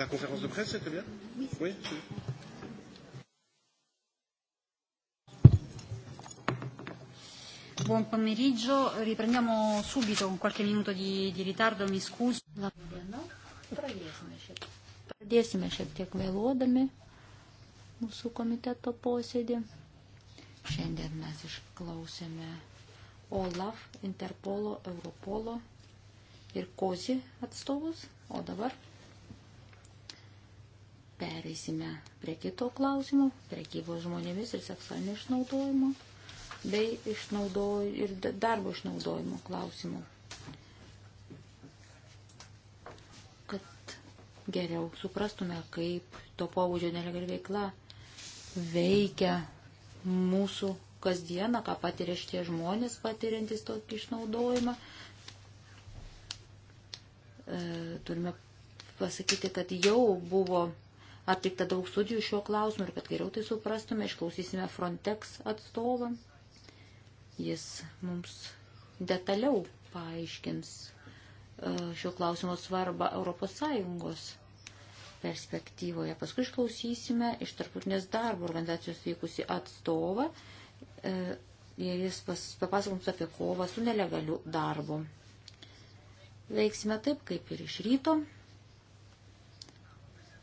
la conférence de presse, c'était bien Oui. oui Buon pomeriggio, riprendiamo subito con qualche minuto di, di ritardo, mi scuso. Pradėsime šiek tiek vėluodami mūsų komiteto posėdį. Šiandien mes išklausėme OLAF, Interpolo, Europolo ir COSI atstovus, o dabar Pereisime prie kito klausimo, prekybos žmonėmis ir seksualinio išnaudojimo, bei išnaudoj, ir darbo išnaudojimo klausimų. Kad geriau suprastume, kaip to pobūdžio nelegali veikla veikia mūsų kasdieną, ką patiria šitie žmonės patiriantis tokį išnaudojimą. E, turime pasakyti, kad jau buvo atlikta daug studijų šiuo klausimu ir kad geriau tai suprastume, išklausysime Frontex atstovą. Jis mums detaliau paaiškins e, šio klausimo svarbą Europos Sąjungos perspektyvoje. Paskui išklausysime iš tarptautinės darbo organizacijos vykusi atstovą. E, jis papasakoms apie kovą su nelegaliu darbu. Veiksime taip, kaip ir iš ryto.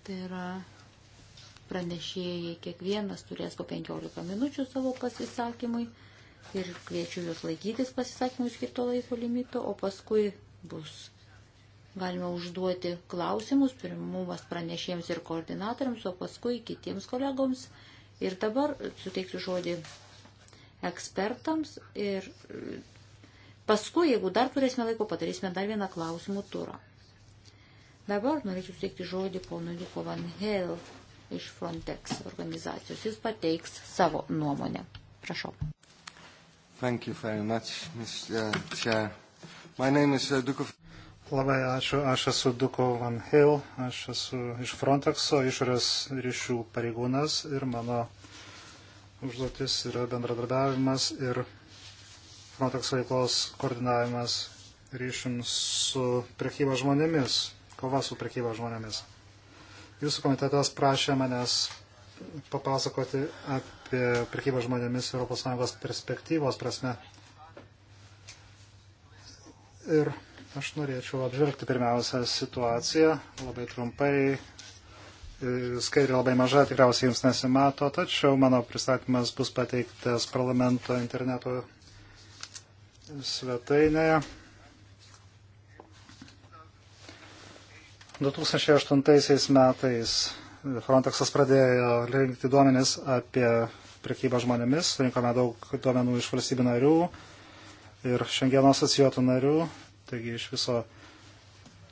Tai yra pranešėjai kiekvienas turės po 15 minučių savo pasisakymui ir kviečiu jūs laikytis pasisakymui skirto laiko limito, o paskui bus galima užduoti klausimus, pirmumas pranešėjams ir koordinatoriams, o paskui kitiems kolegoms. Ir dabar suteiksiu žodį ekspertams ir paskui, jeigu dar turėsime laiko, padarysime dar vieną klausimų turą. Dabar norėčiau suteikti žodį ponui Likovan Helf iš Frontex organizacijos. Jis pateiks savo nuomonę. Prašau. Thank you very much, Mr. Chair. My name is uh, Dukov. Labai ačiū. Aš esu Duko Van Hill. Aš esu iš Frontexo, išorės ryšių pareigūnas ir mano užduotis yra bendradarbiavimas ir Frontex veiklos koordinavimas ryšim su prekyba žmonėmis, kova su prekyba žmonėmis. Jūsų komitetas prašė manęs papasakoti apie prekybą žmonėmis ES perspektyvos prasme. Ir aš norėčiau apžvelgti pirmiausia situaciją labai trumpai. Skaidrė labai maža, tikriausiai jums nesimato, tačiau mano pristatymas bus pateiktas parlamento interneto svetainėje. 2008 metais Frontexas pradėjo rinkti duomenis apie prekybą žmonėmis, rinkome daug duomenų iš valstybių narių ir šiandien asocijuotų narių, taigi iš viso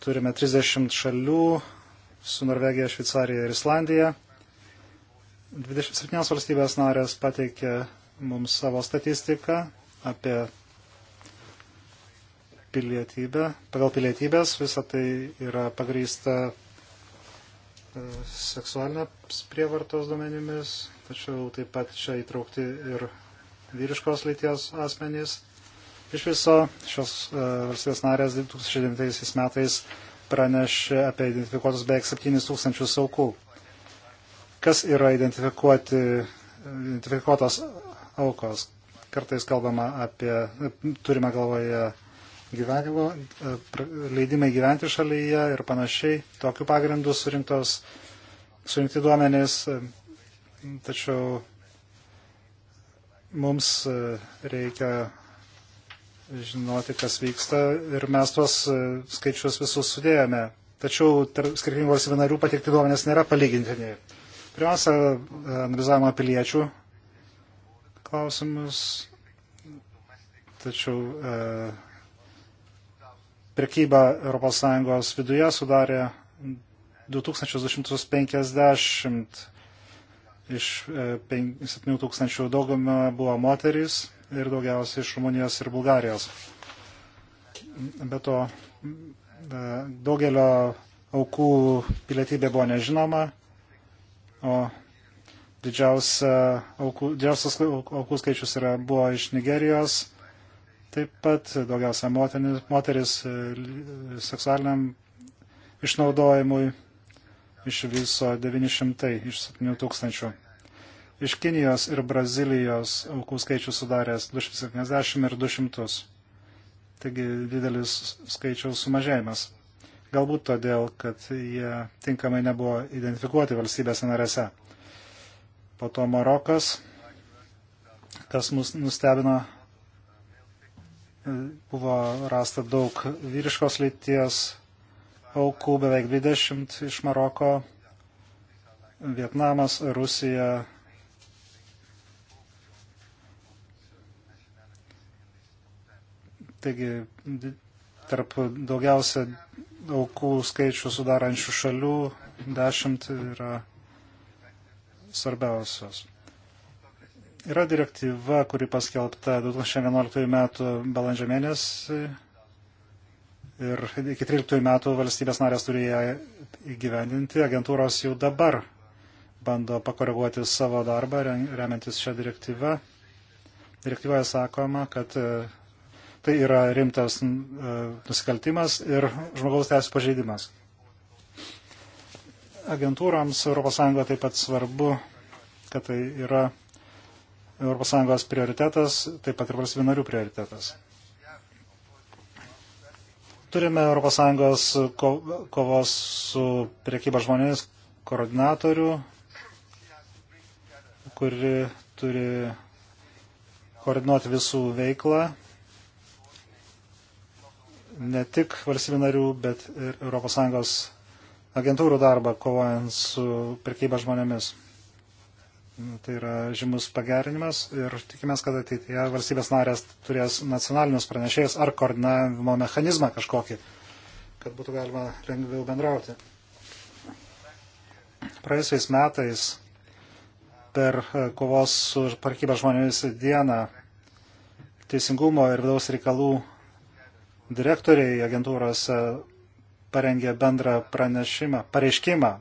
turime 30 šalių su Norvegija, Šveicarija ir Islandija. 27 valstybės narės pateikė mums savo statistiką apie pilietybę, pagal pilietybės visą tai yra pagrįsta e, seksualinės prievartos duomenimis, tačiau taip pat čia įtraukti ir vyriškos lyties asmenys. Iš viso šios e, valstybės narės 2009 metais pranešė apie identifikuotus beveik 7 tūkstančius aukų. Kas yra identifikuotos aukos? Kartais kalbama apie, turime galvoje gyvenimo, e, leidimai gyventi šalyje ir panašiai. Tokiu pagrindu surinktos, surinkti duomenys, e, tačiau mums e, reikia žinoti, kas vyksta ir mes tuos skaičius visus sudėjome. Tačiau skirtingų valstybių narių patikti duomenys nėra palygintini. Pirmiausia, analizavimo piliečių klausimus, tačiau prekyba ES viduje sudarė 2250 iš 7000 e, daugumą buvo moterys ir daugiausiai iš Rumunijos ir Bulgarijos. Be to, e, daugelio aukų pilietybė buvo nežinoma, o didžiausia aukų, didžiausias aukų skaičius yra, buvo iš Nigerijos, Taip pat daugiausia moteris, moteris seksualiniam išnaudojimui iš viso 900 iš 7 tūkstančių. Iš Kinijos ir Brazilijos aukų skaičius sudaręs 270 ir 200. Taigi didelis skaičiaus sumažėjimas. Galbūt todėl, kad jie tinkamai nebuvo identifikuoti valstybėse narėse. Po to Marokas, kas mus nustebino Buvo rasta daug vyriškos lyties aukų, beveik 20 iš Maroko, Vietnamas, Rusija. Taigi tarp daugiausia aukų skaičių sudarančių šalių 10 yra svarbiausios. Yra direktyva, kuri paskelbta 2011 m. balandžio mėnesį ir iki 13 metų valstybės narės turi ją įgyvendinti. Agentūros jau dabar bando pakoreguoti savo darbą, remiantis šią direktyvą. Direktyvoje sakoma, kad e, tai yra rimtas e, nusikaltimas ir žmogaus teisų pažeidimas. Agentūrams ES taip pat svarbu, kad tai yra ES prioritetas, taip pat ir valstybių narių prioritetas. Turime ES kovos su priekyba žmonėmis koordinatorių, kuri turi koordinuoti visų veiklą, ne tik valstybių narių, bet ir ES agentūrų darbą kovojant su prekyba žmonėmis. Tai yra žymus pagerinimas ir tikimės, kad ateityje valstybės narės turės nacionalinius pranešėjus ar koordinavimo mechanizmą kažkokį, kad būtų galima lengviau bendrauti. Praėjusiais metais per e, kovos su parkybė žmonėmis dieną teisingumo ir vidaus reikalų direktoriai agentūros parengė bendrą pranešimą, pareiškimą,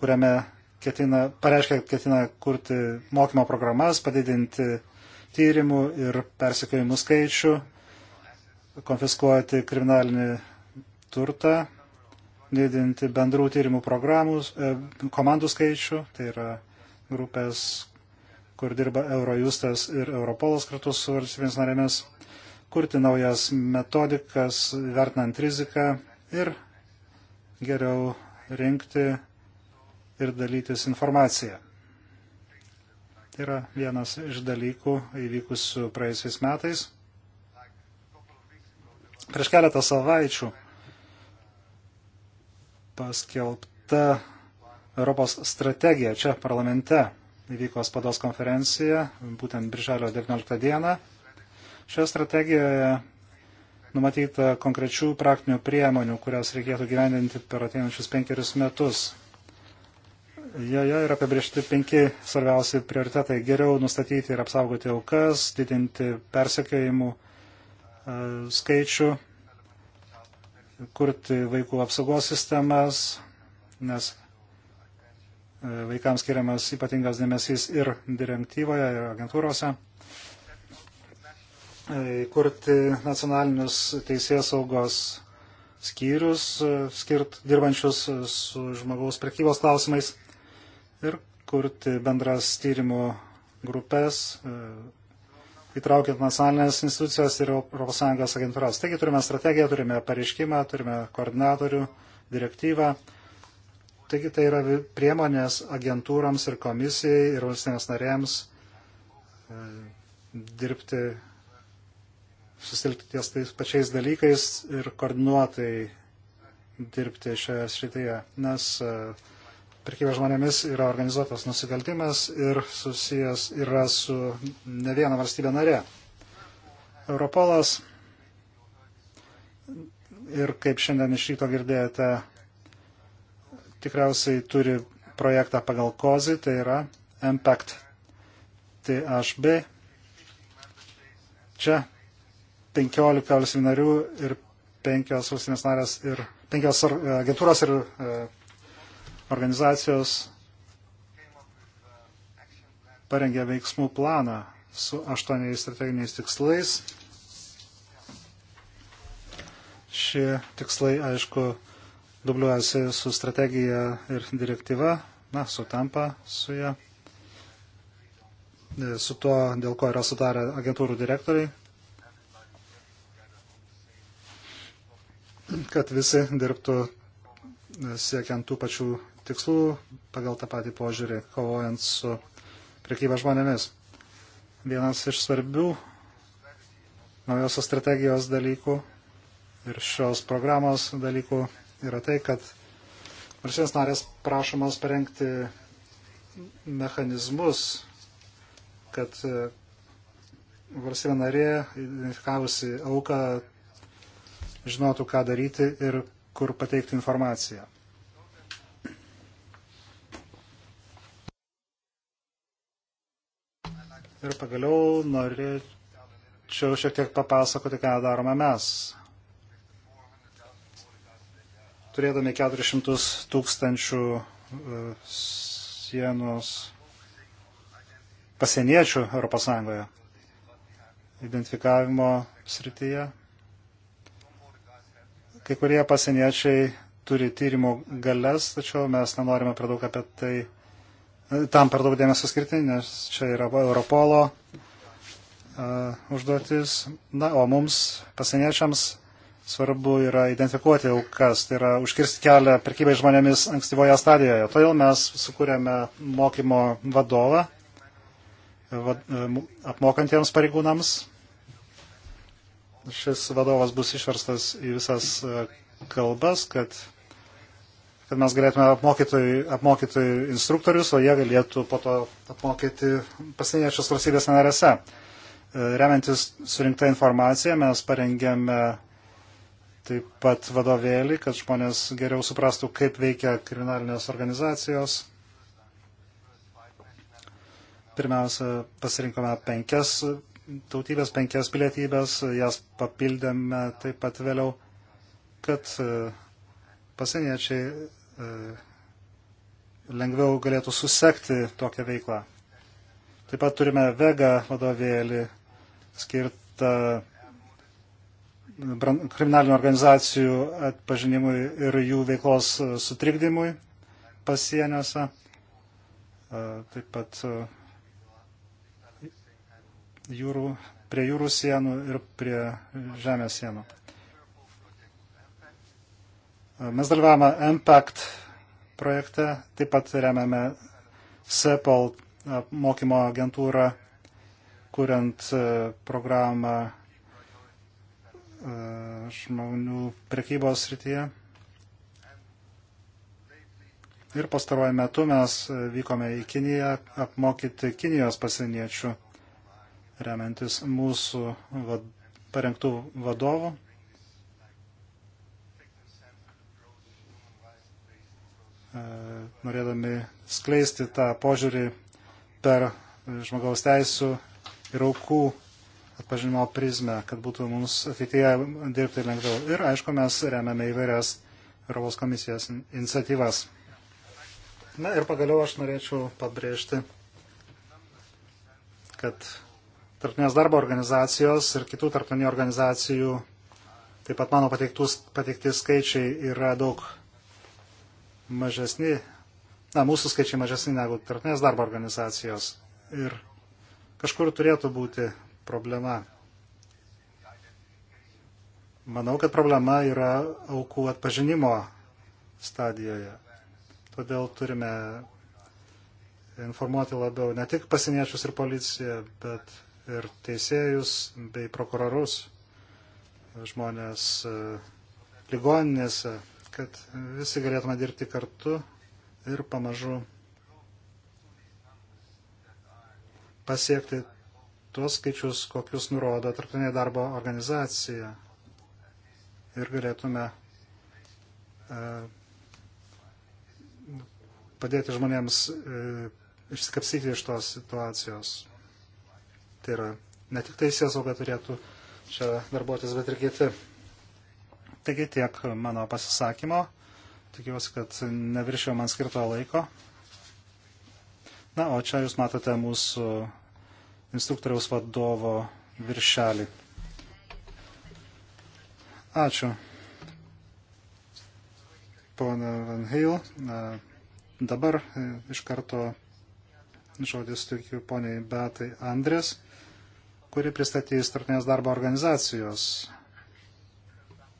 kuriame ketina, pareiškia, kad ketina kurti mokymo programas, padidinti tyrimų ir persikėjimų skaičių, konfiskuoti kriminalinį turtą, didinti bendrų tyrimų programų, e, komandų skaičių, tai yra grupės, kur dirba Eurojustas ir Europolas kartu su valstybės narėmis, kurti naujas metodikas, vertinant riziką ir geriau rinkti ir dalytis informaciją. Tai yra vienas iš dalykų įvykusių praėjusiais metais. Prieš keletą savaičių paskelbta Europos strategija čia parlamente įvyko spados konferencija, būtent birželio 19 dieną. Šioje strategijoje numatyta konkrečių praktinių priemonių, kurias reikėtų gyvendinti per ateinančius penkerius metus Joje yra apibriežti penki svarbiausi prioritetai - geriau nustatyti ir apsaugoti aukas, didinti persekiojimų e, skaičių, kurti vaikų apsaugos sistemas, nes e, vaikams skiriamas ypatingas dėmesys ir direktyvoje, ir agentūrose, e, kurti nacionalinius teisės saugos skyrius, skirt dirbančius su žmogaus prekybos klausimais ir kurti bendras tyrimų grupės, e, įtraukiant nacionalinės institucijas ir ES agentūras. Taigi turime strategiją, turime pareiškimą, turime koordinatorių, direktyvą. Taigi tai yra priemonės agentūrams ir komisijai ir valstybės narėms e, dirbti susilgti ties tais pačiais dalykais ir koordinuotai dirbti šioje srityje, nes uh, prekyba žmonėmis yra organizuotas nusikaltimas ir susijęs yra su ne viena valstybė narė. Europolas ir kaip šiandien iš ryto girdėjote, tikriausiai turi projektą pagal COZI, tai yra Impact THB. Čia 15 valstybių narių ir 5 valstybės narės ir 5 agentūros ir e, organizacijos parengė veiksmų planą su aštuoniais strateginiais tikslais. Šie tikslai, aišku, dubliuojasi su strategija ir direktyva, na, sutampa su ją, su tuo, dėl ko yra sudarę agentūrų direktoriai, kad visi dirbtų siekiant tų pačių tikslų pagal tą patį požiūrį, kovojant su priekyba žmonėmis. Vienas iš svarbių naujosios strategijos dalykų ir šios programos dalykų yra tai, kad valstybės narės prašomos parengti mechanizmus, kad e, valstybė narė, identifikavusi auką, žinotų, ką daryti ir kur pateikti informaciją. Ir pagaliau norėčiau šiek tiek papasakoti, ką darome mes. Turėdami 400 tūkstančių e, sienos pasieniečių ES identifikavimo srityje. Kai kurie pasieniečiai turi tyrimo galės, tačiau mes nenorime per daug apie tai tam per daug dėmesio skirti, nes čia yra Europolo uh, užduotis. Na, o mums, pasieniečiams, svarbu yra identifikuoti aukas, tai yra užkirsti kelią prekybai žmonėmis ankstyvoje stadijoje. Todėl mes sukūrėme mokymo vadovą vad, uh, apmokantiems pareigūnams. Šis vadovas bus išverstas į visas uh, kalbas, kad kad mes galėtume apmokyti, apmokyti instruktorius, o jie galėtų po to apmokyti pasieniečius valstybės narėse. E, remiantis surinkta informacija, mes parengėme taip pat vadovėlį, kad žmonės geriau suprastų, kaip veikia kriminalinės organizacijos. Pirmiausia, pasirinkome penkias tautybės, penkias pilietybės, jas papildėme taip pat vėliau, kad e, pasieniečiai e, lengviau galėtų susekti tokią veiklą. Taip pat turime Vega vadovėlį skirtą kriminalinių organizacijų atpažinimui ir jų veiklos e, sutrikdymui pasieniuose. E, taip pat jūrų, prie jūrų sienų ir prie žemės sienų. Mes dalyvavome Impact projekte, taip pat remiame SEPOL mokymo agentūrą, kuriant programą žmonių prekybos srityje. Ir pastaruoju metu mes vykome į Kiniją apmokyti Kinijos pasieniečių, remiantis mūsų vad, parengtų vadovų. E, norėdami skleisti tą požiūrį per žmogaus teisų ir aukų atpažinimo prizmę, kad būtų mums ateityje dirbti lengviau. Ir aišku, mes remiame įvairias Europos komisijos iniciatyvas. Na ir pagaliau aš norėčiau pabrėžti, kad tarptinės darbo organizacijos ir kitų tarptautinių organizacijų, taip pat mano pateikti skaičiai yra daug mažesni, na, mūsų skaičiai mažesni negu tarptautinės darbo organizacijos. Ir kažkur turėtų būti problema. Manau, kad problema yra aukų atpažinimo stadijoje. Todėl turime informuoti labiau ne tik pasieniečius ir policiją, bet ir teisėjus bei prokurorus, žmonės e, ligoninėse, kad visi galėtume dirbti kartu ir pamažu pasiekti tuos skaičius, kokius nurodo tarptautinė darbo organizacija. Ir galėtume e, padėti žmonėms e, išsikapsyti iš tos situacijos. Tai yra, ne tik teisės sauga turėtų čia darbuotis, bet ir kiti. Taigi tiek mano pasisakymo. Tikiuosi, kad neviršiau man skirto laiko. Na, o čia jūs matote mūsų instruktoriaus vadovo viršelį. Ačiū. Pone Van Heil, dabar iš karto žodis tikiu poniai Betai Andrės, kuri pristatys tarptautinės darbo organizacijos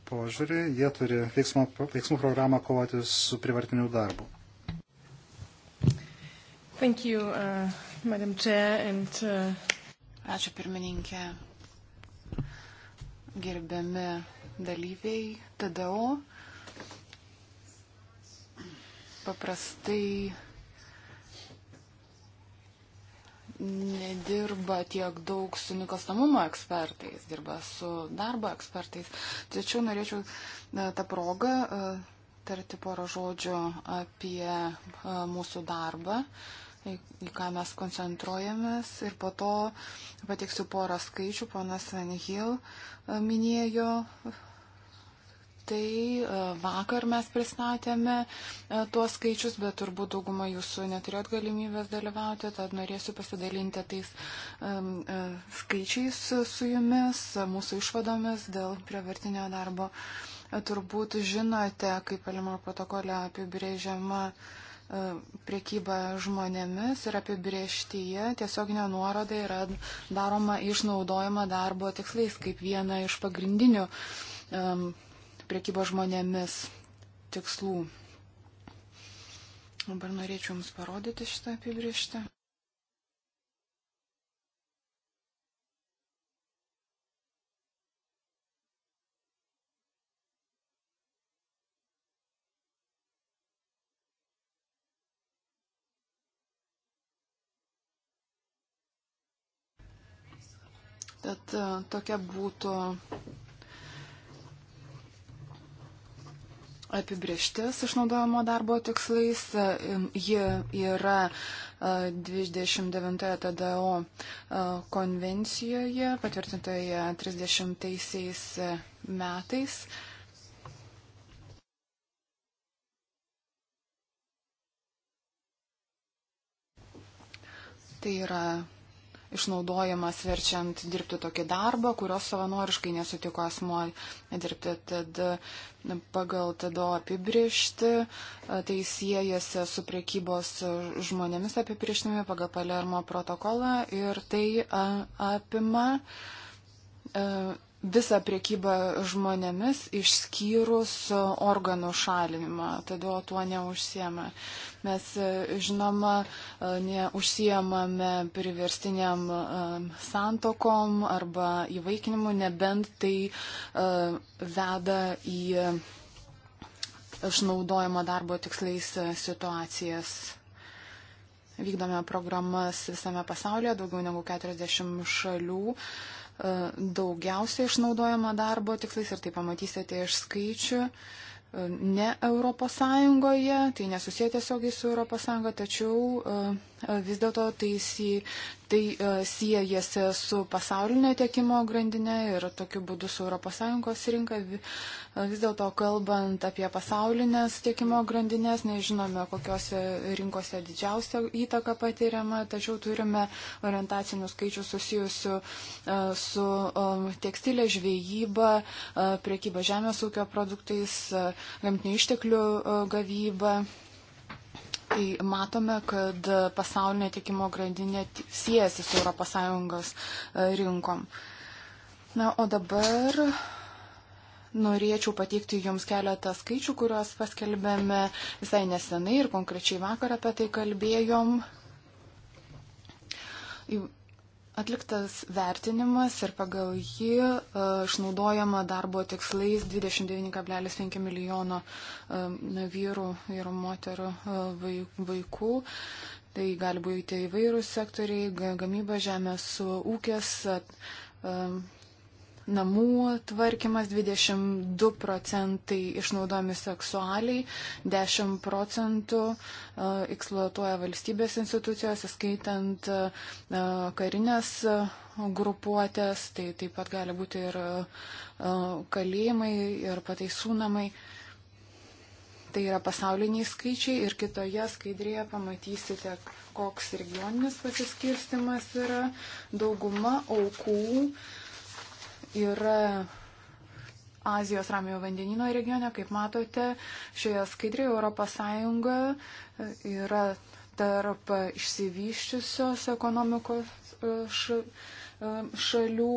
požiūrį, jie turi veiksmų, veiksmų programą kovoti su privartiniu darbu. Thank you, uh, Madam Chair, and, uh... Ačiū pirmininkė. Gerbiami dalyviai TDO. Paprastai nedirba tiek daug su nikastamumo ekspertais, dirba su darbo ekspertais. Tačiau norėčiau tą progą e, tarti porą žodžių apie e, mūsų darbą, į ką mes koncentruojamės. Ir po to pateiksiu porą skaičių, ponas Van Hill e, minėjo tai e, vakar mes pristatėme e, tuos skaičius, bet turbūt dauguma jūsų neturėt galimybės dalyvauti, tad norėsiu pasidalinti tais um, skaičiais su jumis, mūsų išvadomis dėl prievartinio darbo. Turbūt žinote, kaip Elmo protokole apibrėžiama priekyba žmonėmis ir apibrieštyje tiesioginė nuoroda yra daroma išnaudojama darbo tikslais kaip viena iš pagrindinių um, priekybos žmonėmis tikslų. Dabar norėčiau Jums parodyti šitą apibriežtą. Tad e, tokia būtų apibrieštis išnaudojamo darbo tikslais. Ji yra 29 TDO konvencijoje, patvirtintoje 30 e, metais. Tai yra išnaudojimas verčiant dirbti tokį darbą, kurios savanoriškai nesutiko asmo dirbti. Tad pagal tada apibriešti, tai siejasi su priekybos žmonėmis apibrieštimi pagal Palermo protokolą ir tai apima e, visą priekybą žmonėmis išskyrus organų šalinimą, todėl tuo neužsiema. Mes, e, žinoma, e, neužsiemame priverstiniam e, santokom arba įvaikinimu, nebent tai veda į išnaudojimo darbo tiksliais situacijas. Vykdome programas visame pasaulyje, daugiau negu 40 šalių. Uh, daugiausiai išnaudojama darbo tikslais ir tai pamatysite iš skaičių. Uh, ne Europos Sąjungoje, tai nesusiję tiesiogiai su Europos Sąjunga, tačiau e, vis dėlto tai, tai e, siejasi su pasaulinio tiekimo grandinė ir tokiu būdu su Europos Sąjungos rinka. E, vis dėlto kalbant apie pasaulinės tiekimo grandinės, nežinome, kokiuose rinkose didžiausia įtaka patiriama, tačiau turime orientacinių skaičių susijusių su tekstilė žvejyba, priekyba žemės ūkio produktais gamtinių išteklių e, gavybą. Tai matome, kad pasaulinė tiekimo grandinė siejasi su ES e, rinkom. Na, o dabar norėčiau pateikti Jums keletą skaičių, kuriuos paskelbėme visai nesenai ir konkrečiai vakar apie tai kalbėjom. Atliktas vertinimas ir pagal jį e, išnaudojama darbo tikslais 29,5 milijono e, vyrų ir moterų e, vaikų. Tai gali būti įvairūs sektoriai - gamyba, žemės ūkis, namų tvarkymas, 22 procentai išnaudojami seksualiai, 10 procentų e, eksploatuoja valstybės institucijos, įskaitant e, karinės e, grupuotės, tai taip pat gali būti ir kalėjimai, ir pataisų namai. Tai yra pasauliniai skaičiai ir kitoje skaidrėje pamatysite, koks regioninis pasiskirstimas yra. Dauguma aukų uh, yra Azijos ramiojo vandenino regione. Kaip matote, šioje skaidrėje ES e, yra tarp išsivyščiusios ekonomikos e, e, šalių.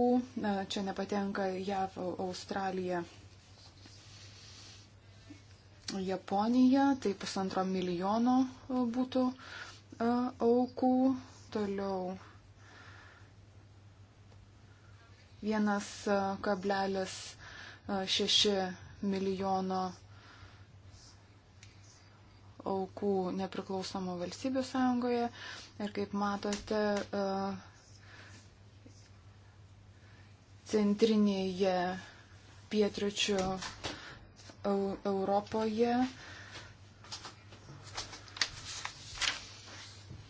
Čia nepatenka JAV, Australija, Japonija. Tai pusantro milijono būtų aukų. Toliau 1,6 e, e, milijono aukų nepriklausomų valstybių sąjungoje. Ir kaip matote, e, centrinėje pietričių Europoje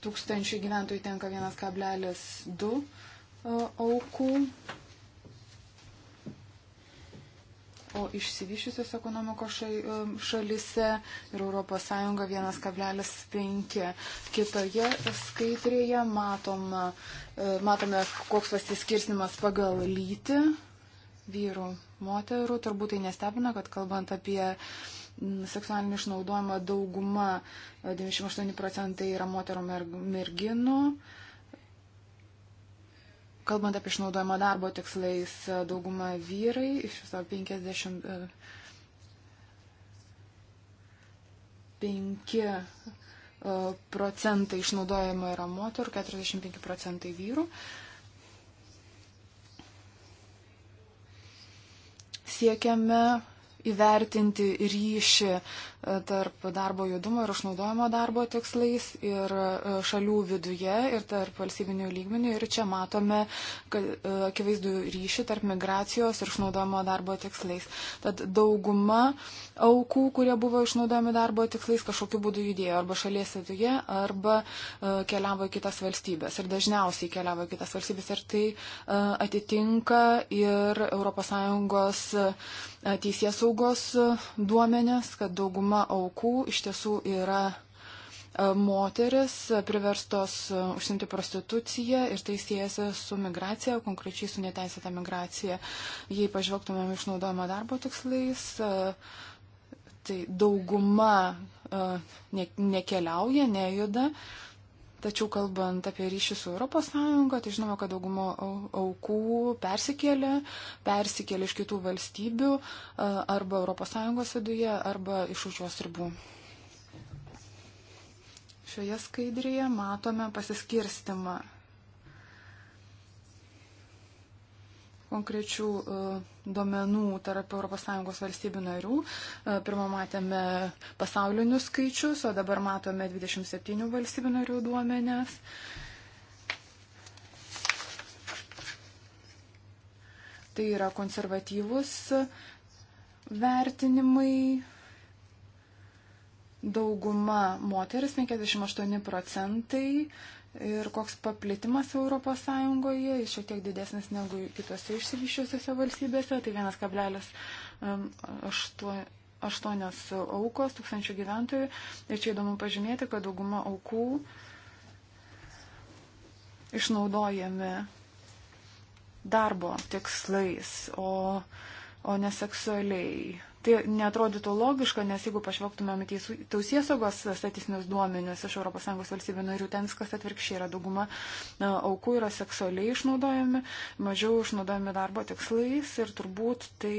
tūkstančių gyventojų tenka 1,2 aukų. o išsivyšiusios ekonomikos šalise ir ES 1,5. Kitoje skaitrėje matom, e, matome, koks pasiskirstimas pagal lytį vyrų, moterų. Turbūt tai nestebina, kad kalbant apie seksualinį išnaudojimą dauguma 98 e, procentai yra moterų merginų. Merg Kalbant apie išnaudojimą darbo tikslais, e, dauguma vyrai, iš viso 55 e, e, procentai išnaudojama yra moterų, 45 procentai vyrų. Siekiame įvertinti ryšį tarp darbo judumo ir išnaudojimo darbo tikslais ir e, šalių viduje ir tarp valstybinių lygmenių. Ir čia matome e, akivaizdų ryšį tarp migracijos ir išnaudojimo darbo tikslais. Tad dauguma aukų, kurie buvo išnaudojami darbo tikslais, kažkokiu būdu judėjo arba šalies viduje, arba e, keliavo į kitas valstybės. Ir dažniausiai keliavo į kitas valstybės. Ir tai atitinka ir ES teisės saugos duomenės, kad dauguma dauguma aukų iš tiesų yra e, moteris priverstos e, užsimti prostituciją ir tai siejasi su migracija, konkrečiai su neteisėta migracija. Jei pažvelgtumėm išnaudojimo darbo tikslais, e, tai dauguma nekeliauja, nejuda. Ne Tačiau kalbant apie ryšį su ES, tai žinoma, kad daugumo aukų persikėlė, persikėlė iš kitų valstybių arba ES viduje, arba iš už jos ribų. Šioje skaidrėje matome pasiskirstimą konkrečių e, duomenų tarp ES valstybių narių. E, Pirmą matėme pasaulinius skaičius, o dabar matome 27 valstybių narių duomenės. Tai yra konservatyvus vertinimai. Dauguma moteris, 58 procentai, ir koks paplitimas ES, jis šiek tiek didesnis negu kitose išsivyščiusiose valstybėse, tai 1,8 aukos tūkstančių gyventojų. Ir čia įdomu pažymėti, kad dauguma aukų išnaudojami darbo tikslais, o, o neseksualiai tai netrodytų logiška, nes jeigu pažvelgtumėm į teisėsaugos statistinius duomenis iš ES valstybių narių, ten viskas atvirkščiai yra dauguma aukų yra seksualiai išnaudojami, mažiau išnaudojami darbo tikslais ir turbūt tai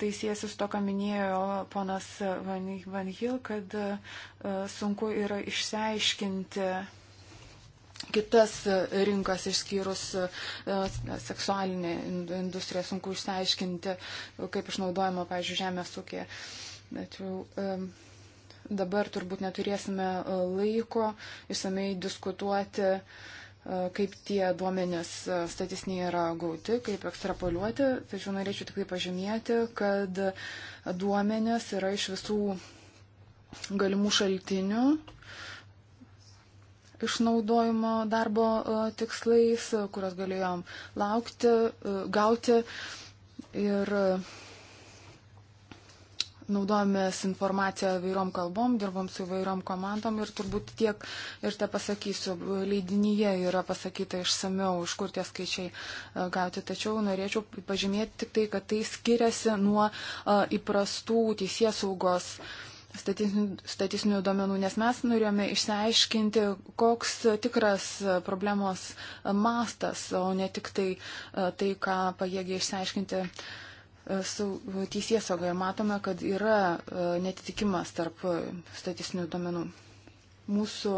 tai siesi su to, ką minėjo ponas Van Hill, kad e, sunku yra išsiaiškinti kitas e, rinkas išskyrus e, seksualinę industriją, sunku išsiaiškinti, kaip išnaudojama, pavyzdžiui, žemės ūkė. Tačiau dabar turbūt neturėsime e, laiko išsamei diskutuoti, kaip tie duomenės statistiniai yra gauti, kaip ekstrapoliuoti. Tačiau norėčiau tik tai pažymėti, kad duomenės yra iš visų galimų šaltinių išnaudojimo darbo e, tikslais, e, kurios galėjom laukti, e, gauti ir naudojomės informaciją įvairiom kalbom, dirbom su įvairiom komandom ir turbūt tiek ir te pasakysiu, leidinyje yra pasakyta išsameu, iš kur tie skaičiai gauti, tačiau norėčiau pažymėti tik tai, kad tai skiriasi nuo įprastų teisės saugos uh, statistinių, statistinių duomenų, nes mes norėjome išsiaiškinti, koks tikras problemos mastas, o ne tik tai, e, tai ką pajėgia išsiaiškinti e, su teisėsaugoje. Matome, kad yra e, netitikimas tarp statistinių duomenų. Mūsų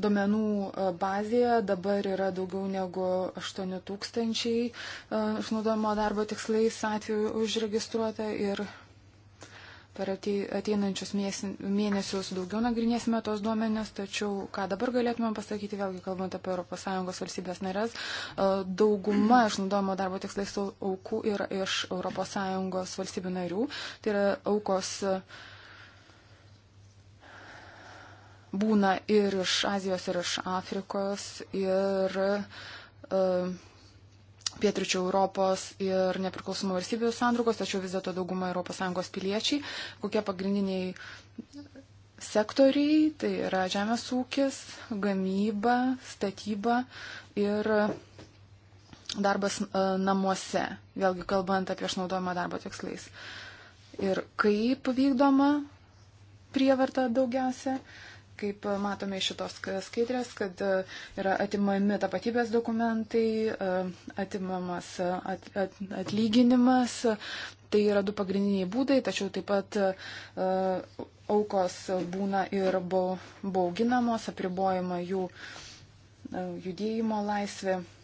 duomenų bazėje dabar yra daugiau negu 8 tūkstančiai išnaudojimo darbo tikslais atveju užregistruota ir Per ateinančius mėnesius daugiau nagrinėsime tos duomenės, tačiau ką dabar galėtume pasakyti, vėlgi kalbant apie ES valstybės narės, dauguma išnaudojimo darbo tikslais aukų yra iš ES valstybių narių. Tai yra aukos būna ir iš Azijos, ir iš Afrikos. Ir, uh, pietričių Europos ir nepriklausomų valstybių sandrugos, tačiau vis dėlto dauguma ES piliečiai, kokie pagrindiniai sektoriai, tai yra žemės ūkis, gamyba, statyba ir darbas e, namuose, vėlgi kalbant apie išnaudojimą darbo tikslais. Ir kaip vykdoma prievarta daugiausia, Kaip matome iš šitos skaidrės, kad e, yra atimami tapatybės dokumentai, e, atimamas e, at, at, atlyginimas. Tai yra du pagrindiniai būdai, tačiau taip pat uh, aukos būna ir bauginamos, apribojama jų uh, judėjimo laisvė. Uh,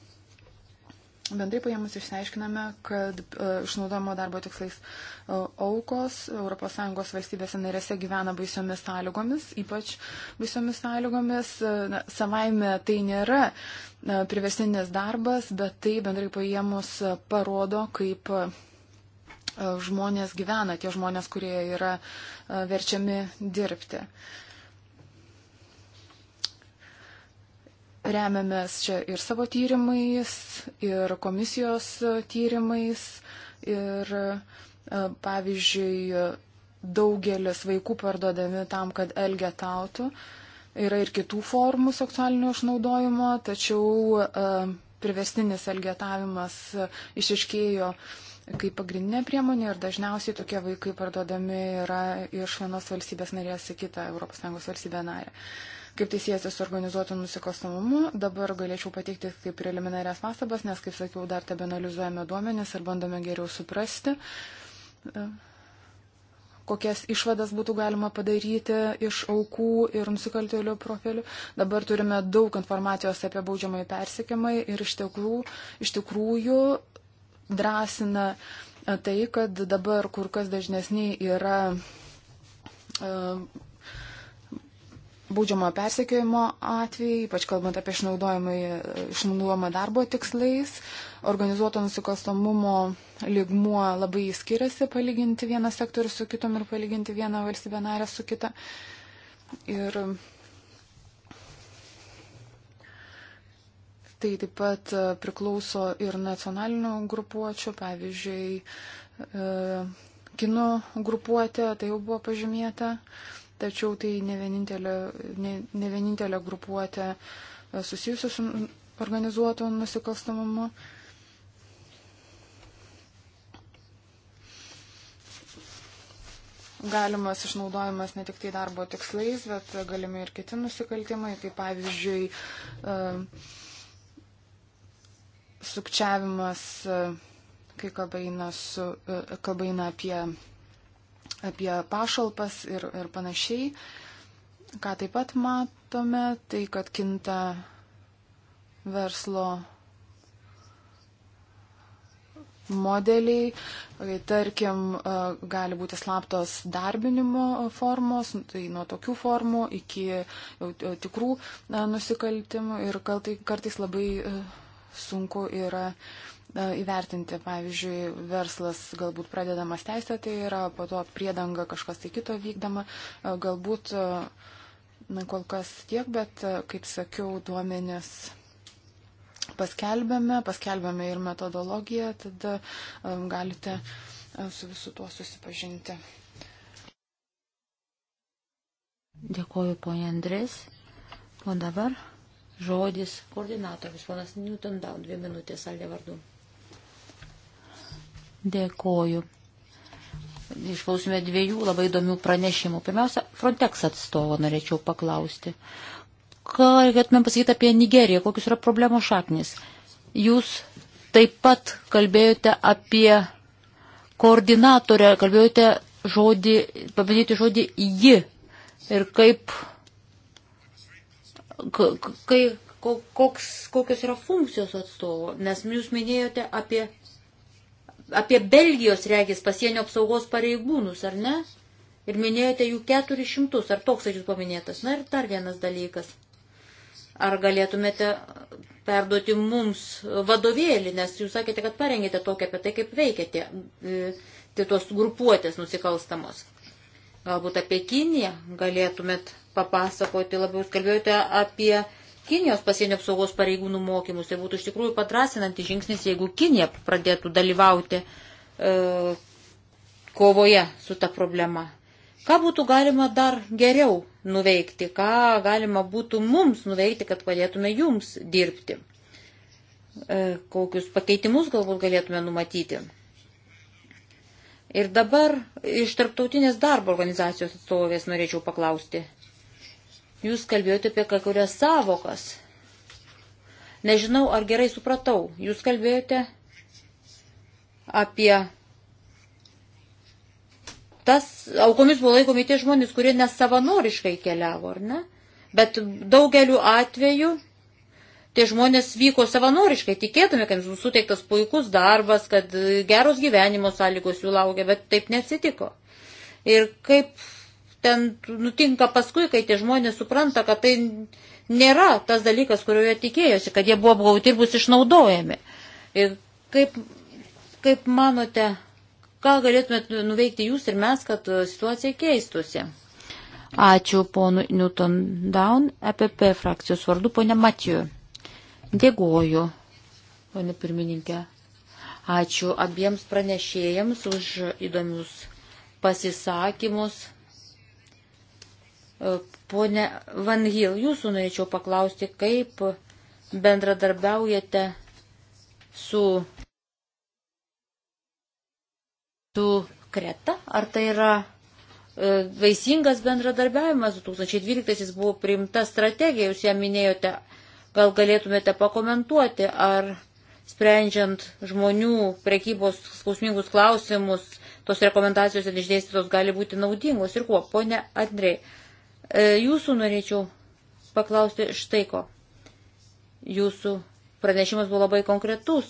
Bendrai paėmus išsiaiškiname, kad e, išnaudojimo darbo tikslais e, aukos ES valstybėse narėse gyvena baisiomis sąlygomis, ypač baisiomis sąlygomis. E, na, savaime tai nėra priversinis darbas, bet tai bendrai paėmus parodo, kaip žmonės gyvena, tie žmonės, kurie yra verčiami dirbti. Uh, Remiamės čia ir savo tyrimais, ir komisijos tyrimais, ir e, pavyzdžiui, daugelis vaikų parduodami tam, kad elgetautų. Yra ir kitų formų seksualinio išnaudojimo, tačiau e, privestinis elgetavimas išiškėjo kaip pagrindinė priemonė ir dažniausiai tokie vaikai parduodami yra iš vienos valstybės narės į kitą ES valstybę narę. Uh, kaip tai siejasi su organizuotu nusikalstamumu. Dabar galėčiau pateikti kaip preliminarias pastabas, nes, kaip sakiau, dar tebe analizuojame duomenis ir bandome geriau suprasti, e, kokias išvadas būtų galima padaryti iš aukų ir nusikaltėlių profilių. Dabar turime daug informacijos apie baudžiamai persikimai ir iš tikrųjų, iš tikrųjų drąsina e, tai, kad dabar kur kas dažnesniai yra e, baudžiamo persekiojimo atvejai, ypač kalbant apie išnaudojimą darbo tikslais, organizuoto nusikalstamumo ligmuo labai skiriasi palyginti vieną sektorių su kitom ir palyginti vieną valstybę narę su kita. Ir tai taip pat e, priklauso ir nacionalinių grupuočių, pavyzdžiui, e, kinų grupuotė, tai jau buvo pažymėta tačiau tai ne vienintelė, ne, ne vienintelė grupuotė e, susijusi su organizuotu nusikalstamumu. Galimas išnaudojimas ne tik tai darbo tikslais, bet galimi ir kiti nusikaltimai, kaip pavyzdžiui, e, sukčiavimas, e, kai kalba eina, su, kalba eina apie apie pašalpas ir, ir panašiai. Ką taip pat matome, tai kad kinta verslo modeliai, tarkim, gali būti slaptos darbinimo formos, nu, tai nuo tokių formų iki tikrų nusikaltimų ir kartais labai sunku yra E, įvertinti. Pavyzdžiui, verslas galbūt pradedamas teisė, tai yra po to priedanga kažkas tai kito vykdama. E, galbūt e, na, kol kas tiek, bet, kaip sakiau, duomenis paskelbėme, paskelbėme ir metodologiją, tada galite su visu tuo susipažinti. Dėkoju, ponė Andrės. O dabar žodis koordinatorius, ponas Newton Down, dvi minutės aldė vardu. Dėkoju. Išklausime dviejų labai įdomių pranešimų. Pirmiausia, Frontex atstovo norėčiau paklausti. Ką galėtume pasakyti apie Nigeriją, kokius yra problemos šaknis? Jūs taip pat kalbėjote apie koordinatorę, kalbėjote žodį, pabandyti žodį ji ir kaip, kai, koks, kokios yra funkcijos atstovo, nes jūs minėjote apie apie Belgijos regis pasienio apsaugos pareigūnus, ar ne? Ir minėjote jų 400, ar toks jūs paminėtas. Na ir dar vienas dalykas. Ar galėtumėte perduoti mums vadovėlį, nes jūs sakėte, kad parengėte tokią apie tai, kaip veikėte tai tos grupuotės nusikalstamos. Galbūt apie Kiniją galėtumėt papasakoti labiau. Jūs kalbėjote apie Kinijos pasienio apsaugos pareigūnų mokymus. Tai būtų iš tikrųjų padrasinantis žingsnis, jeigu Kinija pradėtų dalyvauti e, kovoje su ta problema. Ką būtų galima dar geriau nuveikti, ką galima būtų mums nuveikti, kad padėtume jums dirbti, e, kokius pakeitimus galbūt galėtume numatyti. Ir dabar iš tarptautinės darbo organizacijos atstovės norėčiau paklausti jūs kalbėjote apie kai kurias savokas. Nežinau, ar gerai supratau. Jūs kalbėjote apie tas aukomis buvo laikomi tie žmonės, kurie nesavanoriškai keliavo, ar ne? Bet daugeliu atveju tie žmonės vyko savanoriškai, tikėdami, kad jums suteiktas puikus darbas, kad geros gyvenimo sąlygos jų laukia, bet taip neatsitiko. Ir kaip ten nutinka paskui, kai tie žmonės supranta, kad tai nėra tas dalykas, kurio jie tikėjosi, kad jie buvo apgauti ir bus išnaudojami. Ir kaip, kaip manote, ką galėtumėt nuveikti jūs ir mes, kad situacija keistusi? Ačiū ponu Newton Down, EPP frakcijos vardu, ponė Matiju. Dėkuoju, ponė pirmininkė. Ačiū abiems pranešėjams už įdomius pasisakymus E, Pone Van Gil, jūsų norėčiau paklausti, kaip bendradarbiaujate su, su Kreta? Ar tai yra e, vaisingas bendradarbiavimas? 2012 buvo priimta strategija, jūs ją minėjote, gal galėtumėte pakomentuoti, ar sprendžiant žmonių prekybos skausmingus klausimus, tos rekomendacijos išdėstytos gali būti naudingos ir kuo. Pone Andrei, E, jūsų norėčiau paklausti štai ko. Jūsų pranešimas buvo labai konkretus,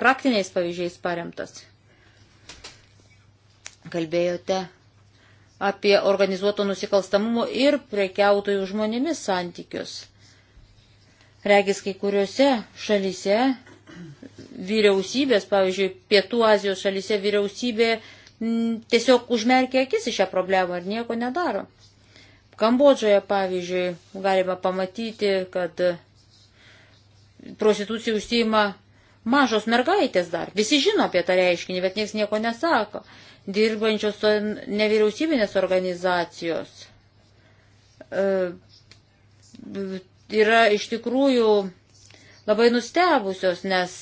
praktiniais pavyzdžiais paremtas. Kalbėjote apie organizuoto nusikalstamumo ir prekiautojų žmonėmis santykius. Regis kai kuriuose šalyse vyriausybės, pavyzdžiui, Pietų Azijos šalyse vyriausybė m, tiesiog užmerkia akis į šią problemą ir nieko nedaro. Kambodžoje, pavyzdžiui, galima pamatyti, kad prostitucijų užsima mažos mergaitės dar. Visi žino apie tą reiškinį, bet niekas nieko nesako. Dirbančios nevyriausybinės organizacijos e, yra iš tikrųjų labai nustebusios, nes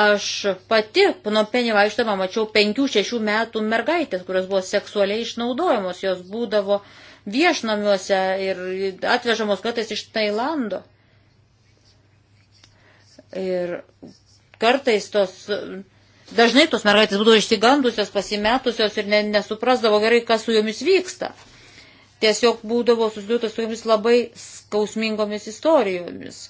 aš pati Pnompenį vaikštama mačiau penkių, šešių metų mergaitės, kurios buvo seksualiai išnaudojamos, jos būdavo uh, viešnamiuose ir atvežamos kartais iš Tailando. Ir kartais tos, dažnai tos mergaitės būdavo išsigandusios, pasimetusios ir ne, nesuprasdavo gerai, kas su jomis vyksta. Tiesiog būdavo susidūrtas su jomis labai skausmingomis istorijomis.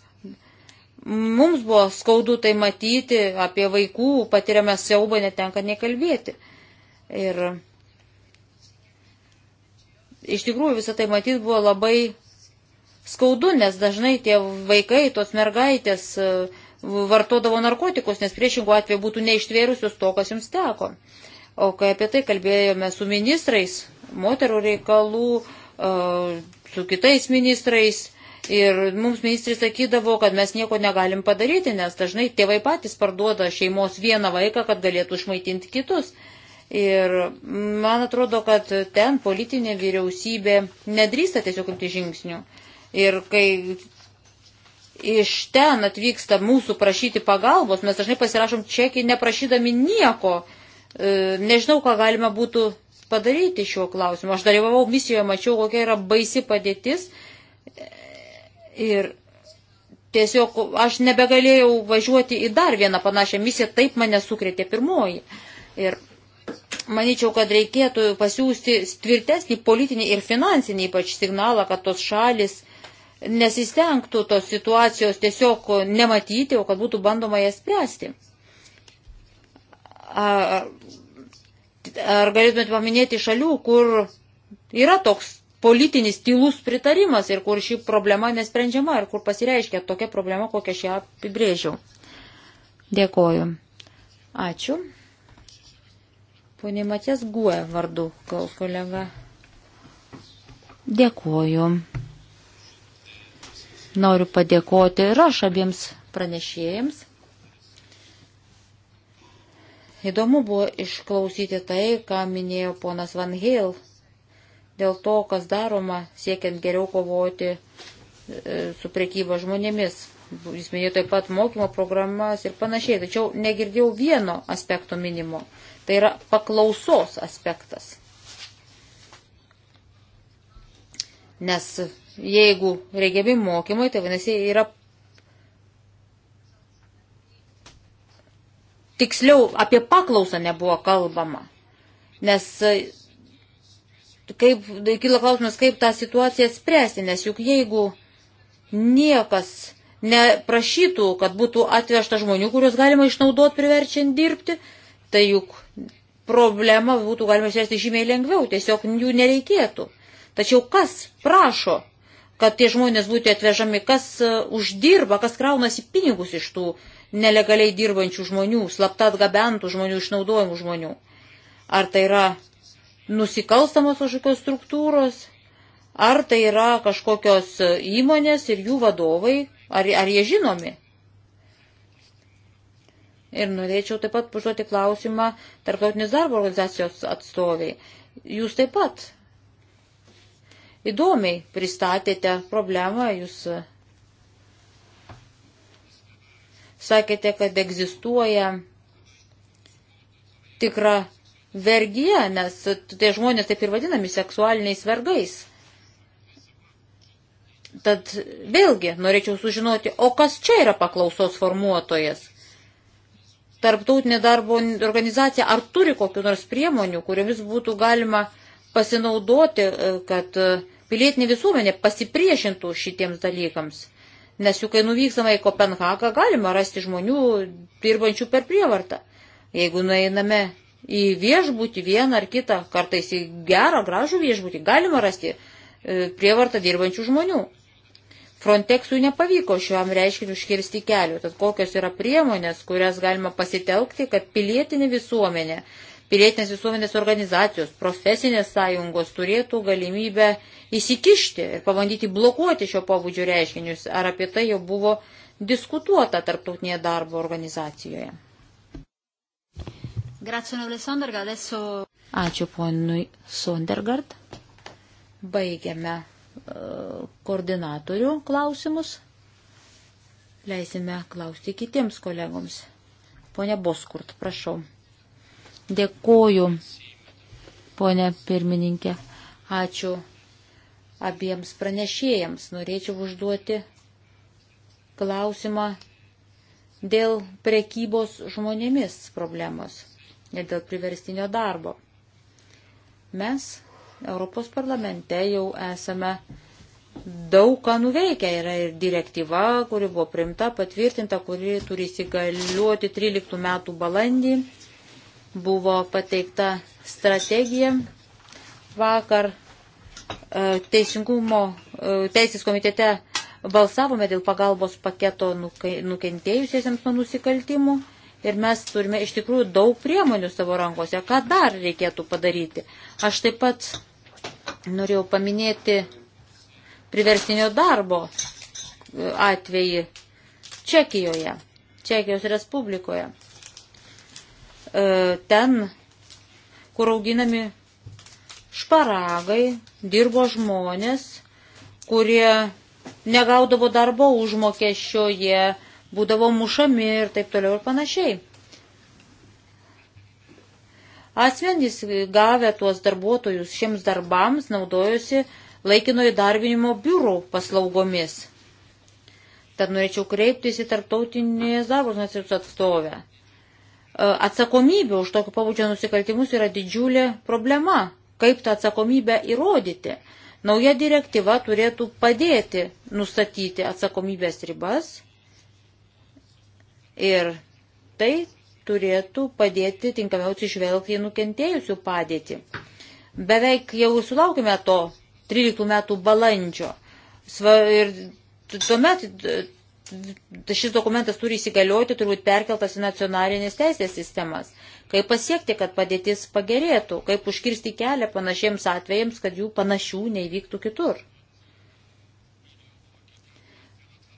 Mums buvo skaudu tai matyti, apie vaikų patiriamą siaubą netenka nekalbėti. Ir iš tikrųjų visą tai matyt buvo labai skaudu, nes dažnai tie vaikai, tos mergaitės e, vartodavo narkotikus, nes priešingų atveju būtų neištvėrusios to, kas jums teko. O kai apie tai kalbėjome su ministrais, moterų reikalų, e, su kitais ministrais, ir mums ministrai sakydavo, kad mes nieko negalim padaryti, nes dažnai tėvai patys parduoda šeimos vieną vaiką, kad galėtų išmaitinti kitus. Ir man atrodo, kad ten politinė vyriausybė nedrįsta tiesiog imti žingsnių. Ir kai iš ten atvyksta mūsų prašyti pagalbos, mes dažnai pasirašom čekį neprašydami nieko. E, nežinau, ką galima būtų padaryti šiuo klausimu. Aš dalyvavau misijoje, mačiau, kokia yra baisi padėtis. Ir tiesiog aš nebegalėjau važiuoti į dar vieną panašią misiją, taip mane sukrėtė pirmoji. Ir manyčiau, kad reikėtų pasiūsti tvirtesnį politinį ir finansinį ypač signalą, kad tos šalis nesistengtų tos situacijos tiesiog nematyti, o kad būtų bandoma jas spręsti. Ar galėtumėte paminėti šalių, kur yra toks politinis tylus pritarimas ir kur ši problema nesprendžiama ir kur pasireiškia tokia problema, kokią aš ją apibrėžiau. Dėkoju. Ačiū. Pone Matės Guoja vardu, gal kolega. Dėkuoju. Noriu padėkoti ir aš abiems pranešėjams. Įdomu buvo išklausyti tai, ką minėjo ponas Van Hill, dėl to, kas daroma siekiant geriau kovoti e, su priekyba žmonėmis. Jis minėjo taip pat mokymo programas ir panašiai, tačiau negirdėjau vieno aspekto minimo. Tai yra paklausos aspektas. Nes jeigu reikiami mokymai, tai vadinasi yra tiksliau apie paklausą nebuvo kalbama. Nes kaip, kyla klausimas, kaip tą situaciją spręsti, nes juk jeigu niekas neprašytų, kad būtų atvežta žmonių, kuriuos galima išnaudoti priverčiant dirbti, tai juk problemą būtų galima išspręsti žymiai lengviau, tiesiog jų nereikėtų. Tačiau kas prašo, kad tie žmonės būtų atvežami, kas e, uždirba, kas kraunasi pinigus iš tų nelegaliai dirbančių žmonių, slapta atgabentų žmonių, išnaudojimų žmonių. Ar tai yra nusikalstamos kažkokios struktūros, ar tai yra kažkokios e, įmonės ir jų vadovai, ar, ar jie žinomi. Ir norėčiau taip pat užduoti klausimą tarptautinės darbo organizacijos atstoviai. Jūs taip pat įdomiai pristatėte problemą, jūs e, sakėte, kad egzistuoja tikra vergija, nes tie žmonės taip ir vadinami seksualiniais vergais. Tad vėlgi norėčiau sužinoti, o kas čia yra paklausos formuotojas? tarptautinė darbo organizacija ar turi kokiu nors priemonių, kuriomis būtų galima pasinaudoti, e, kad e, pilietinė visuomenė pasipriešintų šitiems dalykams. Nes juk, kai nuvykstame į Kopenhagą, galima rasti žmonių dirbančių per prievartą. Jeigu nueiname į viešbutį vieną ar kitą, kartais į gerą, gražų viešbutį, galima rasti e, prievartą dirbančių žmonių. Frontexui nepavyko šiam reiškiniu užkirsti kelių, tad kokios yra priemonės, kurias galima pasitelkti, kad pilietinė visuomenė, pilietinės visuomenės organizacijos, profesinės sąjungos turėtų galimybę įsikišti ir pabandyti blokuoti šio pobūdžio reiškinius, ar apie tai jau buvo diskutuota tarptautinėje darbo organizacijoje. Ačiū ponui Sondergard. Baigiame koordinatorių klausimus. Leisime klausti kitiems kolegoms. Pone Boskurt, prašau. Dėkoju, ponė pirmininkė. Ačiū abiems pranešėjams. Norėčiau užduoti klausimą dėl prekybos žmonėmis problemos ir dėl priverstinio darbo. Mes Europos parlamente jau esame daug ką nuveikę. Yra ir direktyva, kuri buvo primta, patvirtinta, kuri turi įsigaliuoti 13 metų balandį. Buvo pateikta strategija. Vakar e, Teisingumo e, teisės komitete balsavome dėl pagalbos paketo nukentėjusiesiems nuo nusikaltimų ir mes turime iš tikrųjų daug priemonių savo rankose, ką dar reikėtų padaryti. Aš taip pat Norėjau paminėti priverstinio darbo e, atvejį Čekijoje, Čekijos Respublikoje. E, ten, kur auginami šparagai, dirbo žmonės, kurie negaudavo darbo užmokesčio, jie būdavo mušami ir taip toliau ir panašiai. Asmenys gavę tuos darbuotojus šiems darbams naudojosi laikinojo darbinimo biurų paslaugomis. Tad norėčiau kreiptis į tarptautinės darbo organizacijos atstovę. E, atsakomybė už tokio pabudžio nusikaltimus yra didžiulė problema. Kaip tą atsakomybę įrodyti? Nauja direktyva turėtų padėti nustatyti atsakomybės ribas ir tai turėtų padėti tinkamiau atsižvelgti į nukentėjusių padėtį. Beveik jau sulaukime to 13 metų balandžio. Sva, ir tuomet šis dokumentas turi įsigalioti, turbūt perkeltas į nacionalinės teisės sistemas. Kaip pasiekti, kad padėtis pagerėtų, kaip užkirsti kelią panašiems atvejams, kad jų panašių neįvyktų kitur.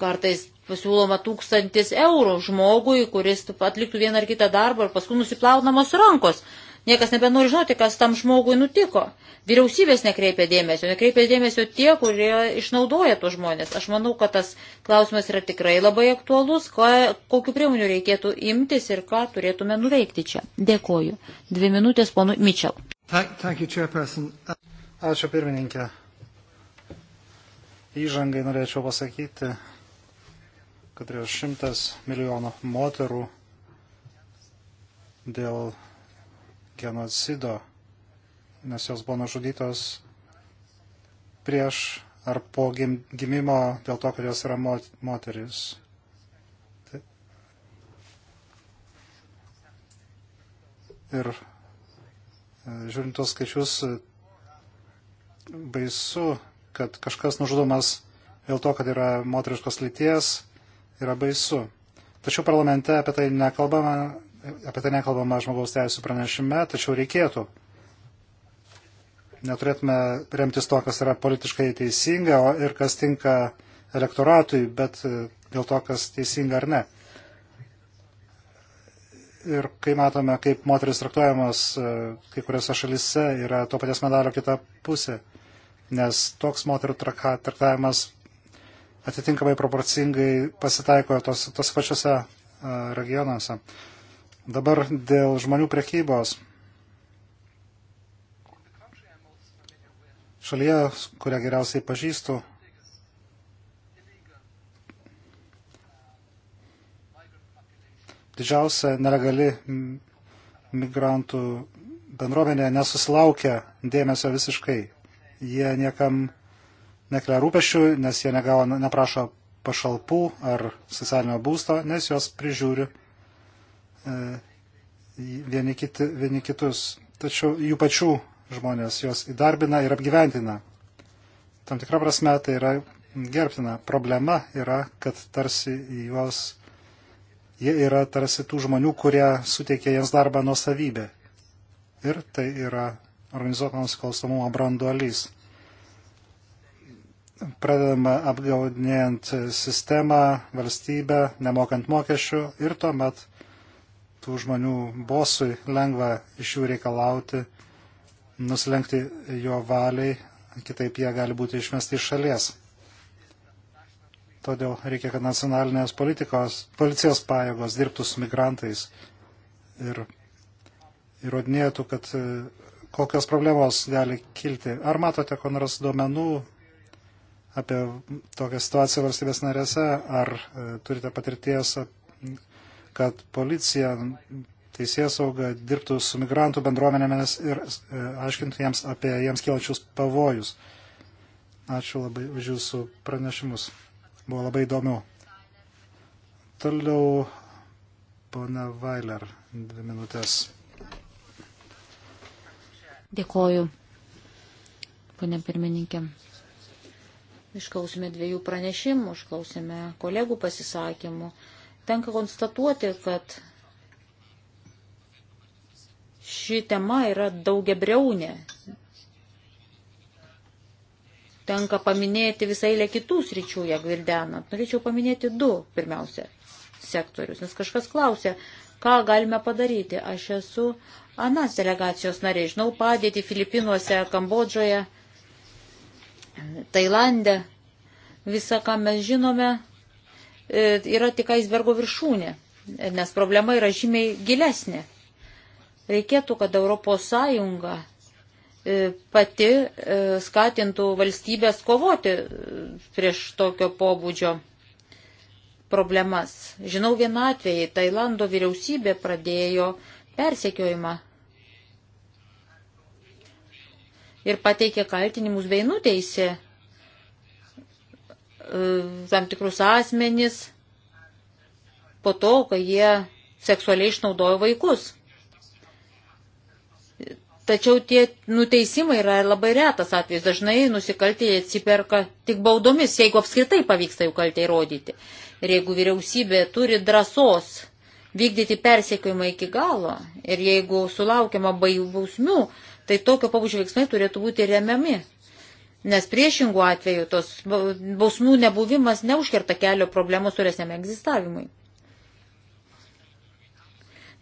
Kartais pasiūloma tūkstantis eurų žmogui, kuris atliktų vieną ar kitą darbą ir paskui nusiplaunamos rankos. Niekas nebenori žinoti, kas tam žmogui nutiko. Vyriausybės nekreipia dėmesio, nekreipia dėmesio tie, kurie išnaudoja tuos žmonės. Aš manau, kad tas klausimas yra tikrai labai aktualus, ko, kokiu priemoniu reikėtų imtis ir ką turėtume nuveikti čia. Dėkoju. Dvi minutės ponui Mitchell. Ačiū pirmininkė. Įžangai norėčiau pasakyti, kad yra šimtas milijonų moterų dėl genocido, nes jos buvo nužudytos prieš ar po gimimo dėl to, kad jos yra moteris. Tai- Ir e, žiūrint tos skaičius, baisu, kad kažkas nužudomas dėl to, kad yra moteriškos lyties, yra baisu. Tačiau parlamente apie tai nekalbama, apie tai nekalbama žmogaus teisų pranešime, tačiau reikėtų. Neturėtume remtis to, kas yra politiškai teisinga ir kas tinka elektoratui, bet e, dėl to, kas teisinga ar ne. Ir kai matome, kaip moteris traktuojamos e, kai kuriuose šalise, yra to paties medalio kita pusė, nes toks moterų traktavimas atitinkamai proporcingai pasitaiko tos, tos pačiose regionuose. Dabar dėl žmonių prekybos. Šalyje, kurią geriausiai pažįstu, didžiausia nelegali migrantų bendruomenė nesusilaukia dėmesio visiškai. Jie niekam nekelia rūpešių, nes jie negavo, neprašo pašalpų ar socialinio būsto, nes jos prižiūri e, vieni, kiti, vieni kitus. Tačiau jų pačių žmonės juos įdarbina ir apgyventina. Tam tikra prasme tai yra gerbtina. Problema yra, kad tarsi juos, jie yra tarsi tų žmonių, kurie suteikia jiems darbą nuosavybę. Ir tai yra organizuoto nusikalstamumo branduolys pradedama apgaudinėjant sistemą, valstybę, nemokant mokesčių ir tuomet tų žmonių bosui lengva iš jų reikalauti, nuslenkti jo valiai, kitaip jie gali būti išmesti iš šalies. Todėl reikia, kad nacionalinės politikos, policijos pajėgos dirbtų su migrantais ir įrodinėtų, kad e, kokios problemos gali kilti. Ar matote, ko nors duomenų apie tokią situaciją valstybės narėse, ar e, turite patirties, kad policija, teisės sauga dirbtų su migrantų bendruomenėmis ir e, aiškintų jiems apie jiems kilačius pavojus. Ačiū labai už jūsų pranešimus. Buvo labai įdomu. Toliau Pana Vailer, dvi minutės. Dėkoju, ponė pirmininkė. Išklausime dviejų pranešimų, išklausime kolegų pasisakymų. Tenka konstatuoti, kad ši tema yra daugiabriaunė. Tenka paminėti visą eilę kitų sričių, ją gvildenant. Norėčiau paminėti du pirmiausia sektorius, nes kažkas klausė, ką galime padaryti. Aš esu Anas delegacijos nariai, žinau padėti Filipinuose, Kambodžoje Tailandė, visa, ką mes žinome, e, yra tik aisbergo viršūnė, nes problema yra žymiai gilesnė. Reikėtų, kad Europos Sąjunga e, pati e, skatintų valstybės kovoti prieš tokio pobūdžio problemas. Žinau vieną atvejį, Tailando vyriausybė pradėjo persekiojimą ir pateikė kaltinimus bei nuteisė e, tam tikrus asmenis po to, kai jie seksualiai išnaudojo vaikus. Tačiau tie nuteisimai yra labai retas atvejis. Dažnai nusikaltėjai atsiperka tik baudomis, jeigu apskritai pavyksta jų kaltę įrodyti. Ir jeigu vyriausybė turi drąsos vykdyti persiekiojimą iki galo ir jeigu sulaukiama bausmių, tai tokio pabudžio veiksmai turėtų būti remiami. Nes priešingų atveju tos bausmų nebuvimas neužkerta kelio problemos turėsiam egzistavimui.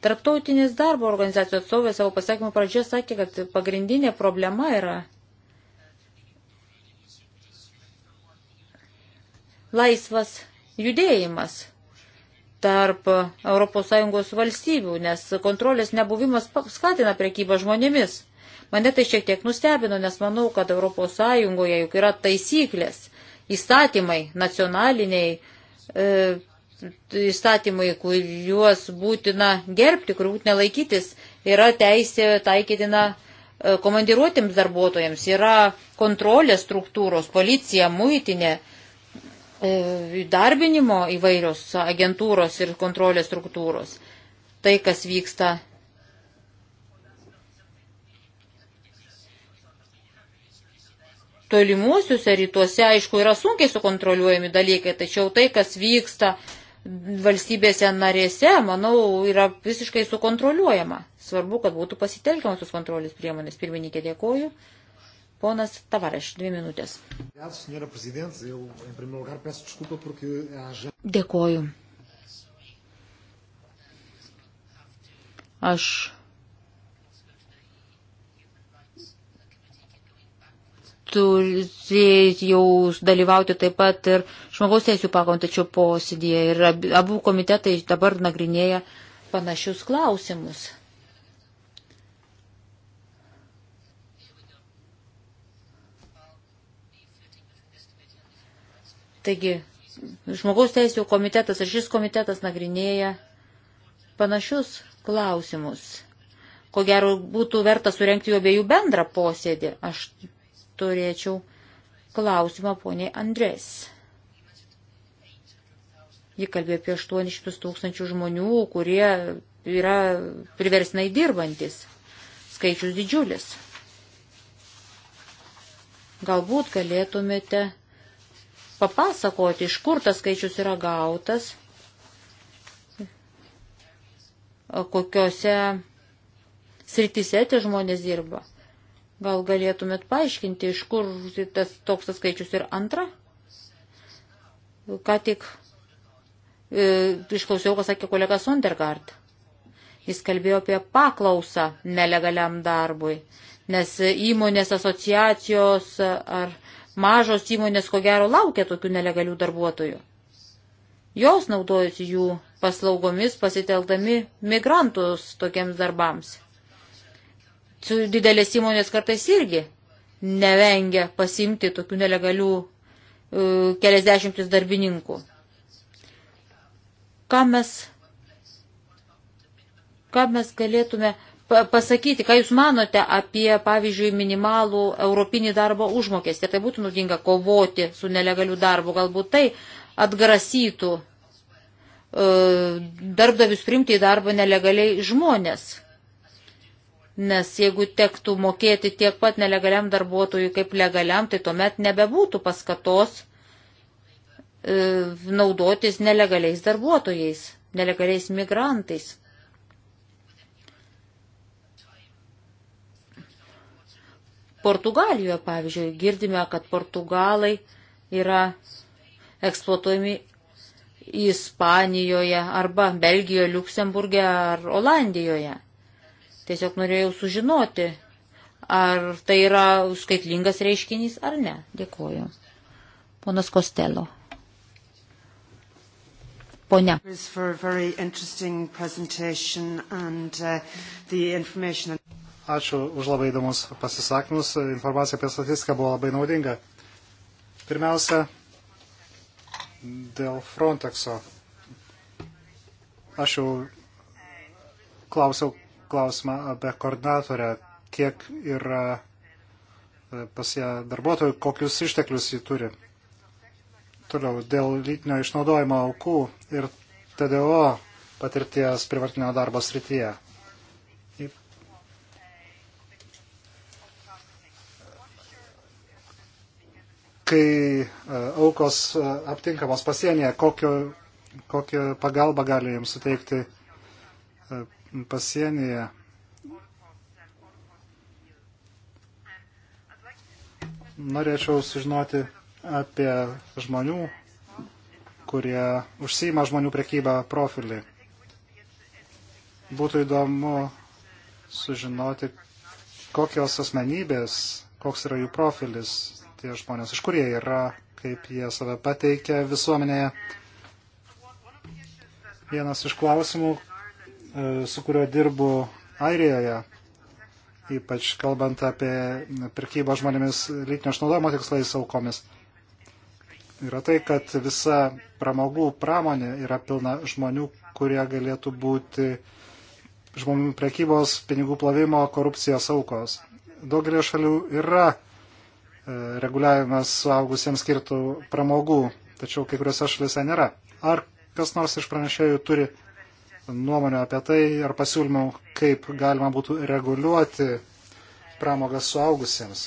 Tarptautinės darbo organizacijos atstovė savo pasakymų pradžioje sakė, kad pagrindinė problema yra laisvas judėjimas tarp ES valstybių, nes kontrolės nebuvimas skatina prekybą žmonėmis. Mane tai šiek tiek nustebino, nes manau, kad ES juk yra taisyklės, įstatymai, nacionaliniai e, įstatymai, kuriuos būtina gerbti, kurių būtina laikytis, yra teisė taikytina e, komandiruotėms darbuotojams, yra kontrolės struktūros, policija, muitinė, e, įdarbinimo įvairios agentūros ir kontrolės struktūros. Tai, kas vyksta tolimuosiuose rytuose, aišku, yra sunkiai sukontroliuojami dalykai, tačiau tai, kas vyksta valstybėse narėse, manau, yra visiškai sukontroliuojama. Svarbu, kad būtų pasitelkiamas tos kontrolės priemonės. Pirmininkė, dėkoju. Ponas Tavareš, dvi minutės. Dėkoju. Aš turėjau dalyvauti taip pat ir žmogaus teisų pakomitečio posėdėje ir abu komitetai dabar nagrinėja panašius klausimus. Taigi, žmogaus teisų komitetas ir šis komitetas nagrinėja panašius klausimus. Ko gero būtų verta surenkti jų abiejų bendrą posėdį. Aš turėčiau klausimą poniai Andrės. Ji kalbėjo apie 800 tūkstančių žmonių, kurie yra priversnai dirbantis. Skaičius didžiulis. Galbūt galėtumėte papasakoti, iš kur tas skaičius yra gautas, kokiuose srityse tie žmonės dirba. Gal galėtumėt paaiškinti, iš kur tas toks skaičius ir antra? Ką tik e, išklausiau, ką sakė kolega Sondergaard. Jis kalbėjo apie paklausą nelegaliam darbui, nes įmonės asociacijos ar mažos įmonės ko gero laukia tokių nelegalių darbuotojų. Jos naudojasi jų paslaugomis pasiteltami migrantus tokiems darbams didelės įmonės kartais irgi nevengia pasimti tokių nelegalių e, keliasdešimtis darbininkų. Ką mes, ką mes galėtume pasakyti, ką Jūs manote apie, pavyzdžiui, minimalų europinį darbo užmokestį. Tai būtų naudinga kovoti su nelegaliu darbu. Galbūt tai atgrasytų e, darbdavius primti į darbą nelegaliai žmonės nes jeigu tektų mokėti tiek pat nelegaliam darbuotojui kaip legaliam, tai tuomet nebebūtų paskatos e, naudotis nelegaliais darbuotojais, nelegaliais migrantais. Portugalijoje, pavyzdžiui, girdime, kad portugalai yra eksploatuojami Ispanijoje arba Belgijoje, Luksemburgė ar Olandijoje. Tiesiog norėjau sužinoti, ar tai yra skaitlingas reiškinys ar ne. Dėkuoju. Ponas Kostelo. Ponia. Uh, Ačiū už labai įdomus pasisakymus. Informacija apie statistiką buvo labai naudinga. Pirmiausia, dėl Frontexo. Aš jau klausiau klausimą apie koordinatorę, kiek yra e, pas ją darbuotojų, kokius išteklius jį turi. Toliau, dėl lytinio išnaudojimo aukų ir TDO patirties privartinio darbo srityje. Kai e, aukos e, aptinkamos pasienyje, kokio, kokią pagalbą gali jums suteikti pasienyje. Norėčiau sužinoti apie žmonių, kurie užsima žmonių prekybą profilį. Būtų įdomu sužinoti, kokios asmenybės, koks yra jų profilis, tie žmonės, iš kur jie yra, kaip jie save pateikia visuomenėje. Vienas iš klausimų, E, su kuriuo dirbu Airijoje, ypač kalbant apie pirkybą žmonėmis lytinio išnaudojimo tikslais aukomis, yra tai, kad visa pramogų pramonė yra pilna žmonių, kurie galėtų būti žmonių prekybos, pinigų plovimo, korupcijos aukos. Daugelio šalių yra e, reguliavimas suaugusiems skirtų pramogų, tačiau kai kuriuose šalise nėra. Ar kas nors iš pranešėjų turi nuomonę apie tai ar pasiūlymų, kaip galima būtų reguliuoti pramogas suaugusiems.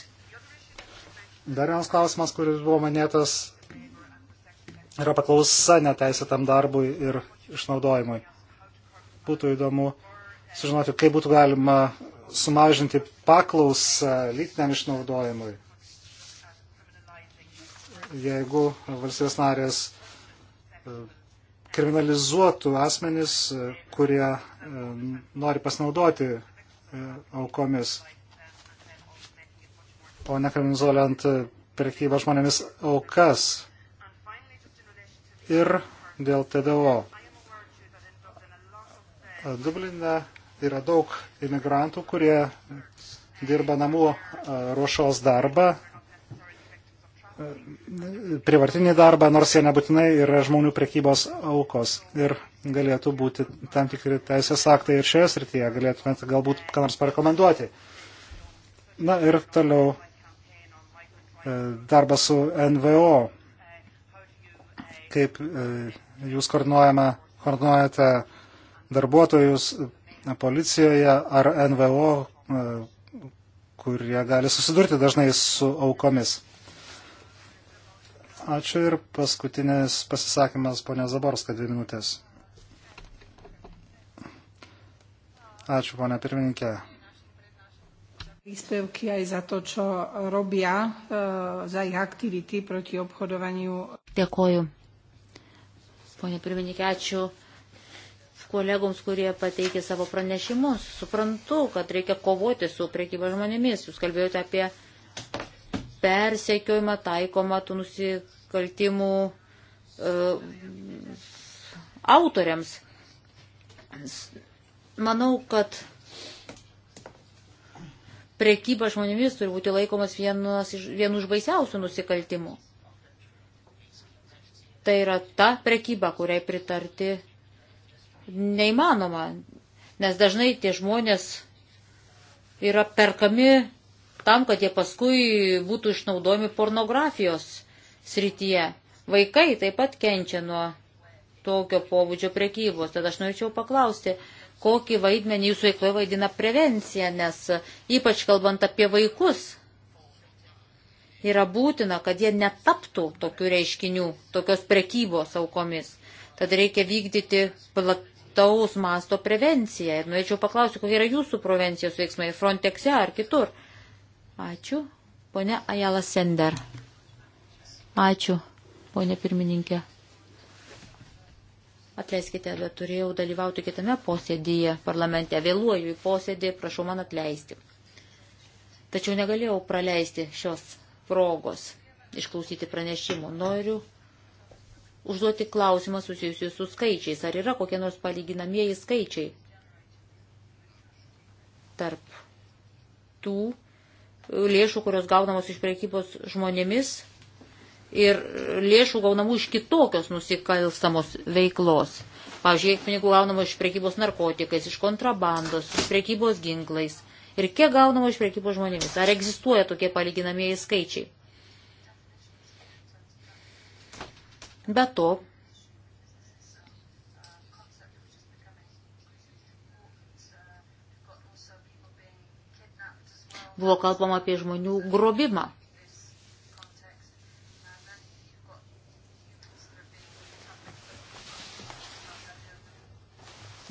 Dar vienas klausimas, kuris buvo manėtas, yra paklausa neteisėtam darbui ir išnaudojimui. Būtų įdomu sužinoti, kaip būtų galima sumažinti paklausą lytiniam išnaudojimui. Jeigu valstybės narės kriminalizuotų asmenis, e, kurie e, nori pasinaudoti e, aukomis, o ne kriminalizuojant prekybą žmonėmis aukas ir dėl TDO. Dubline yra daug imigrantų, kurie dirba namų ruošos darbą privartinį darbą, nors jie nebūtinai yra žmonių prekybos aukos ir galėtų būti tam tikri teisės aktai ir šioje srityje galėtumėt galbūt ką nors parekomenduoti. Na ir toliau e, darbas su NVO, kaip e, jūs koordinuojate darbuotojus e, policijoje ar NVO, kurie gali susidurti dažnai su aukomis. Ačiū ir paskutinis pasisakymas ponė Zaborska, dvi minutės. Ačiū ponė pirmininkė. Príspevky aj za to, čo robia, e, za ich aktivity proti obchodovaniu. Dėkoju. Pone pirmininkė, ačiū kolegoms, kurie pateikė savo pranešimus. Suprantu, kad reikia kovoti su priekyba žmonėmis. Jūs kalbėjote apie persekiojimą taikomą tų nusikaltimų uh, autoriams. Manau, kad prekyba žmonėmis turi būti laikomas vienas iš, vienu iš baisiausių nusikaltimų. Tai yra ta prekyba, kuriai pritarti neįmanoma, nes dažnai tie žmonės yra perkami tam, kad jie paskui būtų išnaudojami pornografijos srityje. Vaikai taip pat kenčia nuo tokio pobūdžio prekybos. Tad aš norėčiau paklausti, kokį vaidmenį jūsų veikloje vaidina prevencija, nes ypač kalbant apie vaikus, yra būtina, kad jie netaptų tokių reiškinių, tokios prekybos aukomis. Tad reikia vykdyti plataus masto prevenciją. Ir norėčiau paklausti, kokie yra jūsų prevencijos veiksmai Frontexe ar kitur. Ačiū. Pone Ajala Sender. Ačiū, ponė pirmininkė. Atleiskite, bet turėjau dalyvauti kitame posėdyje parlamente. Vėluoju į posėdį, prašau man atleisti. Tačiau negalėjau praleisti šios progos išklausyti pranešimų. Noriu užduoti klausimą susijusiu su skaičiais. Ar yra kokie nors palyginamieji skaičiai tarp tų lėšų, kurios gaunamos iš prekybos žmonėmis ir lėšų gaunamų iš kitokios nusikalstamos veiklos. Pavyzdžiui, pinigų gaunama iš prekybos narkotikais, iš kontrabandos, iš prekybos ginklais. Ir kiek gaunama iš prekybos žmonėmis? Ar egzistuoja tokie palyginamieji skaičiai? Be to, buvo kalbama apie žmonių grobimą.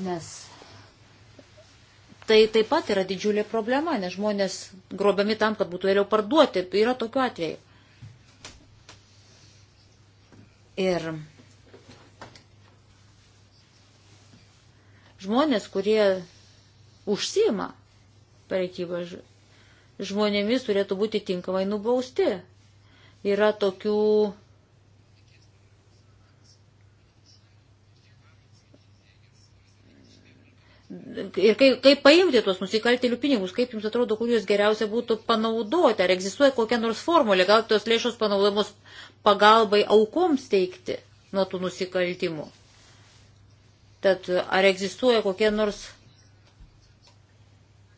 Nes tai taip pat yra didžiulė problema, nes žmonės grobiami tam, kad būtų vėliau parduoti. Yra tokiu atveju. Ir žmonės, kurie užsima prekybą žmonėmis turėtų būti tinkamai nubausti. Yra tokių ir kaip, kaip paimti tuos nusikaltėlių pinigus, kaip jums atrodo, kur juos geriausia būtų panaudoti, ar egzistuoja kokia nors formulė, gal tos lėšos panaudojamos pagalbai aukoms teikti nuo tų nusikaltimų. Tad ar egzistuoja kokie nors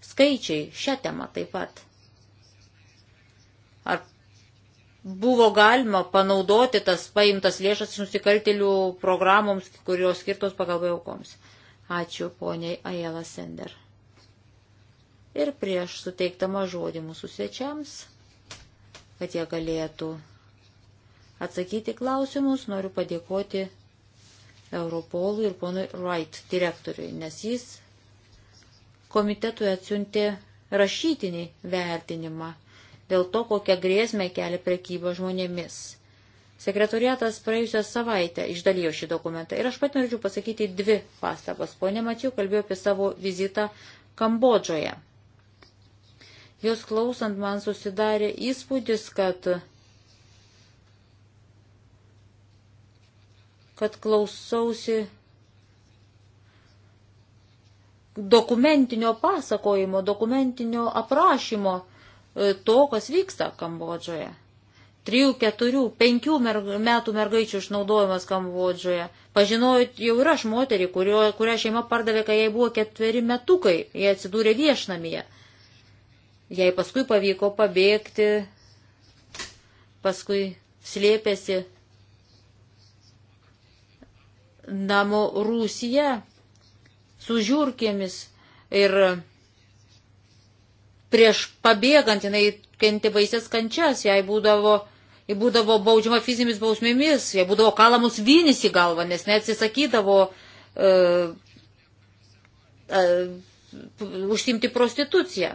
skaičiai šią temą taip pat? buvo galima panaudoti tas paimtas lėšas nusikaltelių programoms, kurios skirtos pagalbai aukoms. Ačiū poniai Ajela Sender. Ir prieš suteiktama žodį mūsų svečiams, kad jie galėtų atsakyti klausimus, noriu padėkoti Europolui ir ponui Wright direktoriui, nes jis komitetui atsiuntė rašytinį vertinimą dėl to, kokią grėsmę kelia prekyba žmonėmis. Sekretoriatas praėjusią savaitę išdalijo šį dokumentą ir aš pat norėčiau pasakyti dvi pastabas. Pone Mačiau kalbėjo apie savo vizitą Kambodžoje. Jos klausant man susidarė įspūdis, kad, kad klausausi dokumentinio pasakojimo, dokumentinio aprašymo E, to, kas vyksta Kambodžoje. Trijų, keturių, penkių merg metų mergaičių išnaudojimas Kambodžoje. Pažinojau jau ir aš moterį, kurio, kurią šeima pardavė, kai jai buvo ketveri metukai, jie atsidūrė viešnamyje. Jai paskui pavyko pabėgti, paskui slėpėsi namo Rusija su žiūrkėmis ir prieš pabėgant jinai kentė baises kančias, jai būdavo, jai būdavo baudžiama fizinėmis bausmėmis, jai būdavo kalamus vynis į galvą, nes neatsisakydavo uh, e, uh, e, užsimti prostituciją.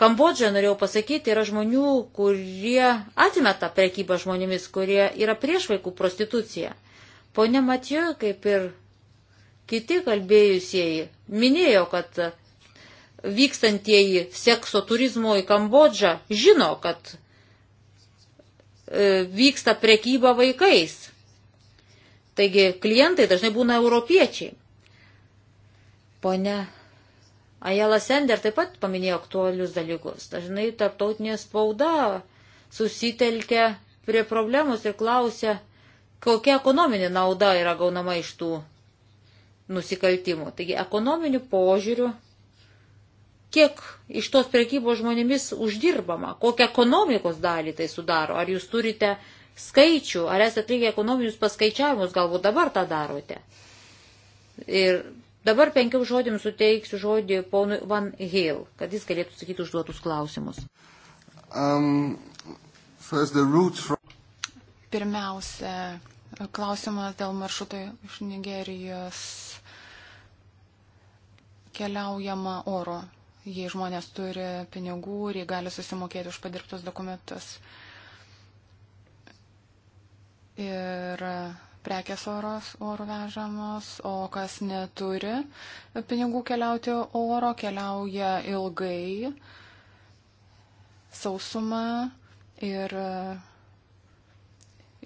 Kambodža, norėjau pasakyti, yra žmonių, kurie atmeta prekybą žmonėmis, kurie yra prieš vaikų prostituciją. Pone Matijo, kaip ir kiti kalbėjusieji, minėjo, kad vykstantieji sekso turizmo į Kambodžą žino, kad e, vyksta prekyba vaikais. Taigi klientai dažnai būna europiečiai. Pone Ajala Sender taip pat paminėjo aktualius dalykus. Dažnai tarptautinė spauda susitelkia prie problemos ir klausia, kokia ekonominė nauda yra gaunama iš tų nusikaltimų. Taigi ekonominių požiūrių kiek iš tos prekybos žmonėmis uždirbama, kokią ekonomikos dalį tai sudaro, ar jūs turite skaičių, ar esate atlikę ekonominius paskaičiavimus, galbūt dabar tą darote. Ir dabar penkiam žodėm suteiksiu žodį ponui Van Hill, kad jis galėtų sakyti užduotus klausimus. Um, from... Pirmiausia, klausimas dėl maršruto iš Nigerijos keliaujama oro jei žmonės turi pinigų ir jie gali susimokėti už padirbtus dokumentus. Ir prekės oros, oro vežamos, o kas neturi pinigų keliauti oro, keliauja ilgai, sausumą ir e,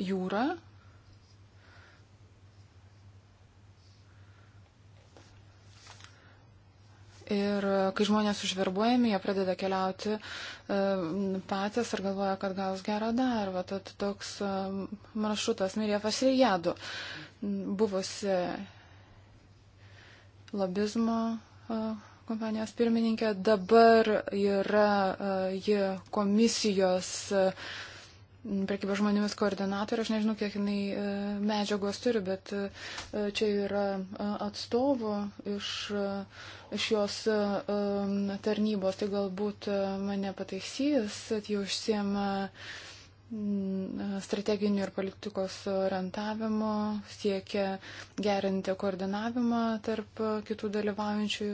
jūrą, Ir e, kai žmonės užverbuojami, jie pradeda keliauti e, patys ir galvoja, kad gaus gerą darbą. Tad toks e, maršrutas Mirė Fasirijadu buvusi lobizmo kompanijos pirmininkė, dabar yra ji komisijos prekybos žmonėmis koordinatorė, aš nežinau, kiek jinai e, medžiagos turi, bet e, čia yra e, atstovų iš, iš jos tarnybos, tai galbūt mane pataisys, kad jau užsiema mm, strateginių ir politikos orientavimo, siekia gerinti koordinavimą tarp kitų dalyvaujančių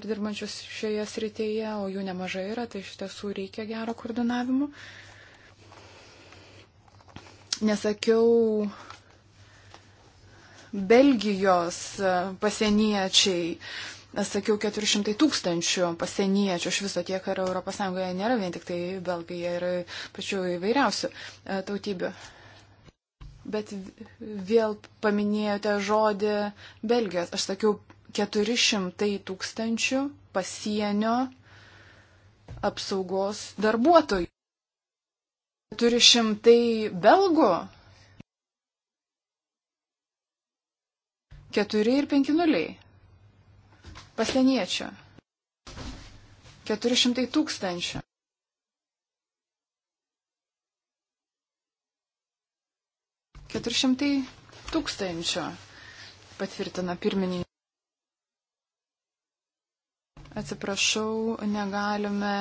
ir dirbančių šioje srityje, o jų nemažai yra, tai iš tiesų reikia gero koordinavimo. Uh, nesakiau Belgijos pasieniečiai, sakiau, 400 tūkstančių pasieniečių iš viso tiek, ar ES nėra vien tik tai Belgija ir pačių įvairiausių e, tautybių. Bet vėl paminėjote žodį Belgijos. Aš sakiau, 400 tūkstančių pasienio apsaugos darbuotojų. Turi šimtai belgų. 4 ir 5 nuliai. Pasieniečių. 400 tūkstančių. Keturšimtai tūkstančio patvirtina pirmininkai. Atsiprašau, negalime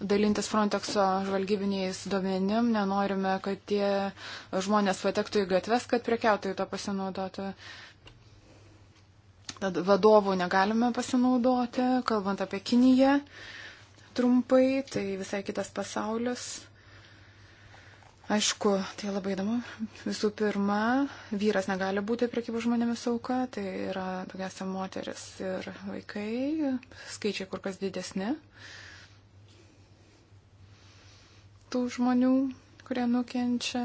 dalintis Frontexo žvalgybiniais duomenim, nenorime, kad tie žmonės patektų į gatves, kad prekiautojai to pasinaudotų. Tad vadovų negalime pasinaudoti, kalbant apie Kiniją trumpai, tai visai kitas pasaulis. Aišku, tai labai įdomu. Visų pirma, vyras negali būti prekybos žmonėmis auka, tai yra daugiausia moteris ir vaikai, skaičiai kur kas didesni. Uh, tų žmonių, kurie nukenčia.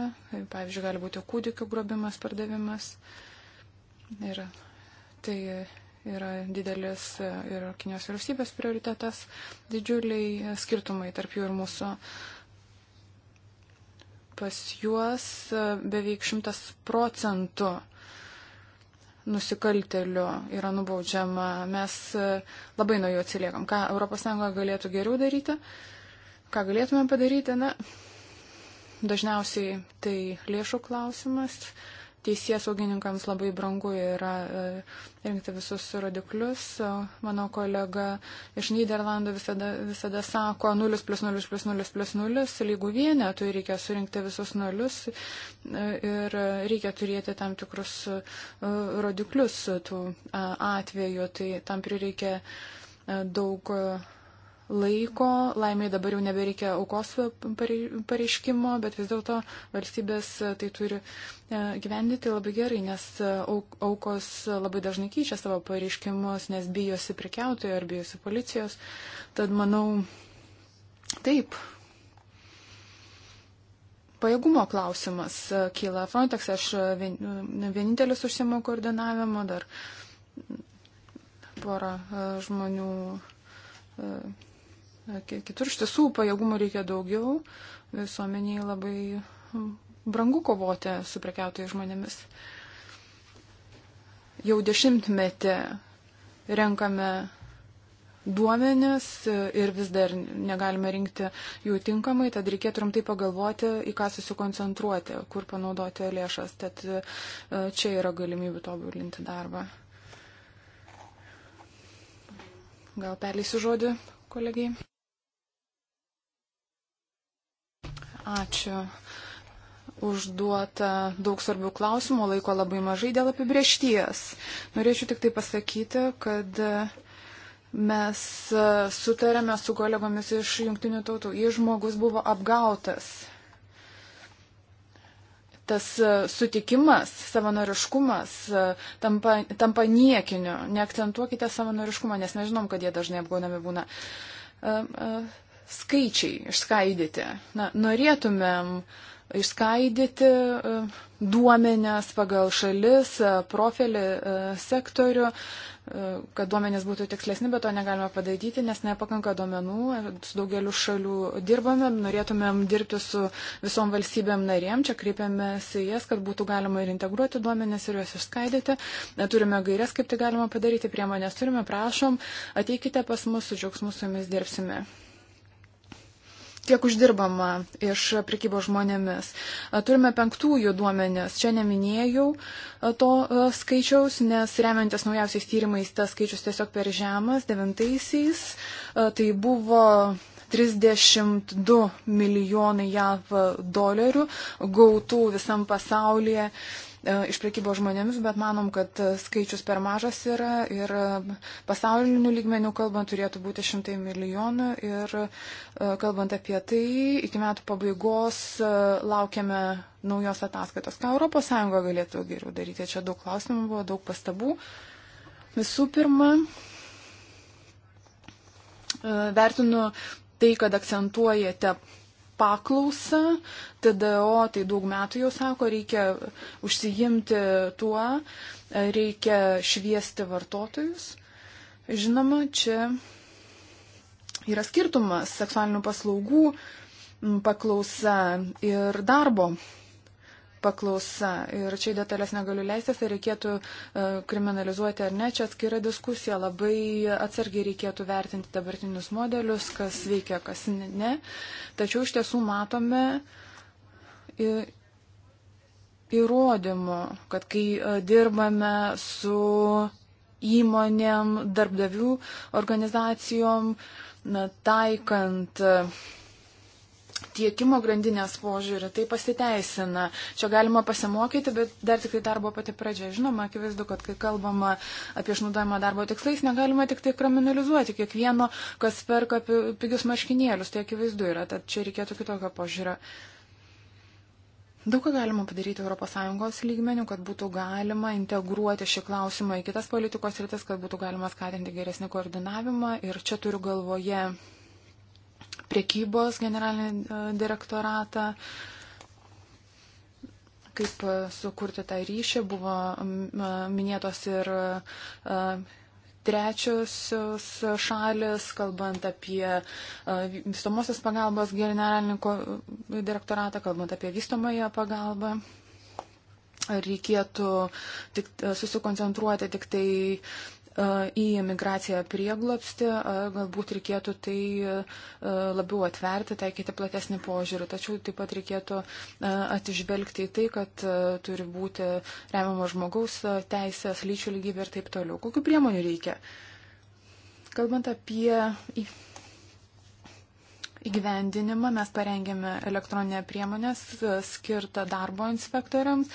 Pavyzdžiui, gali būti kūdikių grobimas, pardavimas. Ir tai yra didelis ir Kinijos vyriausybės prioritetas, didžiuliai skirtumai tarp jų ir mūsų. Pas juos beveik šimtas procentų nusikaltelių yra nubaudžiama. Mes labai nuo jų atsiliekam. Ką ES galėtų geriau daryti? Uh, Ką galėtumėm padaryti? Na, dažniausiai tai lėšų klausimas. Teisės augininkams labai brangu yra e, rinkti visus rodiklius. E, mano kolega iš Niderlandų visada, visada sako 0 plus 0 plus 0 plus 0 lygų vienetui reikia surinkti visus nulius e, ir reikia turėti tam tikrus rodiklius tų atvejų. Tai tam prireikia daug laiko, laimiai dabar jau nebereikia aukos pareiškimo, bet vis dėlto valstybės e, tai turi e, gyvendyti labai gerai, nes e, aukos labai dažnai keičia savo pareiškimus, nes bijosi prekiautojų ar bijosi policijos. Tad manau, taip. Pajėgumo klausimas kyla Frontex, aš vienintelis užsiemu koordinavimo, dar porą žmonių Kitur iš tiesų pajėgumų reikia daugiau, visuomeniai labai brangu kovoti su prekiautojai žmonėmis. Jau dešimtmetį renkame duomenis ir vis dar negalime rinkti jų tinkamai, tad reikėtų rimtai pagalvoti, į ką susikoncentruoti, kur panaudoti lėšas. Tad e, čia yra galimybių tobulinti darbą. Gal perleisiu žodį kolegijai. Ačiū. Užduota daug svarbių klausimų, laiko labai mažai dėl apibriešties. Norėčiau tik tai pasakyti, kad mes sutarėme su kolegomis iš jungtinių tautų, jei žmogus buvo apgautas tas sutikimas, savanoriškumas tampa, tampa niekiniu. Neakcentuokite savanoriškumą, nes mes žinom, kad jie dažnai apgaunami būna. E, skaičiai išskaidyti. Na, norėtumėm išskaidyti e, duomenės pagal šalis, e, profilį, e, sektorių, kad duomenės būtų tikslesni, bet to negalime padaryti, nes nepakanka duomenų, su daugeliu šalių dirbame, norėtumėm dirbti su visom valstybėm narėm, čia kreipiamės į jas, kad būtų galima ir integruoti duomenės ir juos išskaidyti, turime gairias, kaip tai galima padaryti, priemonės turime, prašom, ateikite pas mus, su džiaugsmu su jumis dirbsime kiek uždirbama iš prekybos žmonėmis. Turime penktųjų duomenis. Čia neminėjau to skaičiaus, nes remiantis naujausiais tyrimais tas skaičius tiesiog per žemas. Devintaisiais tai buvo 32 milijonai JAV dolerių gautų visam pasaulyje E, iš prekybos žmonėmis, bet manom, kad skaičius per mažas yra ir pasaulinių lygmenių kalbant turėtų būti šimtai milijonų ir e, kalbant apie tai, iki metų pabaigos e, laukiame naujos ataskaitos. Ką ES galėtų geriau daryti? Čia daug klausimų buvo, daug pastabų. Visų pirma, vertinu tai, kad akcentuojate paklausą, TDO tai daug metų jau sako, reikia užsijimti tuo, reikia šviesti vartotojus. Žinoma, čia yra skirtumas seksualinių paslaugų paklausa ir darbo paklausa. Ir čia į detalės negaliu leistis, ar tai reikėtų e, kriminalizuoti ar ne, čia atskira diskusija. Labai atsargiai reikėtų vertinti dabartinius modelius, kas veikia, kas ne. Tačiau iš tiesų matome e, įrodymų, kad kai e, dirbame su įmonėm, darbdavių organizacijom, na, taikant uh, tiekimo grandinės požiūrį, tai pasiteisina. Čia galima pasimokyti, bet dar tik tai darbo pati pradžia. Žinoma, akivaizdu, kad kai kalbama apie išnaudojimą darbo tikslais, negalima tik tai kriminalizuoti kiekvieno, kas perka pigius marškinėlius. Tai akivaizdu yra, tad čia reikėtų kitokio požiūrio. Daug ką galima padaryti ES lygmenių, kad būtų galima integruoti šį klausimą į kitas politikos rytis, kad būtų galima skatinti geresnį koordinavimą. Ir čia turiu galvoje priekybos generalinį e, direktoratą, kaip e, sukurti tą ryšį. Buvo e, minėtos ir trečiosios šalis, kalbant apie vystomosios pagalbos generalinį direktoratą, kalbant apie vystomąją pagalbą. Ar reikėtų tik, susikoncentruoti tik tai į imigraciją prieglopsti, galbūt reikėtų tai labiau atverti, taikyti platesnį požiūrį. Tačiau taip pat reikėtų atižvelgti į tai, kad turi būti remiamo žmogaus teisės, lyčių lygybė ir taip toliau. Kokiu priemonių reikia? Kalbant apie įgyvendinimą, mes parengėme elektroninę priemonę skirtą darbo inspektoriams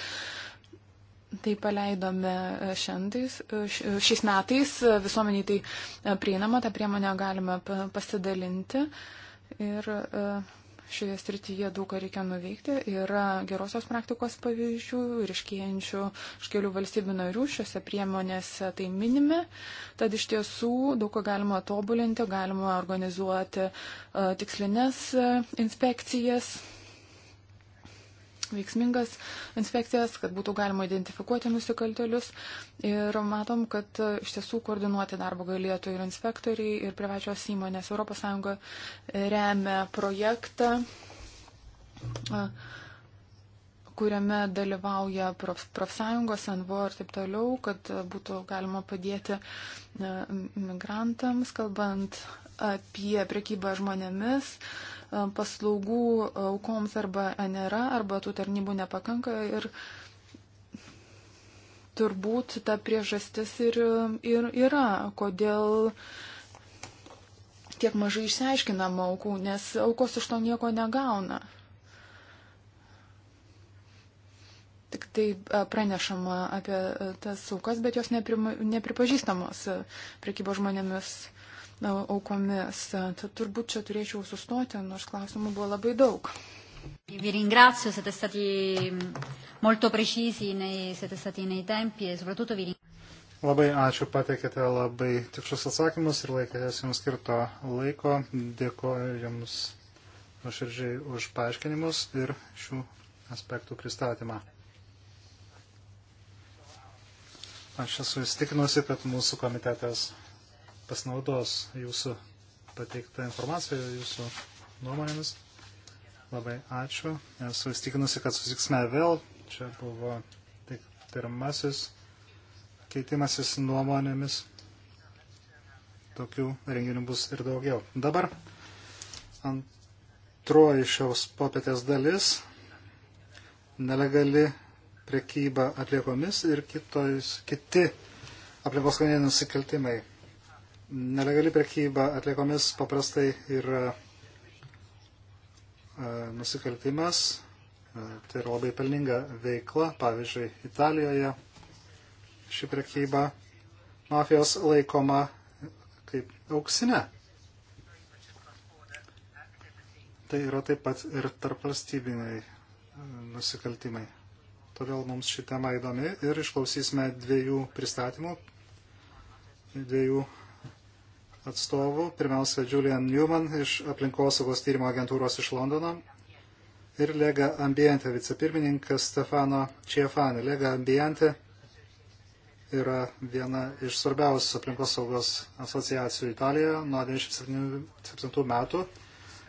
Tai paleidome e, šiandais, e, e, šiais metais, visuomeniai tai prieinama, tą priemonę galime pasidalinti ir šioje srityje daug ką reikia nuveikti. Yra gerosios praktikos pavyzdžių ir iškėjančių iš kelių valstybių narių šiuose priemonėse tai minime. Tad iš tiesų daug ką galima tobulinti, galima organizuoti tikslinės inspekcijas veiksmingas inspekcijas, kad būtų galima identifikuoti nusikaltelius. Ir matom, kad e, iš tiesų koordinuoti darbą galėtų ir inspektoriai, ir privačios įmonės. ES e, remia projektą e, kuriame dalyvauja profsąjungos, NVO ir taip toliau, kad būtų galima padėti migrantams, kalbant apie prekybą žmonėmis. E, paslaugų aukoms arba nėra, arba tų tarnybų nepakanka. Ir turbūt ta priežastis ir, ir yra, kodėl tiek mažai išsiaiškinama aukų, nes aukos iš to nieko negauna. Tik tai e, pranešama apie e, tas aukas, bet jos nepripažįstamos prekybo žmonėmis aukomis. Tad turbūt čia turėčiau sustoti, nors klausimų buvo labai daug. Vi ringrazio, siete stati mm, molto precisi, nei, siete stati nei tempi e soprattutto vi ringrazio. Labai ačiū, pateikėte labai tikšus atsakymus ir laikėtės jums skirto laiko. Dėkoju jums nuoširdžiai už paaiškinimus ir šių aspektų pristatymą. Aš esu įstikinusi, kad mūsų komitetas pasinaudos jūsų pateiktą informaciją, jūsų nuomonėmis. Labai ačiū. Esu įstikinusi, kad susitiksime vėl. Čia buvo tik pirmasis keitimasis nuomonėmis. Tokių renginių bus ir daugiau. Dabar antroji šios popietės dalis - nelegali prekyba atliekomis ir kitos, kiti aplinkos nusikaltimai. Nelegali prekyba atliekomis paprastai yra e, nusikaltimas, e, tai yra labai pelninga veikla, pavyzdžiui, Italijoje ši prekyba mafijos laikoma kaip auksinė. Tai yra taip pat ir tarpvalstybiniai e, nusikaltimai. Todėl mums ši tema įdomi ir išklausysime dviejų pristatymų, dviejų atstovų. Pirmiausia, Julian Newman iš aplinkosaugos tyrimo agentūros iš Londono ir Lega Ambiente vicepirmininkas Stefano Čiefani. Lega Ambiente yra viena iš svarbiausių aplinkosaugos asociacijų Italijoje nuo 1997 metų.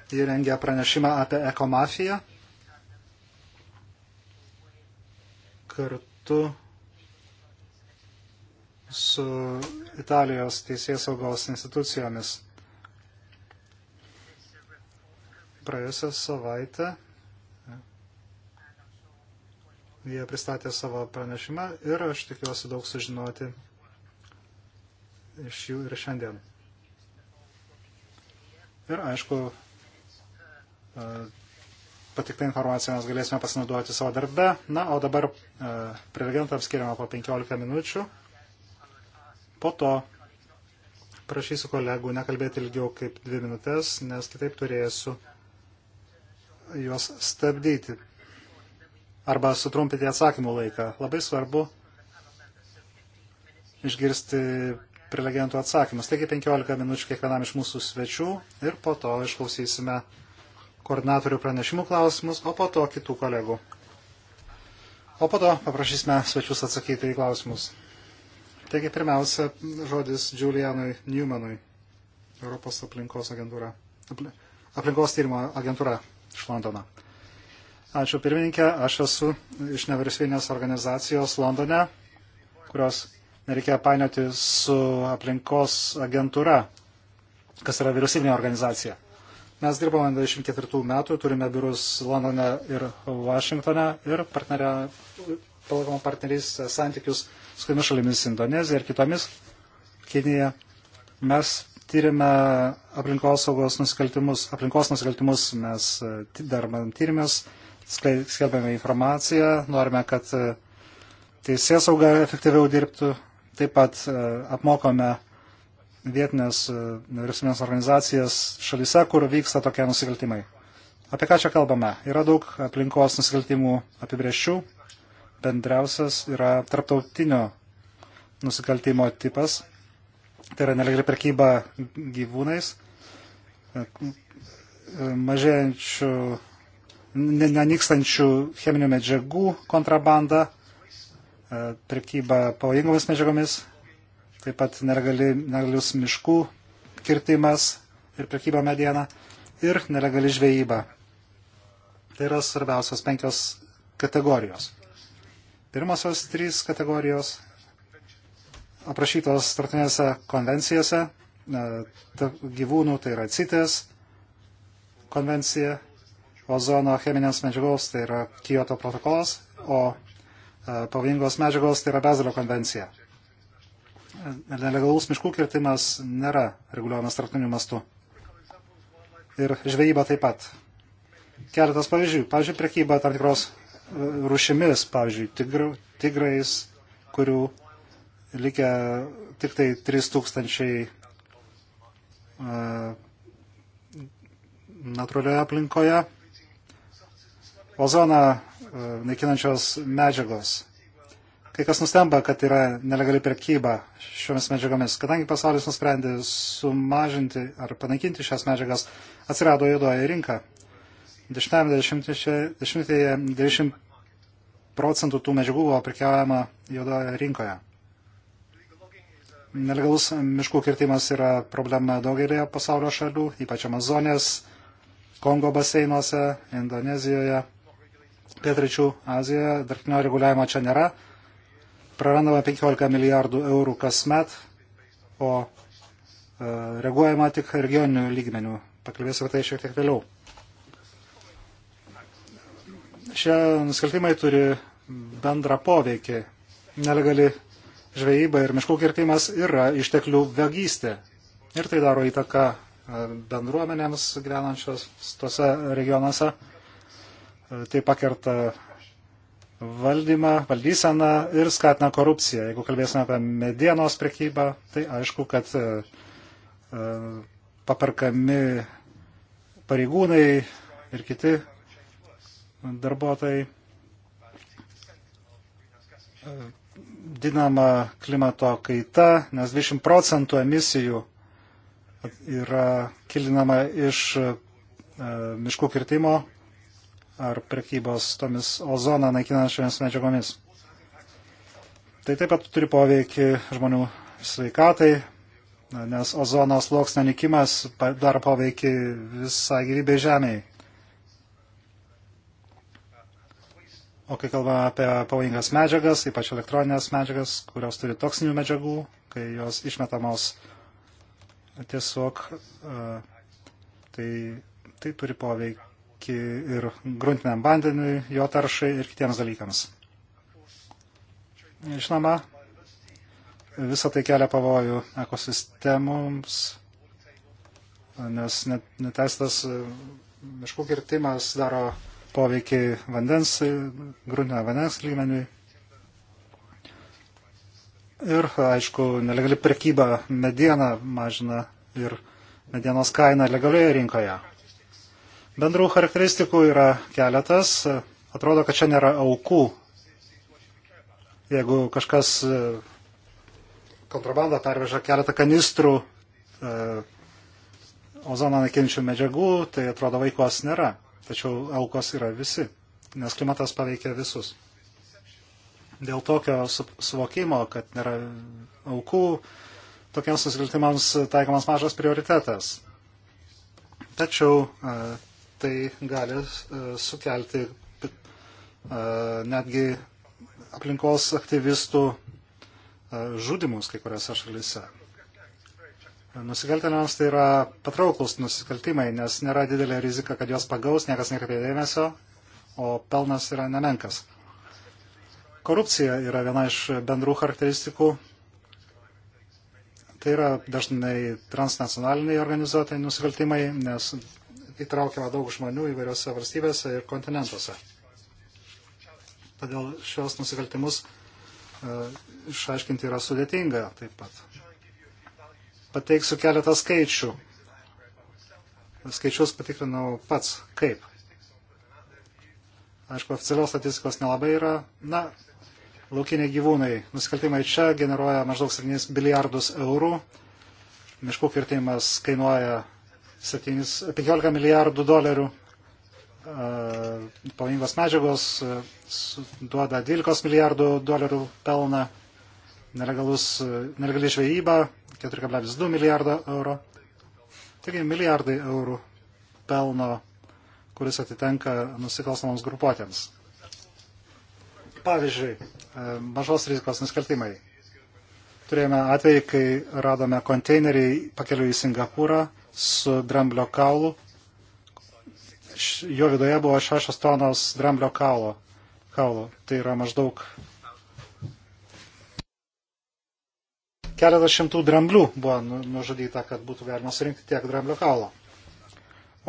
Ji rengia pranešimą apie ekomafiją. Kartu su Italijos teisės saugos institucijomis. Praėjusią savaitę jie pristatė savo pranešimą ir aš tikiuosi daug sužinoti iš jų ir šiandien. Ir aišku, e, patiktą informaciją mes galėsime pasinaudoti savo darbe. Na, o dabar e, prelegentams skiriama po 15 minučių. Po to prašysiu kolegų nekalbėti ilgiau kaip dvi minutės, nes kitaip turėsiu juos stabdyti arba sutrumpinti atsakymų laiką. Labai svarbu išgirsti prelegentų atsakymus. Taigi 15 minučių kiekvienam iš mūsų svečių ir po to išklausysime koordinatorių pranešimų klausimus, o po to kitų kolegų. O po to paprašysime svečius atsakyti į klausimus. Taigi pirmiausia, žodis Julianui Newmanui, Europos aplinkos agentūra. Aplinkos tyrimo agentūra iš Londono. Ačiū pirmininkė, aš esu iš nevyriausybinės organizacijos Londone, kurios nereikia painioti su aplinkos agentūra, kas yra vyriausybinė organizacija. Mes dirbame 24 metų, turime biurus Londone ir Vašingtone ir partneria palaikoma partnerystė santykius su kitomis šalimis Indonezija ir kitomis Kinija. Mes tyrime aplinkosaugos nusikaltimus, aplinkos nusikaltimus, mes e, darbam tyrimės, skelbėme informaciją, norime, kad e, teisės sauga efektyviau dirbtų, taip pat e, apmokome vietinės nevyriausybinės organizacijas šalise, kur vyksta tokie nusikaltimai. Apie ką čia kalbame? Yra daug aplinkos nusikaltimų apibrėžčių, bendriausias yra tarptautinio nusikaltimo tipas, tai yra nelegali prekyba gyvūnais, mažėjančių, nenykstančių cheminių medžiagų kontrabanda, prekyba pavojingomis medžiagomis, taip pat nelegali, nelegalius miškų kirtimas ir prekyba mediena ir nelegali žvejyba. Tai yra svarbiausios penkios kategorijos. Pirmosios trys kategorijos aprašytos tartinėse konvencijose, gyvūnų tai yra CITES konvencija, ozono cheminės medžiagos tai yra Kyoto protokolas, o e, pavojingos medžiagos tai yra Bezalio konvencija. Nelegalus miškų kirtimas nėra reguliuojamas tarptautiniu mastu. Ir žvejyba taip pat. Keletas pavyzdžių. Pavyzdžiui, prekyba tam tikros rušimis, pavyzdžiui, tigr, tigrais, kurių likę tik tai 3000 e, natūralioje aplinkoje. Ozoną e, naikinančios medžiagos. Kai kas nustemba, kad yra nelegali prekyba šiomis medžiagomis. Kadangi pasaulis nusprendė sumažinti ar panaikinti šias medžiagas, atsirado juodoji rinka dešimtmetyje 90 procentų tų medžiagų buvo prikiaujama juodoje rinkoje. Nelegalus miškų kirtimas yra problema daugelėje pasaulio šalių, ypač Amazonės, Kongo baseinuose, Indonezijoje, Pietričių Azijoje. Darktinio reguliavimo čia nėra. Prarandama 15 milijardų eurų kasmet, o e, reaguojama tik regioninių lygmenių. Pakalbėsiu apie tai šiek tiek vėliau. Šie nusikaltimai turi bendrą poveikį. Nelegali žvejyba ir miškų kirtimas yra išteklių vagystė. Ir tai daro įtaką e, bendruomenėms gyvenančios tuose regionuose. E, tai pakerta valdymą, valdyseną ir skatina korupciją. Jeigu kalbėsime apie medienos prekybą, tai aišku, kad e, paparkami pareigūnai ir kiti darbuotojai didinama klimato kaita, nes 20 procentų emisijų yra kilinama iš e, miškų kirtimo ar prekybos tomis ozoną naikinančiomis medžiagomis. Tai taip pat turi poveikį žmonių sveikatai, nes ozono sluoksnio nikimas daro poveikį visą gyvybę žemėje. O kai kalbame apie pavojingas medžiagas, ypač elektroninės medžiagas, kurios turi toksinių medžiagų, kai jos išmetamos tiesiog, e, tai, tai turi poveikį ir gruntiniam vandeniui, jo taršai ir kitiems dalykams. Žinoma, visą tai kelia pavojų ekosistemoms, nes neteistas e, miškų kirtimas daro poveikį vandens, grūdinio vandens lygmeniui. Ir, aišku, nelegali prekyba medieną mažina ir medienos kainą legalioje rinkoje. Bendrų charakteristikų yra keletas. Atrodo, kad čia nėra aukų. Jeigu kažkas e, kontrabandą perveža keletą kanistrų e, ozoną naikinčių medžiagų, tai atrodo, vaikos nėra tačiau aukos yra visi, nes klimatas paveikia visus. Dėl tokio suvokimo, kad nėra aukų, tokiems nusikaltimams taikomas mažas prioritetas. Tačiau e, tai gali e, sukelti e, netgi aplinkos aktyvistų žudimus kai kuriuose šalise. Nusikaltėliams tai yra patrauklus nusikaltimai, nes nėra didelė rizika, kad juos pagaus, niekas nekreipia dėmesio, o pelnas yra nemenkas. Korupcija yra viena iš bendrų charakteristikų. Tai yra dažnai transnacionaliniai organizuotai nusikaltimai, nes įtraukiama daug žmonių įvairiose valstybėse ir kontinentuose. Todėl šios nusikaltimus e, išaiškinti yra sudėtinga taip pat. Pateiksiu keletą skaičių. Skaičius patikrinau pats. Kaip? Aišku, oficialios statistikos nelabai yra. Na, laukiniai gyvūnai. Nusikaltimai čia generuoja maždaug 7 milijardus eurų. Miškų kirtimas kainuoja 7, 15 milijardų dolerių. Pavojingos medžiagos duoda 12 milijardų dolerių pelną. Nelegalus, nelegali žvejyba 4,2 milijardo eurų. Taigi milijardai eurų pelno, kuris atitenka nusikalstamoms grupuotėms. Pavyzdžiui, e, mažos rizikos nusikaltimai. Turėjome atvejį, kai radome konteinerį pakeliu į Singapūrą su dramblio kaulu. Jo viduje buvo šešios tonos dramblio kaulo. kaulo. Tai yra maždaug Keletas šimtų dramblių buvo nu, nužudyta, kad būtų galima surinkti tiek dramblio kaulo.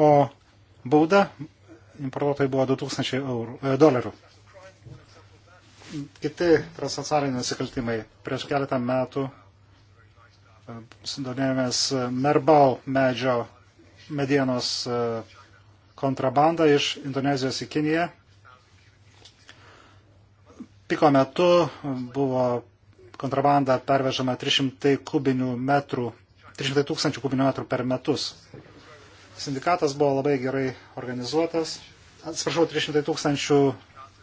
O bauda importuotojai buvo 2000 eurų, e, dolerių. Kiti transnacionaliniai nusikaltimai. Prieš keletą metų e, sudomėjomės e, merbau medžio medienos e, kontrabandą iš Indonezijos į Kiniją. Piko metu buvo kontrabandą pervežama 300 kubinių metrų, 300 tūkstančių kubinių metrų per metus. Sindikatas buvo labai gerai organizuotas, atsiprašau, 300 tūkstančių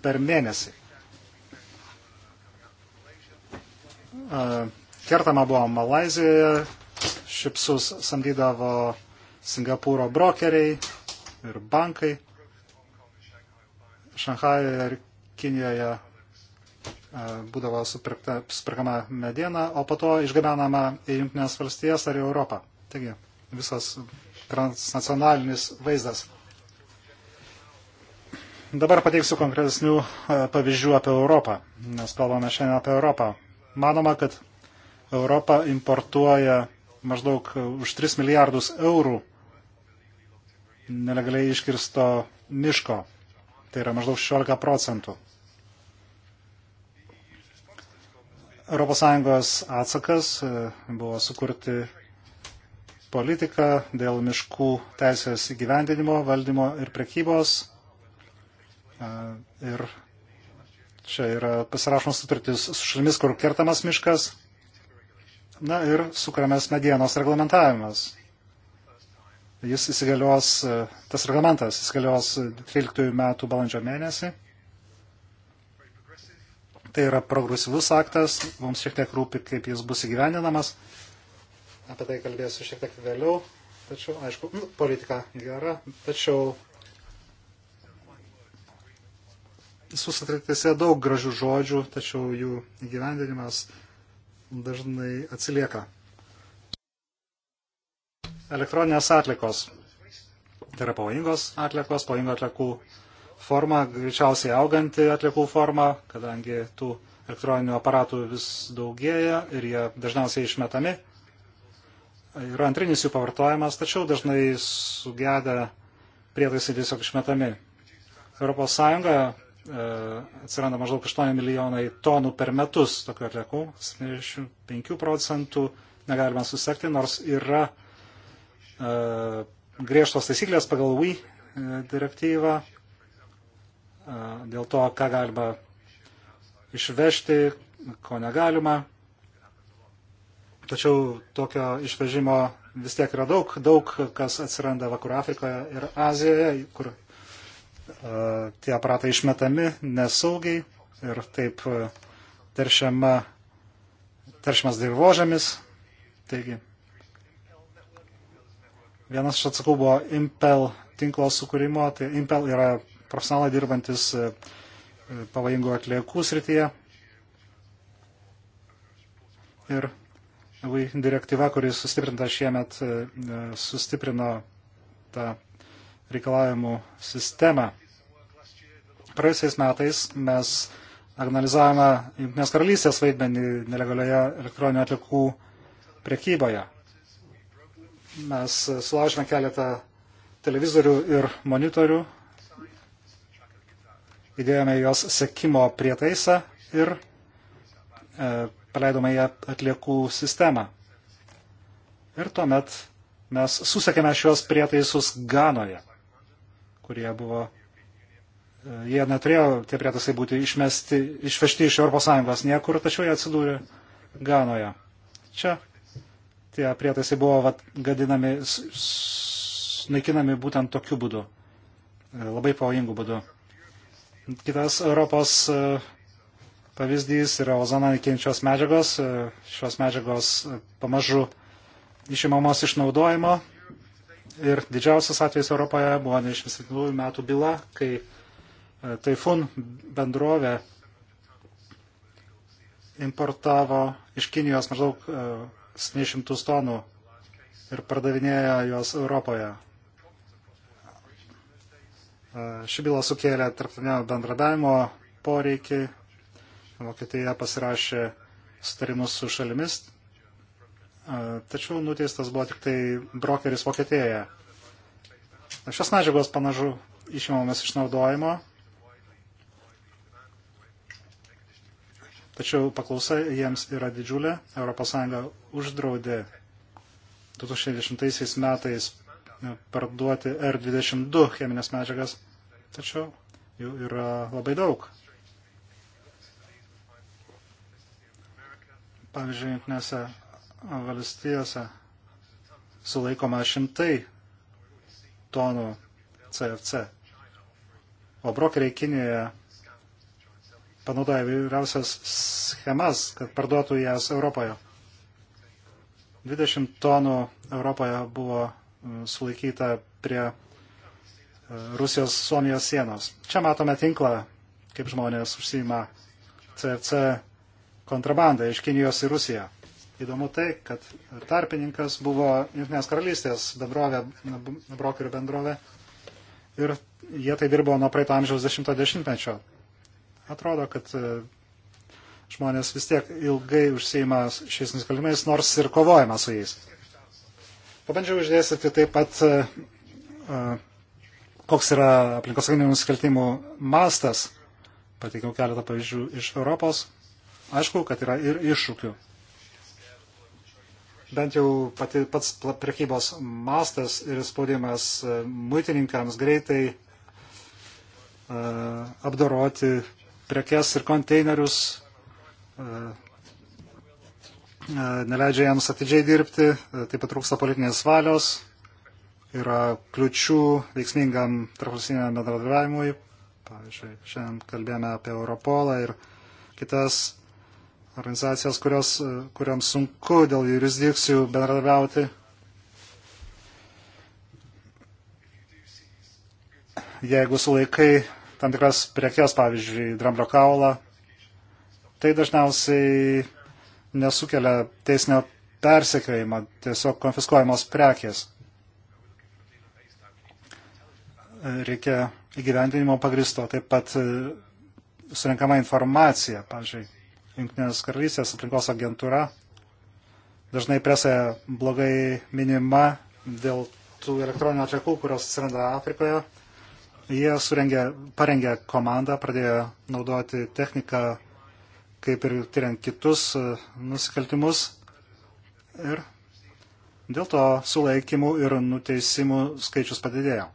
per mėnesį. Kertama buvo Malazijoje, šipsus samdydavo Singapūro brokeriai ir bankai. Šanhajoje ir Kinijoje būdavo supirkta, supirkama mediena, o po to išgabenama į Junktinės valstijas ar į Europą. Taigi visas transnacionalinis vaizdas. Dabar pateiksiu konkretesnių pavyzdžių apie Europą, nes kalbame šiandien apie Europą. Manoma, kad Europa importuoja maždaug už 3 milijardus eurų nelegaliai iškirsto miško. Tai yra maždaug 16 procentų. ES atsakas e, buvo sukurti politiką dėl miškų teisės įgyvendinimo, valdymo ir prekybos. E, ir čia yra pasirašomas sutartis su šalimis, kur kertamas miškas. Na ir sukuriamas medienos reglamentavimas. Jis įsigalios, e, tas reglamentas įsigalios 13 metų balandžio mėnesį tai yra progresyvus aktas, mums šiek tiek rūpi, kaip jis bus įgyveninamas. Apie tai kalbėsiu šiek tiek vėliau. Tačiau, aišku, nu, politika gera, tačiau susitraktėse daug gražių žodžių, tačiau jų įgyvendinimas dažnai atsilieka. Elektroninės atlikos. Tai yra pavojingos atlikos, pavojingų atlikų forma, greičiausiai auganti atliekų forma, kadangi tų elektroninių aparatų vis daugėja ir jie dažniausiai išmetami. Yra antrinis jų pavartojimas, tačiau dažnai sugedę prietaisai tiesiog išmetami. Europos Sąjunga e, atsiranda maždaug 8 milijonai tonų per metus tokių atliekų, 75 procentų negalima susekti, nors yra e, griežtos taisyklės pagal WI e, direktyvą, dėl to, ką galima išvežti, ko negalima. Tačiau tokio išvežimo vis tiek yra daug, daug kas atsiranda Vakarų Afrikoje ir Azijoje, kur uh, tie aparatai išmetami nesaugiai ir taip teršiama, teršiamas dirbožėmis. Taigi, vienas iš atsakų buvo Impel tinklo sukūrimo, tai Impel yra profesionalai dirbantis e, e, pavojingų atliekų srityje. Ir direktyva, kuris sustiprinta šiemet, e, sustiprino tą reikalavimų sistemą. Praėjusiais metais mes analizavome Junktinės karalystės vaidmenį nelegalioje elektroninių atliekų prekyboje. Mes sulaužėme keletą televizorių ir monitorių įdėjome jos sekimo prietaisą ir e, paleidome ją atliekų sistemą. Ir tuomet mes susekėme šios prietaisus Ganoje, kurie buvo, e, jie neturėjo tie prietaisai būti išmesti, išvežti iš ES niekur, tačiau jie atsidūrė Ganoje. Čia tie prietaisai buvo vat, gadinami, naikinami būtent tokiu būdu, e, labai pavojingu būdu. Kitas Europos e, pavyzdys yra ozoną naikinčios medžiagos. E, šios medžiagos e, pamažu išimamos išnaudojimo. Ir didžiausias atvejs Europoje buvo 97 metų byla, kai Taifun bendrovė importavo iš Kinijos maždaug 700 tonų ir pardavinėjo juos Europoje. Ši byla sukėlė tarptautinio bendradavimo poreikį. Vokietija pasirašė sutarimus su šalimis, tačiau nuteistas buvo tik tai brokeris Vokietijoje. Šios medžiagos panažu išimamas išnaudojimo, tačiau paklausa jiems yra didžiulė. ES uždraudė 2010 metais parduoti R22 cheminės medžiagas tačiau jų yra labai daug. Pavyzdžiui, Junktinėse valstijose sulaikoma šimtai tonų CFC, o brokeriai Kinijoje panaudoja vyriausias schemas, kad parduotų jas Europoje. 20 tonų Europoje buvo sulaikyta prie Rusijos-Suomijos sienos. Čia matome tinklą, kaip žmonės užsima CFC kontrabandą iš Kinijos į Rusiją. Įdomu tai, kad tarpininkas buvo Junktinės karalystės bendrovė, brokerių bendrovė ir jie tai dirbo nuo praeito amžiaus 10-mečio. Atrodo, kad e, žmonės vis tiek ilgai užsieima šiais nusikaltimais, nors ir kovojama su jais. Pabandžiau išdėstyti taip pat uh, koks yra aplinkosauginių nusikaltimų mastas. Pateikiau keletą pavyzdžių iš Europos. Aišku, kad yra ir iššūkių. Bent jau pati, pats prekybos mastas ir spaudimas e, muitininkams greitai uh, apdoroti prekes ir konteinerius, uh, uh, neleidžia jiems atidžiai dirbti, taip pat trūksta politinės valios, yra kliučių veiksmingam tarpusiniam bendradarbiavimui. Pavyzdžiui, šiandien kalbėjome apie Europolą ir kitas organizacijas, kurios, e, kuriams sunku dėl jurisdikcijų bendradarbiauti. Jeigu sulaikai tam tikras priekės, pavyzdžiui, dramblio kaulą, tai dažniausiai nesukelia teisinio persekiojimą, tiesiog konfiskuojamos prekės. reikia įgyvendinimo pagristo, taip pat e, surinkama informacija. Pavyzdžiui, Junktinės karalystės aplinkos agentūra dažnai presoje blogai minima dėl tų elektroninių atliekų, kurios atsiranda Afrikoje. Jie surengė, parengė komandą, pradėjo naudoti techniką, kaip ir tyriant kitus e, nusikaltimus. Ir dėl to sulaikymų ir nuteisimų skaičius padidėjo.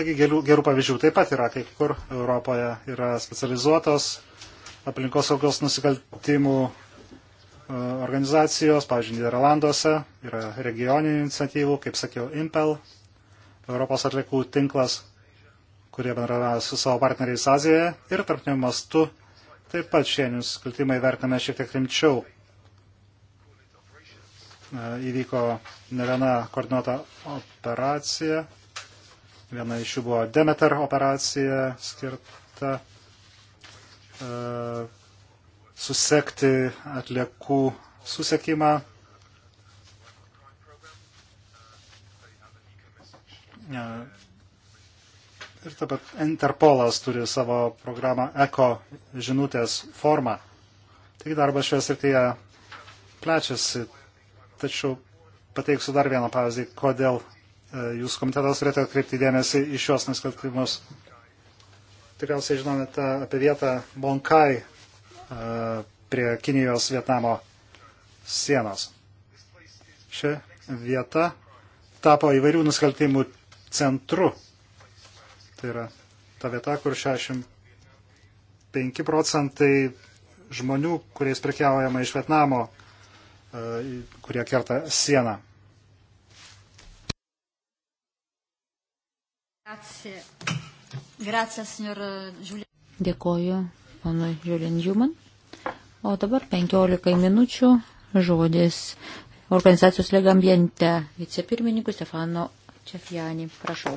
Taigi gerų, gerų pavyzdžių taip pat yra, kai kur Europoje yra specializuotos aplinkos saugos nusikaltimų e, organizacijos, pavyzdžiui, Niderlanduose yra regioninių iniciatyvų, kaip sakiau, Impel, Europos atliekų tinklas, kurie bendravauja su savo partneriais Azijoje ir tarptautiniu mastu taip pat šie nusikaltimai vertiname šiek tiek rimčiau. E, įvyko ne viena koordinuota operacija Viena iš jų buvo Demeter operacija skirta e, susekti atliekų susekimą. E, ir taip pat Interpolas turi savo programą Eko žinutės formą. Taigi darbas šioje srityje plečiasi. Tačiau pateiksiu dar vieną pavyzdį, kodėl E, Jūs komitetas turėtų atkreipti dėmesį į šios neskaltimus. Tikriausiai žinojate apie vietą Bonkai e, prie Kinijos Vietnamo sienos. Ši vieta tapo įvairių nusikaltimų centru. Tai yra ta vieta, kur 65 procentai žmonių, kuriais prekiaujama iš Vietnamo, e, kurie kerta sieną. Grazie. Grazie, signor Julian. Eh, Dėkoju, ponui Julian Juman. O dabar 15 minučių žodis organizacijos legambiente vicepirmininkui Stefano Čefiani. Prašau.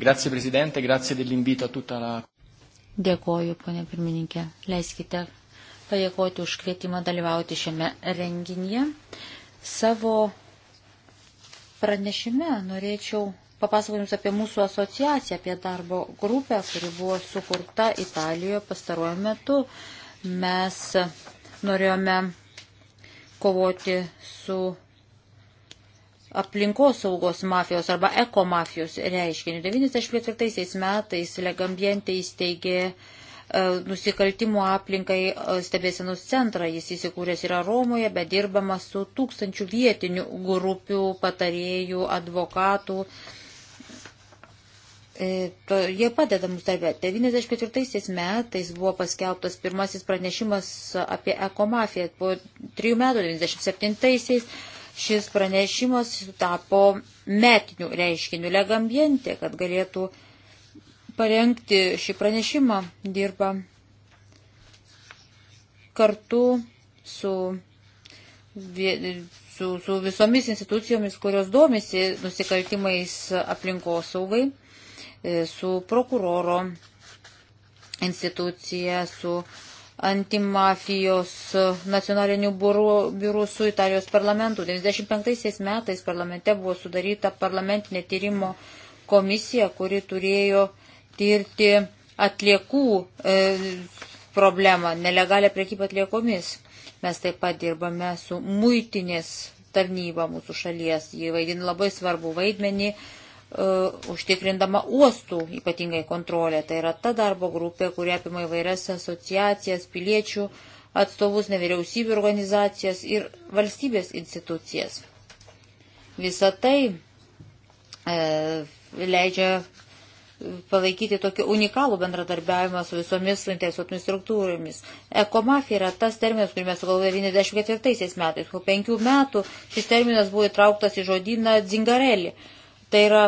Grazie Presidente, grazie dell'invito a tutta la. Dėkoju, ponė pirmininkė. Leiskite padėkoti už kvietimą dalyvauti šiame renginyje. Savo pranešime norėčiau papasakoti Jums apie mūsų asociaciją, apie darbo grupę, kuri buvo sukurta Italijoje pastaruoju metu. Mes norėjome kovoti su aplinkos saugos mafijos arba ekomafijos reiškiniu. 1994 metais Legambiente įsteigė e, nusikaltimų aplinkai e, stebėsenos centrą. Jis įsikūręs yra Romoje, bet dirbama su tūkstančių vietinių grupių, patarėjų, advokatų. E, to, jie padeda mums darbę. 1994 metais buvo paskelbtas pirmasis pranešimas apie ekomafiją. Po trijų metų, 1997 metais, šis pranešimas tapo metiniu reiškiniu legambientė, kad galėtų parengti šį pranešimą, dirba kartu su, su, su visomis institucijomis, kurios domisi nusikaltimais aplinkos saugai, e, su prokuroro institucija, su uh, antimafijos nacionalinių biurų su Italijos parlamentu. 1995 metais parlamente buvo sudaryta parlamentinė tyrimo komisija, kuri turėjo tirti atliekų e, problemą, nelegalę priekybą atliekomis. Mes taip pat dirbame su muitinės tarnyba mūsų šalies. Ji vaidina labai svarbu vaidmenį, E, užtikrindama uostų ypatingai kontrolę. Tai yra ta darbo grupė, kurie apima įvairias asociacijas, piliečių atstovus, nevyriausybių organizacijas ir valstybės institucijas. Visą tai e, leidžia palaikyti tokį unikalų bendradarbiavimą su visomis suinteresuotomis struktūromis. Ekomafija yra tas terminas, kurį mes sugalvojome 94 metais. Po penkių metų šis terminas buvo įtrauktas į žodyną dzingarelį. E, Tai yra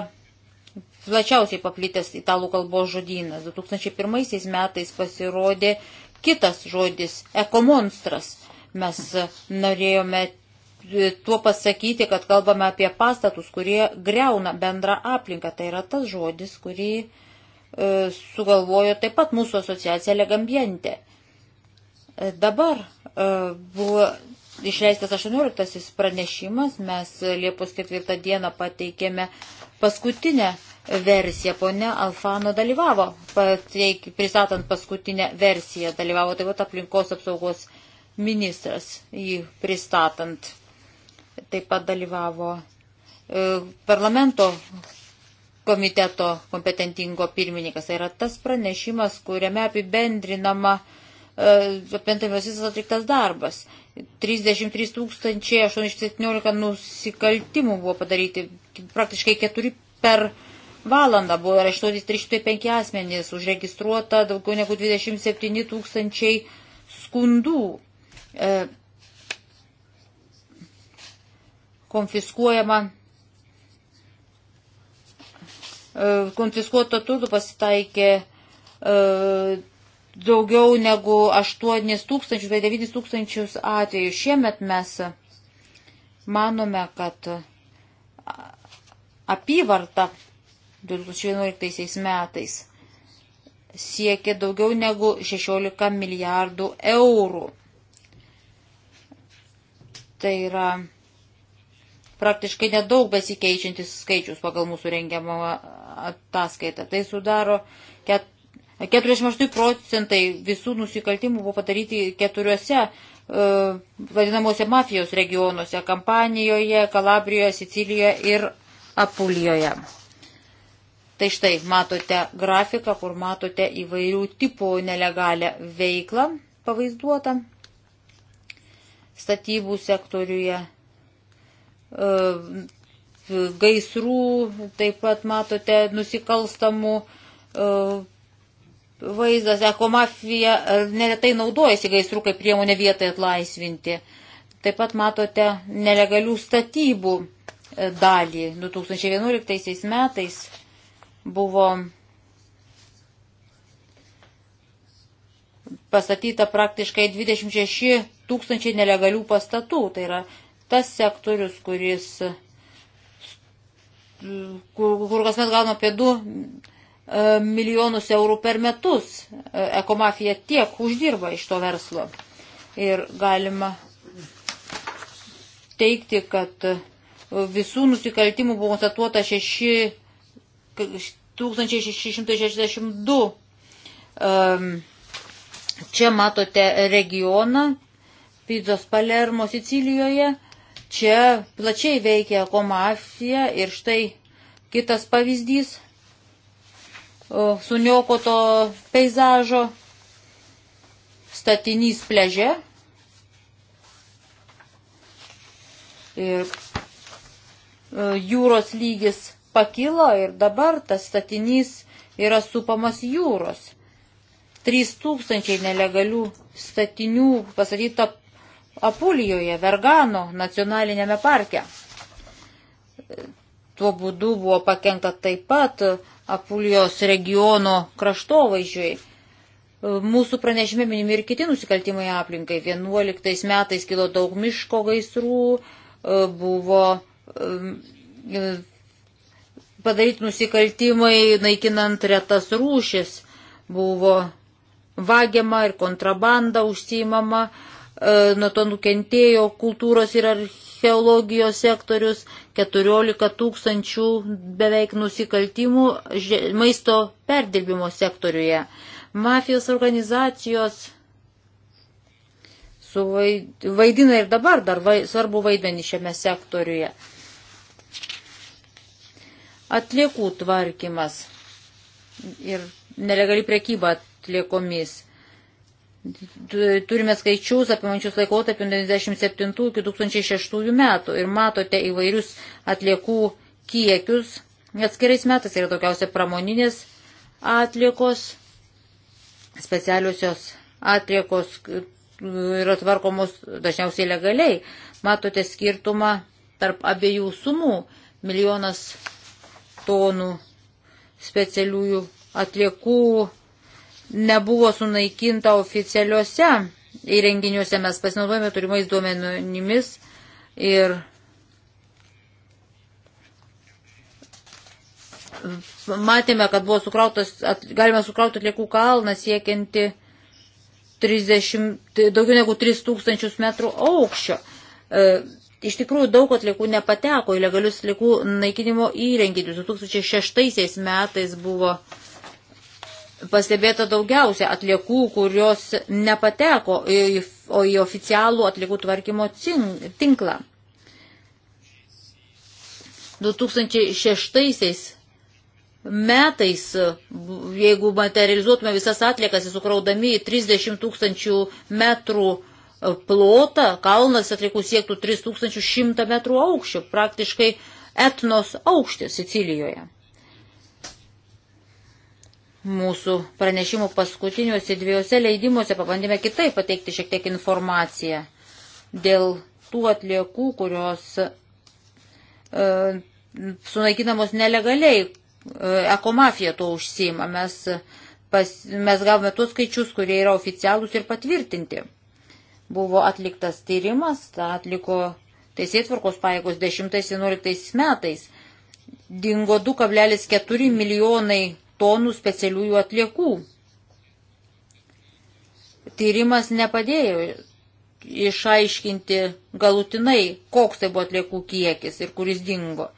plačiausiai paplitęs italų kalbos žodynas. 2001 metais pasirodė kitas žodis - ekomonstras. Mes norėjome tuo pasakyti, kad kalbame apie pastatus, kurie greuna bendrą aplinką. Tai yra tas žodis, kurį e, sugalvojo taip pat mūsų asociacija Legambiente. E, dabar e, buvo išleistas 18 pranešimas, mes Liepos 4 dieną pateikėme paskutinę versiją. Pone Alfano dalyvavo, pateik, pristatant paskutinę versiją, dalyvavo taip pat aplinkos apsaugos ministras jį pristatant. Taip pat dalyvavo e, parlamento komiteto kompetentingo pirmininkas. Tai yra tas pranešimas, kuriame apibendrinama e, apibendrinamas visas atliktas darbas. 33 817 nusikaltimų buvo padaryti, praktiškai 4 per valandą buvo areštuoti 305 asmenys, užregistruota daugiau negu 27 tūkstančiai skundų. E, konfiskuojama e, konfiskuoto turtų pasitaikė e, daugiau negu 8 tūkstančius, tai 9 tūkstančius atvejų. Šiemet mes manome, kad apyvarta 2011 metais siekia daugiau negu 16 milijardų eurų. Tai yra praktiškai nedaug besikeičiantis skaičius pagal mūsų rengiamą ataskaitą. Tai sudaro ket, 48 procentai visų nusikaltimų buvo padaryti keturiuose e, vadinamuose mafijos regionuose - Kampanijoje, Kalabrijoje, Sicilijoje ir Apulijoje. Tai štai matote grafiką, kur matote įvairių tipų nelegalią veiklą pavaizduotą statybų sektoriuje, e, gaisrų, taip pat matote nusikalstamų e, vaizdas, ekomafija e, neretai naudojasi gaisrų kaip priemonė vietai atlaisvinti. Taip pat matote nelegalių statybų e, dalį. 2011 metais buvo pastatyta praktiškai 26 tūkstančiai nelegalių pastatų. Tai yra tas sektorius, kuris kur, kur kasmet gauna apie 2 E, milijonus eurų per metus. E, ekomafija tiek uždirba iš to verslo. Ir galima teikti, kad visų nusikaltimų buvo konstatuota 6662. Čia matote regioną, Pizzos Palermo Sicilijoje. Čia plačiai veikia ekomafija ir štai kitas pavyzdys – suniokoto peizažo, statinys pleže. Ir e, jūros lygis pakilo ir dabar tas statinys yra supamas jūros. 3000 nelegalių statinių pasakyta Apulijoje, Vergano nacionalinėme parke. Tuo būdu buvo pakengta taip pat Apulijos regiono kraštovaizdžiui. Mūsų pranešime minimi ir kiti nusikaltimai aplinkai. 11 metais kilo daug miško gaisrų, e, buvo e, padaryti nusikaltimai, naikinant retas rūšis, buvo vagiama ir kontrabanda užsimama, e, nuo to nukentėjo kultūros ir architektūros archeologijos sektorius, 14 tūkstančių beveik nusikaltimų maisto perdirbimo sektoriuje. Mafijos organizacijos vaidina ir dabar dar vai, svarbu vaidmenį šiame sektoriuje. Atliekų tvarkymas ir nelegali prekyba atliekomis. Turime skaičius apimančius laikotarpį 1997 iki 2006 metų ir matote įvairius atliekų kiekius. Atskirais metais yra tokiausia pramoninės atliekos, specialiosios atliekos yra tvarkomos dažniausiai legaliai. Matote skirtumą tarp abiejų sumų - milijonas tonų specialiųjų atliekų nebuvo sunaikinta oficialiuose įrenginiuose. Mes pasinaudojame turimais duomenimis ir matėme, kad buvo sukrautas, at, galima sukrauti atliekų kalną siekianti 30, daugiau negu 3000 metrų aukščio. E, iš tikrųjų daug atliekų nepateko į legalius atliekų naikinimo įrenginius. 2006 metais buvo e, pastebėta daugiausia atliekų, kurios nepateko į, o į oficialų atliekų tvarkymo tinklą. 2006 metais, jeigu materializuotume visas atliekas, įsukraudami 30 tūkstančių metrų e, plotą, kalnas atliekų siektų 3100 metrų aukščio, praktiškai etnos aukštė Sicilijoje mūsų pranešimų paskutiniuose dviejose leidimuose pabandėme kitaip pateikti šiek tiek informaciją dėl tų atliekų, kurios e, sunaikinamos nelegaliai. E, Ekomafija tuo užsima. Mes, pas, mes gavome tuos skaičius, kurie yra oficialūs ir patvirtinti. Buvo atliktas tyrimas, tą atliko teisėtvarkos paėgos 10-11 metais. Dingo 2,4 milijonai tonų specialiųjų atliekų. Tyrimas nepadėjo išaiškinti galutinai, koks tai buvo atliekų kiekis ir kuris dingo.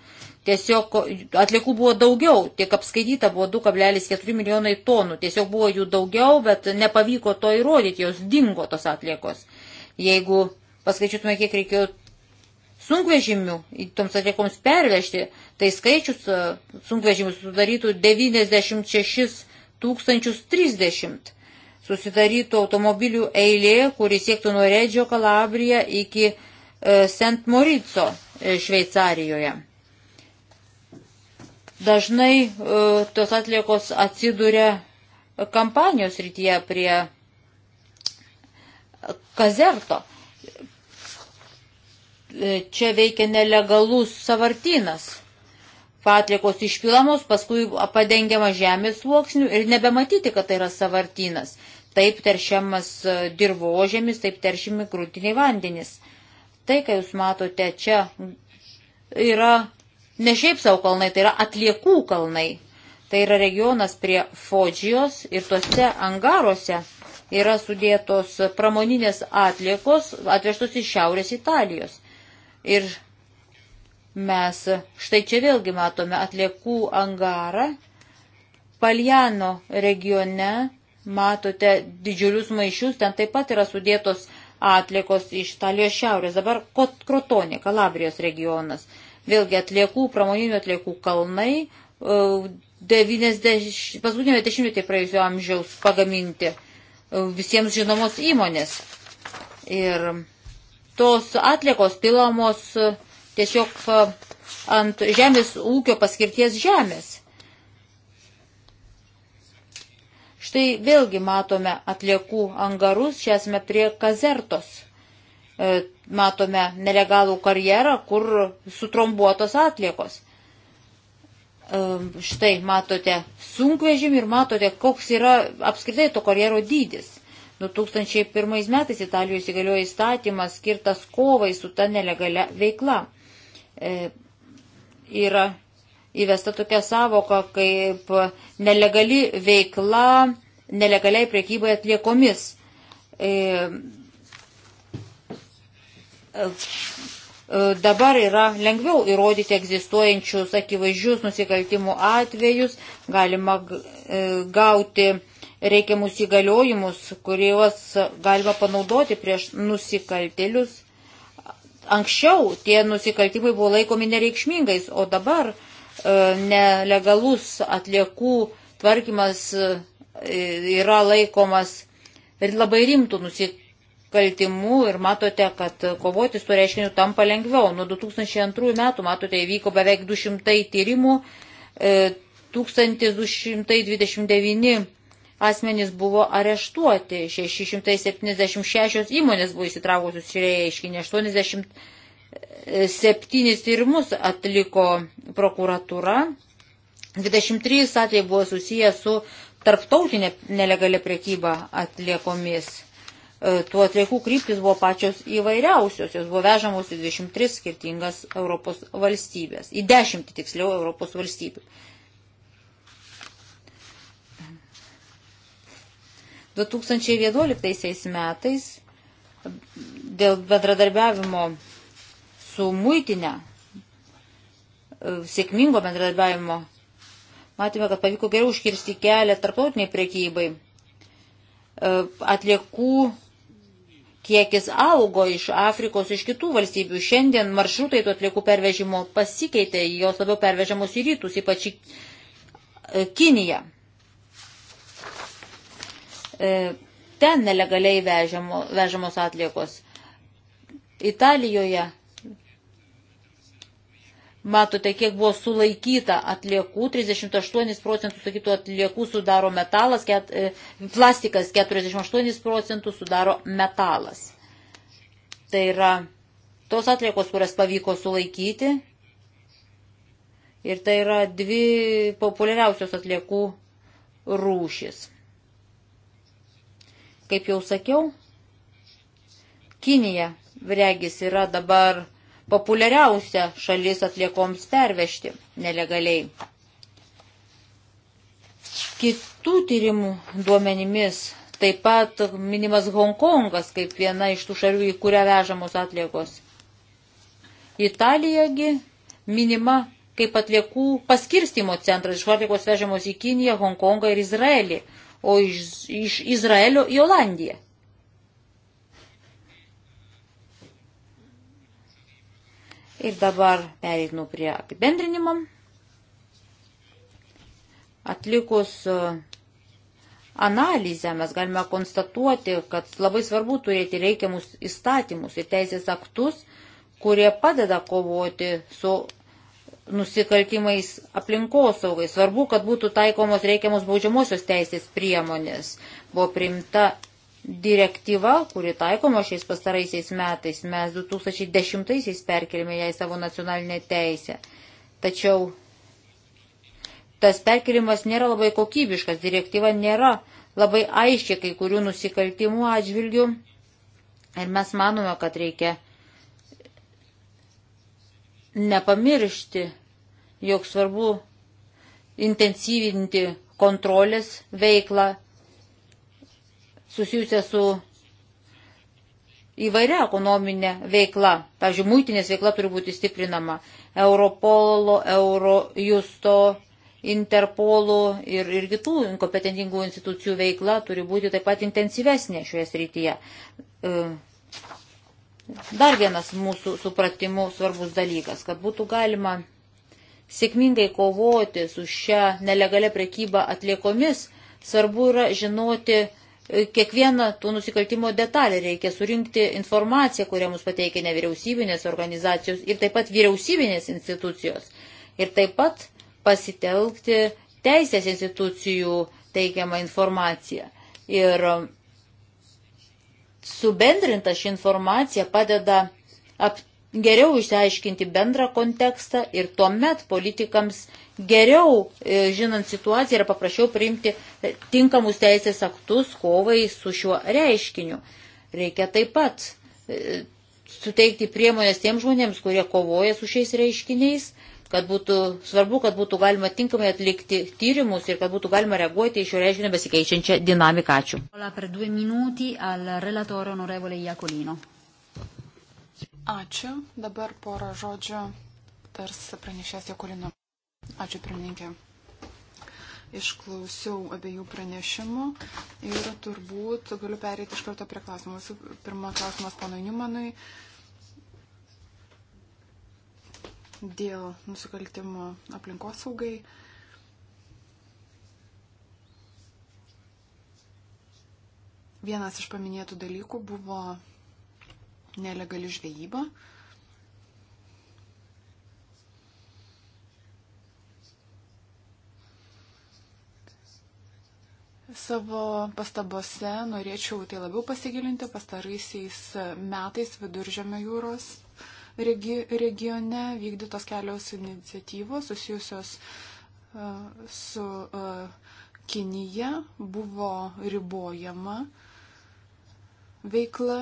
Tiesiog atliekų buvo daugiau, tiek apskaityta buvo 2,4 milijonai tonų. Tiesiog buvo jų daugiau, bet nepavyko to įrodyti, jos dingo tos atliekos. Jeigu paskaičiutume, kiek reikėjo sunkvežimių toms atliekoms pervežti, tai skaičius e, sunkvežimių sudarytų 96 tūkstančius 30. Susidarytų automobilių eilė, kuris siektų nuo Redžio Kalabriją iki e, St. Morico e, Šveicarijoje. Dažnai tos atliekos atsiduria kampanijos rytyje prie kazerto. E, čia veikia nelegalus savartynas. Patlikos išpilamos, paskui padengiama žemės sluoksniu ir nebematyti, kad tai yra savartynas. Taip teršiamas e, dirbožėmis, taip teršiami krūtiniai vandenys. Tai, ką jūs matote čia, yra ne šiaip savo kalnai, tai yra atliekų kalnai. Tai yra regionas prie Fodžijos ir tuose angaruose yra sudėtos pramoninės atliekos atvežtos iš šiaurės Italijos. Ir mes štai čia vėlgi matome atliekų angarą. Paljano regione matote didžiulius maišius, ten taip pat yra sudėtos atliekos iš Italijos šiaurės, dabar Krotonė, Kalabrijos regionas. Vėlgi atliekų, pramoninių atliekų kalnai, 90, e, paskutinėme dešimtmetį praėjusio amžiaus pagaminti e, visiems žinomos įmonės. Ir tos atliekos pilamos e, tiesiog e, ant žemės ūkio paskirties žemės. Štai vėlgi matome atliekų angarus, čia esame prie kazertos. E, matome nelegalų karjerą, kur sutrombuotos atliekos. Štai matote sunkvežimį ir matote, koks yra apskritai to karjero dydis. 2001 metais Italijoje įsigaliojo įstatymas skirtas kovai su ta nelegalia veikla. E, yra įvesta tokia savoka kaip nelegali veikla nelegaliai priekybai atliekomis. E, e, dabar yra lengviau įrodyti egzistuojančius akivaizdžius nusikaltimų atvejus, galima e, gauti reikiamus įgaliojimus, kuriuos galima panaudoti prieš nusikaltelius. Anksčiau tie nusikaltimai buvo laikomi nereikšmingais, o dabar e, nelegalus atliekų tvarkymas e, yra laikomas labai rimtų nusikaltimų kaltimų ir matote, kad kovoti su reiškiniu tampa lengviau. Nuo 2002 metų, matote, įvyko beveik 200 tyrimų, 1229 e, asmenys buvo areštuoti, 676 įmonės buvo įsitraukusios šį reiškinį, 87 tyrimus atliko prokuratūra, 23 atvejai buvo susiję su tarptautinė nelegalia prekyba atliekomis. E, Tuo atliekų kryptis buvo pačios įvairiausios, jos buvo vežamos į 23 skirtingas Europos valstybės, į 10 tiksliau Europos valstybių. 2011 metais dėl bendradarbiavimo su muitinė, sėkmingo bendradarbiavimo, matėme, kad pavyko geriau užkirsti kelią tarptautiniai prekybai. E, atliekų kiekis augo iš Afrikos, iš kitų valstybių. Šiandien maršrutai tų atliekų pervežimo pasikeitė, jos labiau pervežiamos į rytus, ypač į e, Kiniją. E, ten nelegaliai vežimo, vežamos atliekos. Italijoje matote, kiek buvo sulaikyta atliekų, 38 procentų sakytų atliekų sudaro metalas, ket, e, plastikas 48 procentų sudaro metalas. Tai yra tos atliekos, kurias pavyko sulaikyti. Ir tai yra dvi populiariausios atliekų rūšis. Kaip jau sakiau, Kinija, regis, yra dabar populiariausia šalis atliekoms pervežti nelegaliai. Kitų tyrimų duomenimis taip pat minimas Hongkongas kaip viena iš tų šalių, į kurią vežamos atliekos. Italijagi minima kaip atliekų paskirstimo centras, iš atliekos vežamos į Kiniją, Hongkongą ir Izraelį o iš, iš Izraelio į Olandiją. Ir dabar pereinu prie apibendrinimo. Atlikus e, analizę mes galime konstatuoti, kad labai svarbu turėti reikiamus įstatymus ir teisės aktus, kurie padeda kovoti su nusikaltimais aplinkosaugai. Svarbu, kad būtų taikomos reikiamos baudžiamosios teisės priemonės. Buvo priimta direktyva, kuri taikoma šiais pastaraisiais metais. Mes 2010-aisiais perkelime ją į savo nacionalinę teisę. Tačiau tas perkelimas nėra labai kokybiškas. Direktyva nėra labai aiškiai kai kurių nusikaltimų atžvilgių. Ir mes manome, kad reikia nepamiršti, jog svarbu intensyvinti kontrolės veiklą susijusią su įvairia ekonominė veikla. Pavyzdžiui, muitinės veikla turi būti stiprinama. Europolo, Eurojusto, Interpolų ir, ir kitų kompetentingų institucijų veikla turi būti taip pat intensyvesnė šioje srityje. E, Dar vienas mūsų supratimu svarbus dalykas, kad būtų galima sėkmingai kovoti su šia nelegalia prekyba atliekomis, svarbu yra žinoti e, kiekvieną tų nusikaltimo detalę. Reikia surinkti informaciją, kurią mus pateikia nevyriausybinės organizacijos ir taip pat vyriausybinės institucijos. Ir taip pat pasitelkti teisės institucijų teikiamą informaciją. Ir subendrinta ši informacija padeda ap, geriau išsiaiškinti bendrą kontekstą ir tuomet politikams geriau, e, žinant situaciją, yra paprašiau priimti e, tinkamus teisės aktus kovai su šiuo reiškiniu. Reikia taip pat e, suteikti priemonės tiems žmonėms, kurie kovoja su šiais reiškiniais kad būtų svarbu, kad būtų galima tinkamai atlikti tyrimus ir kad būtų galima reaguoti į šio reiškinio besikeičiančią dinamiką. Ačiū. Ačiū. Dabar porą žodžių tars pranešęs Jekolino. Ačiū, pirmininkė. Išklausiau abiejų pranešimų ir turbūt galiu perėti iš karto prie klausimų. Pirmas klausimas panui Niumanui. Uh, dėl nusikaltimų aplinkosaugai. Vienas iš paminėtų dalykų buvo nelegali žvejyba. Savo pastabose norėčiau tai labiau pasigilinti pastaraisiais metais viduržėmio jūros regi, regione vykdytos kelios iniciatyvos susijusios e, su e, Kinija buvo ribojama veikla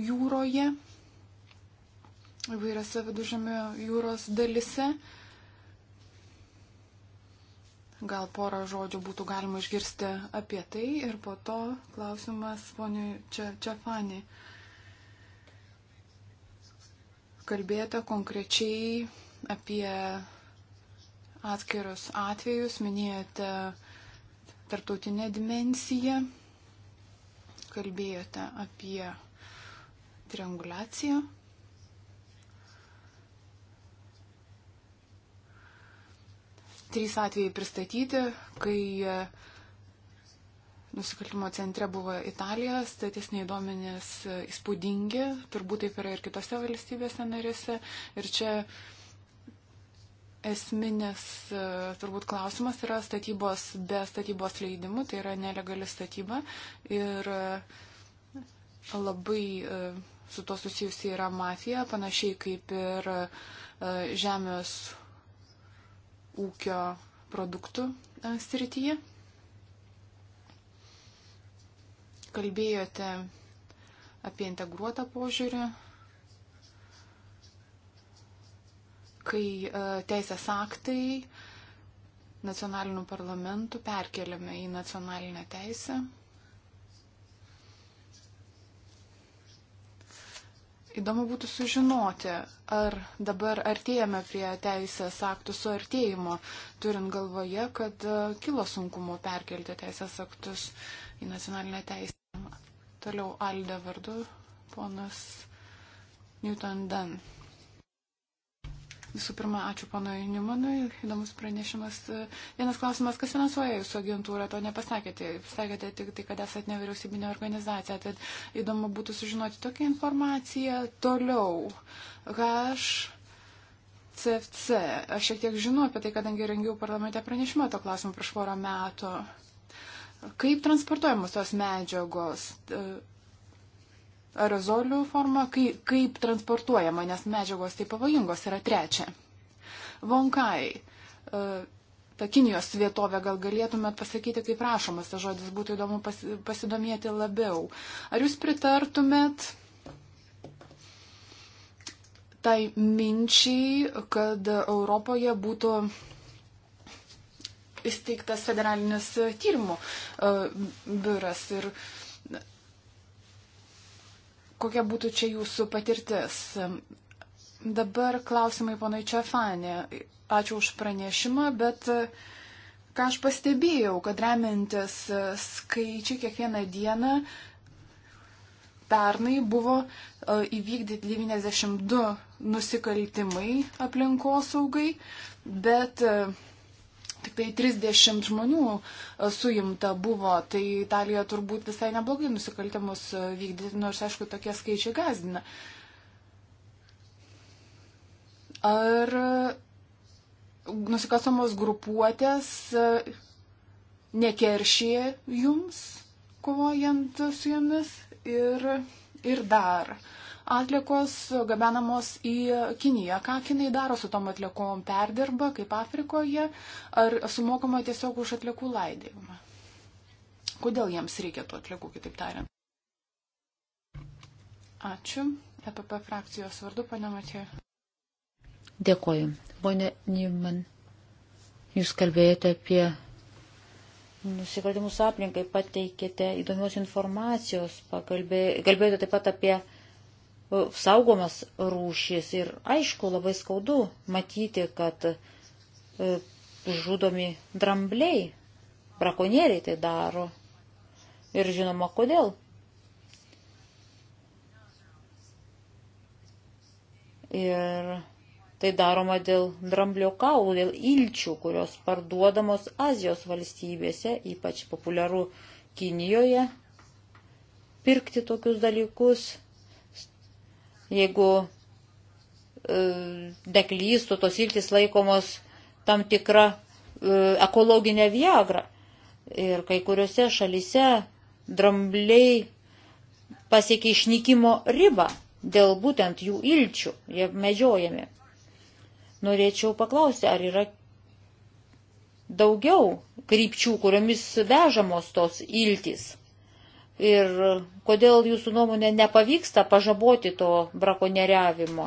jūroje, įvairiose viduržėmio jūros dalise. Gal porą žodžių būtų galima išgirsti apie tai ir po to klausimas poniu Čefani. Čia, kalbėta konkrečiai apie atskirus atvejus, minėjote tarptautinę dimensiją, kalbėjote apie triangulaciją. Trys atvejai pristatyti, kai Nusikaltimo centre buvo Italija, statistiniai duomenys įspūdingi, turbūt taip yra ir kitose valstybėse narėse. Ir čia esminis e, turbūt klausimas yra statybos be statybos leidimų, tai yra nelegali statyba. Ir e, labai e, su to susijusi yra mafija, panašiai kaip ir žemės ūkio produktų srityje. kalbėjote apie integruotą požiūrį, kai e, teisės aktai nacionalinių parlamentų perkeliame į nacionalinę teisę. Įdomu būtų sužinoti, ar dabar artėjame prie teisės aktų suartėjimo, turint galvoje, kad e, kilo sunkumo perkelti teisės aktus į nacionalinę teisę. Toliau Alde vardu ponas Newton Dan. Visų pirma, ačiū panui Niumanui, įdomus pranešimas. Vienas klausimas, kas finansuoja jūsų agentūrą, to nepasakėte. Sakėte tik tai, kad esate nevyriausybinė organizacija, tad įdomu būtų sužinoti tokią informaciją. Toliau, HCFC, aš šiek tiek žinau apie tai, kadangi rengiau parlamente pranešimą to klausimu prieš porą metų. Uh, Kaip transportuojamos tos medžiagos? Aerozolių forma, kaip, kaip transportuojama, nes medžiagos tai pavojingos yra trečia. Vonkai, e, ta Kinijos vietovė, gal galėtumėt pasakyti, kaip rašomas tas žodis, būtų įdomu pasidomėti labiau. Ar jūs pritartumėt tai minčiai, kad Europoje būtų įsteigtas federalinis tyrimų e, biuras. Ir kokia būtų čia jūsų patirtis? Dabar klausimai ponai Čefanė. Ačiū už pranešimą, bet e, ką aš pastebėjau, kad remiantis e, skaičiai kiekvieną dieną pernai buvo įvykdyti 92 nusikaltimai aplinkosaugai, bet Tik tai 30 žmonių e, suimta buvo, tai Italija turbūt visai neblogai nusikaltimus e, vykdyti, nors aišku, tokie skaičiai gazdina. Ar e, nusikasamos grupuotės nekeršė jums, kovojant su jomis? Ir, ir dar. Uh, atlikos gabenamos į Kiniją. Ką Kinai daro su tom atliekom? Perdirba, kaip Afrikoje, ar sumokama tiesiog už atliekų laidėjimą? Kodėl jiems reikia tų atliekų, kitaip tariant? Ačiū. EPP frakcijos vardu, pane Matė. Dėkoju. Pone Niman, jūs kalbėjote apie nusikaltimus aplinkai pateikėte įdomios informacijos, pakalbė, kalbėjote taip pat apie E, saugomas rūšis ir aišku labai skaudu matyti, kad e, žudomi drambliai, brakonieriai tai daro. Ir žinoma, kodėl. Ir tai daroma dėl dramblio kaulų, dėl ilčių, kurios parduodamos Azijos valstybėse, ypač populiaru Kinijoje, pirkti tokius dalykus jeigu e, deklystų, tos iltis laikomos tam tikrą e, ekologinę viagrą. Ir kai kuriuose šalise drambliai pasiekia išnykimo ribą dėl būtent jų ilčių, jie medžiojami. Norėčiau paklausti, ar yra daugiau krypčių, kuriomis vežamos tos iltis ir kodėl jūsų nuomonė nepavyksta pažaboti to brakonieriavimo.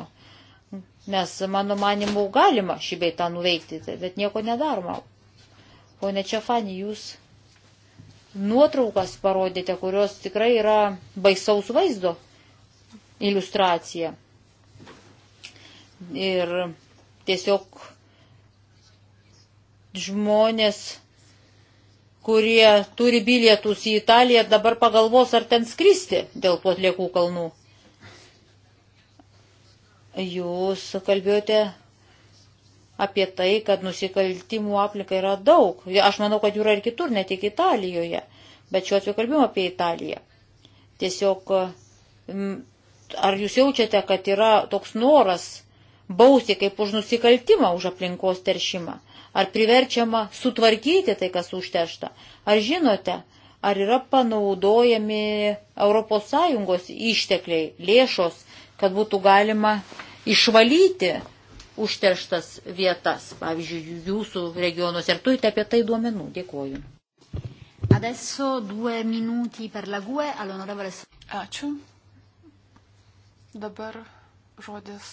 Nes, mano manimu, galima šį beitą nuveikti, tai- bet nieko nedaroma. Pone Čefani, jūs nuotraukas parodėte, kurios tikrai yra baisaus vaizdo iliustracija. Ir tiesiog žmonės kurie turi bilietus į Italiją, dabar pagalvos, ar ten skristi dėl tų atliekų kalnų. Jūs kalbėjote apie tai, kad nusikaltimų aplinkai yra daug. Aš manau, kad jų yra ir kitur, ne tik Italijoje, bet šiuo atveju kalbėjom apie Italiją. Tiesiog, ar jūs jaučiate, kad yra toks noras bausti kaip už nusikaltimą, už aplinkos teršimą? Ar priverčiama sutvarkyti tai, kas užteršta? Ar žinote, ar yra panaudojami ES ištekliai, lėšos, kad būtų galima išvalyti užterštas vietas, pavyzdžiui, jūsų regionuose. Ar turite apie tai duomenų? Dėkuoju. Adesso due minuti per la GUE all'onorevole. Ačiū. Dabar žodis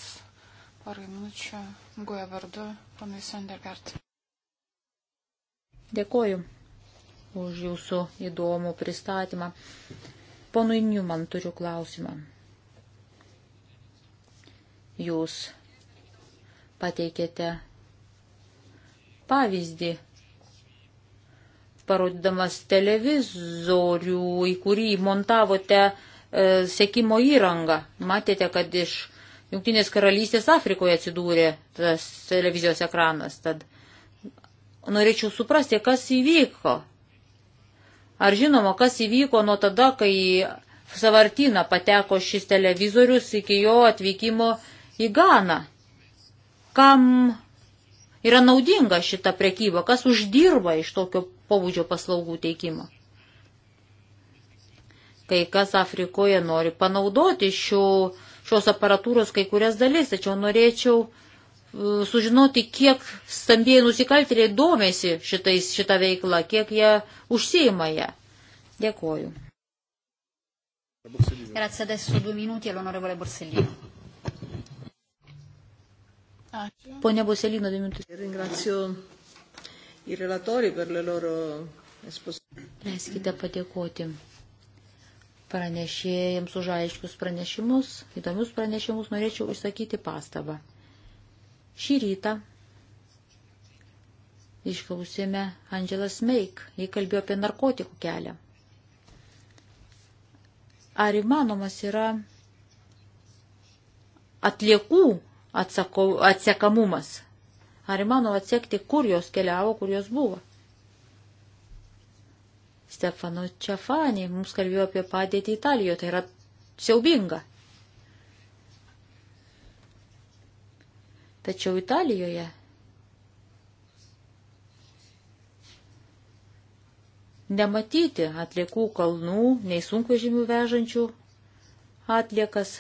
porai minučių GUE vardu, panai Sendergart. Dėkoju už jūsų įdomų pristatymą. Ponui Newman turiu klausimą. Jūs pateikėte pavyzdį, parodydamas televizorių, į kurį montavote e, sekimo įrangą. Matėte, kad iš Junktinės karalystės Afrikoje atsidūrė tas televizijos ekranas. Tad norėčiau suprasti, kas įvyko. Ar žinoma, kas įvyko nuo tada, kai savartyną pateko šis televizorius iki jo atvykimo į Ganą? Kam yra naudinga šita prekyba? Kas uždirba iš tokio pobūdžio paslaugų teikimo? Kai kas Afrikoje nori panaudoti šio, šios aparatūros kai kurias dalis, tačiau norėčiau uh, sužinoti, kiek stambieji nusikaltėliai domėsi šitais, šitą veiklą, kiek jie užsieima ją. Dėkuoju. Grazie adesso due minuti all'onorevole Borsellino. Pone Borsellino, due minuti. E ringrazio i relatori per le loro esposizioni. Leiskite padėkoti pranešėjams už aiškius pranešimus, įdomius pranešimus norėčiau išsakyti pastabą. Šį rytą išklausėme Angelas Meik, jį kalbėjo apie narkotikų kelią. Ar įmanomas yra atliekų atsako, atsekamumas? Ar įmanoma atsekti, kur jos keliavo, kur jos buvo? Stefano Čiafanį mums kalbėjo apie padėtį Italijoje, tai yra siaubinga. Tačiau Italijoje nematyti atliekų kalnų, nei sunkvežimių vežančių atliekas.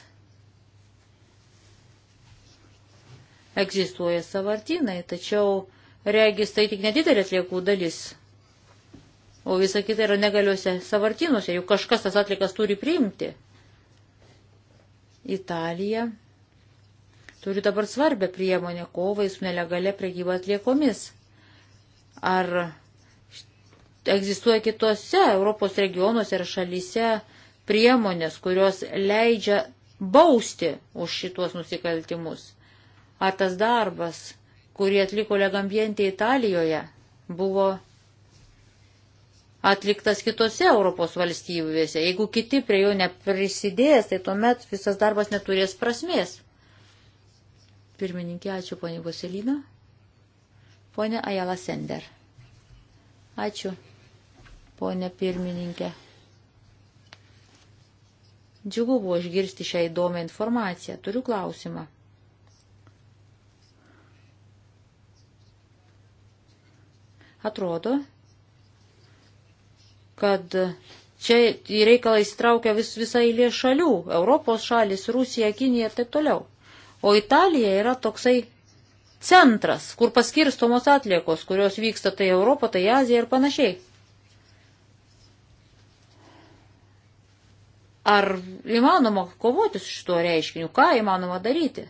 Egzistuoja savartinai, tačiau regis tai tik nedidelė atliekų dalis. O visa kita yra negaliuose savartinuose, juk kažkas tas atlikas turi priimti. Italija turi dabar svarbę priemonę kovai su nelegale prekyba atliekomis. Ar egzistuoja kitose Europos regionuose ir šalyse priemonės, kurios leidžia bausti už šitos nusikaltimus? Ar tas darbas, kurį atliko legambientė Italijoje, buvo atliktas kitose Europos valstybėse. Jeigu kiti prie jo neprisidės, tai tuomet visas darbas neturės prasmės. Pirmininkė, ačiū ponė Vasilina. Pone Ajala Sender. Ačiū, ponė pirmininkė. Džiugu buvo išgirsti šią įdomią informaciją. Turiu klausimą. Atrodo, kad čia į reikalą įstraukia vis, visai lė šalių - Europos šalis, Rusija, Kinija ir taip toliau. O Italija yra toksai centras, kur paskirstomos atliekos, kurios vyksta tai Europą, tai Aziją ir panašiai. Ar įmanoma kovoti su šituo reiškiniu? Ką įmanoma daryti?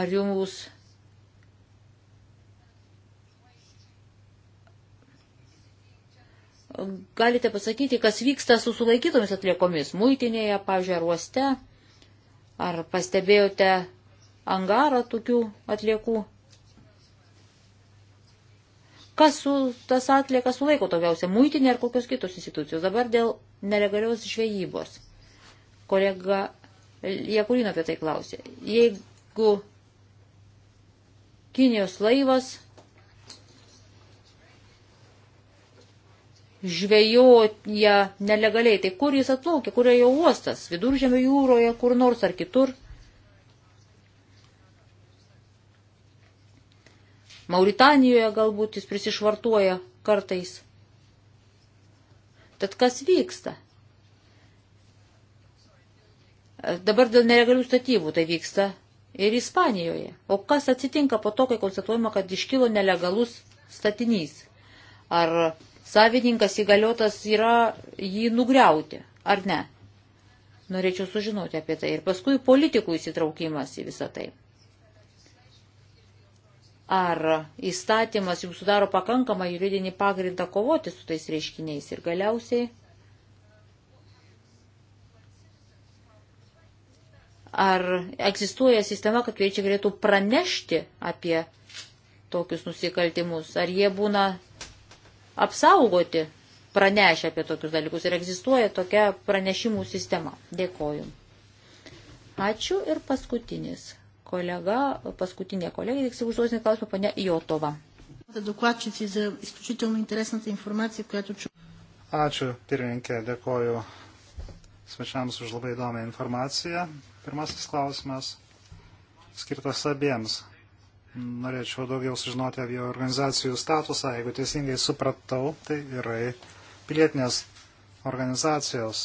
Ar jums galite pasakyti, kas vyksta su sulaikytomis atliekomis muitinėje, pavyzdžiui, ar uoste? Ar pastebėjote angarą tokių atliekų? Kas su tas atliekas sulaiko daugiausia? Muitinė ar kokios kitos institucijos? Dabar dėl nelegalios žvejybos. Kolega Jekulino apie tai klausė. Jeigu Kinijos laivas žvejoja nelegaliai. Tai kur jis atplaukė, kur jo uostas, viduržėmio jūroje, kur nors ar kitur. Mauritanijoje galbūt jis prisišvartuoja kartais. Tad kas vyksta? Dabar dėl nelegalių statybų tai vyksta ir Ispanijoje. O kas atsitinka po to, kai konstatuojama, kad iškilo nelegalus statinys? Ar savininkas įgaliotas yra jį nugriauti, ar ne? Norėčiau sužinoti apie tai. Ir paskui politikų įsitraukimas į visą tai. Ar įstatymas jums sudaro pakankamą juridinį pagrindą kovoti su tais reiškiniais ir galiausiai? Ar egzistuoja sistema, kad kviečiai galėtų pranešti apie tokius nusikaltimus? Ar jie būna apsaugoti pranešę apie tokius dalykus ir egzistuoja tokia pranešimų sistema. Dėkoju. Ačiū ir paskutinis kolega, paskutinė kolegė, tiksliau užduosim klausimą, ponia Jotova. Ačiū, pirmininkė, dėkoju svečiams už labai įdomią informaciją. Pirmasis klausimas skirtas abiems norėčiau daugiau sužinoti apie organizacijų statusą. Jeigu teisingai supratau, tai yra pilietinės organizacijos.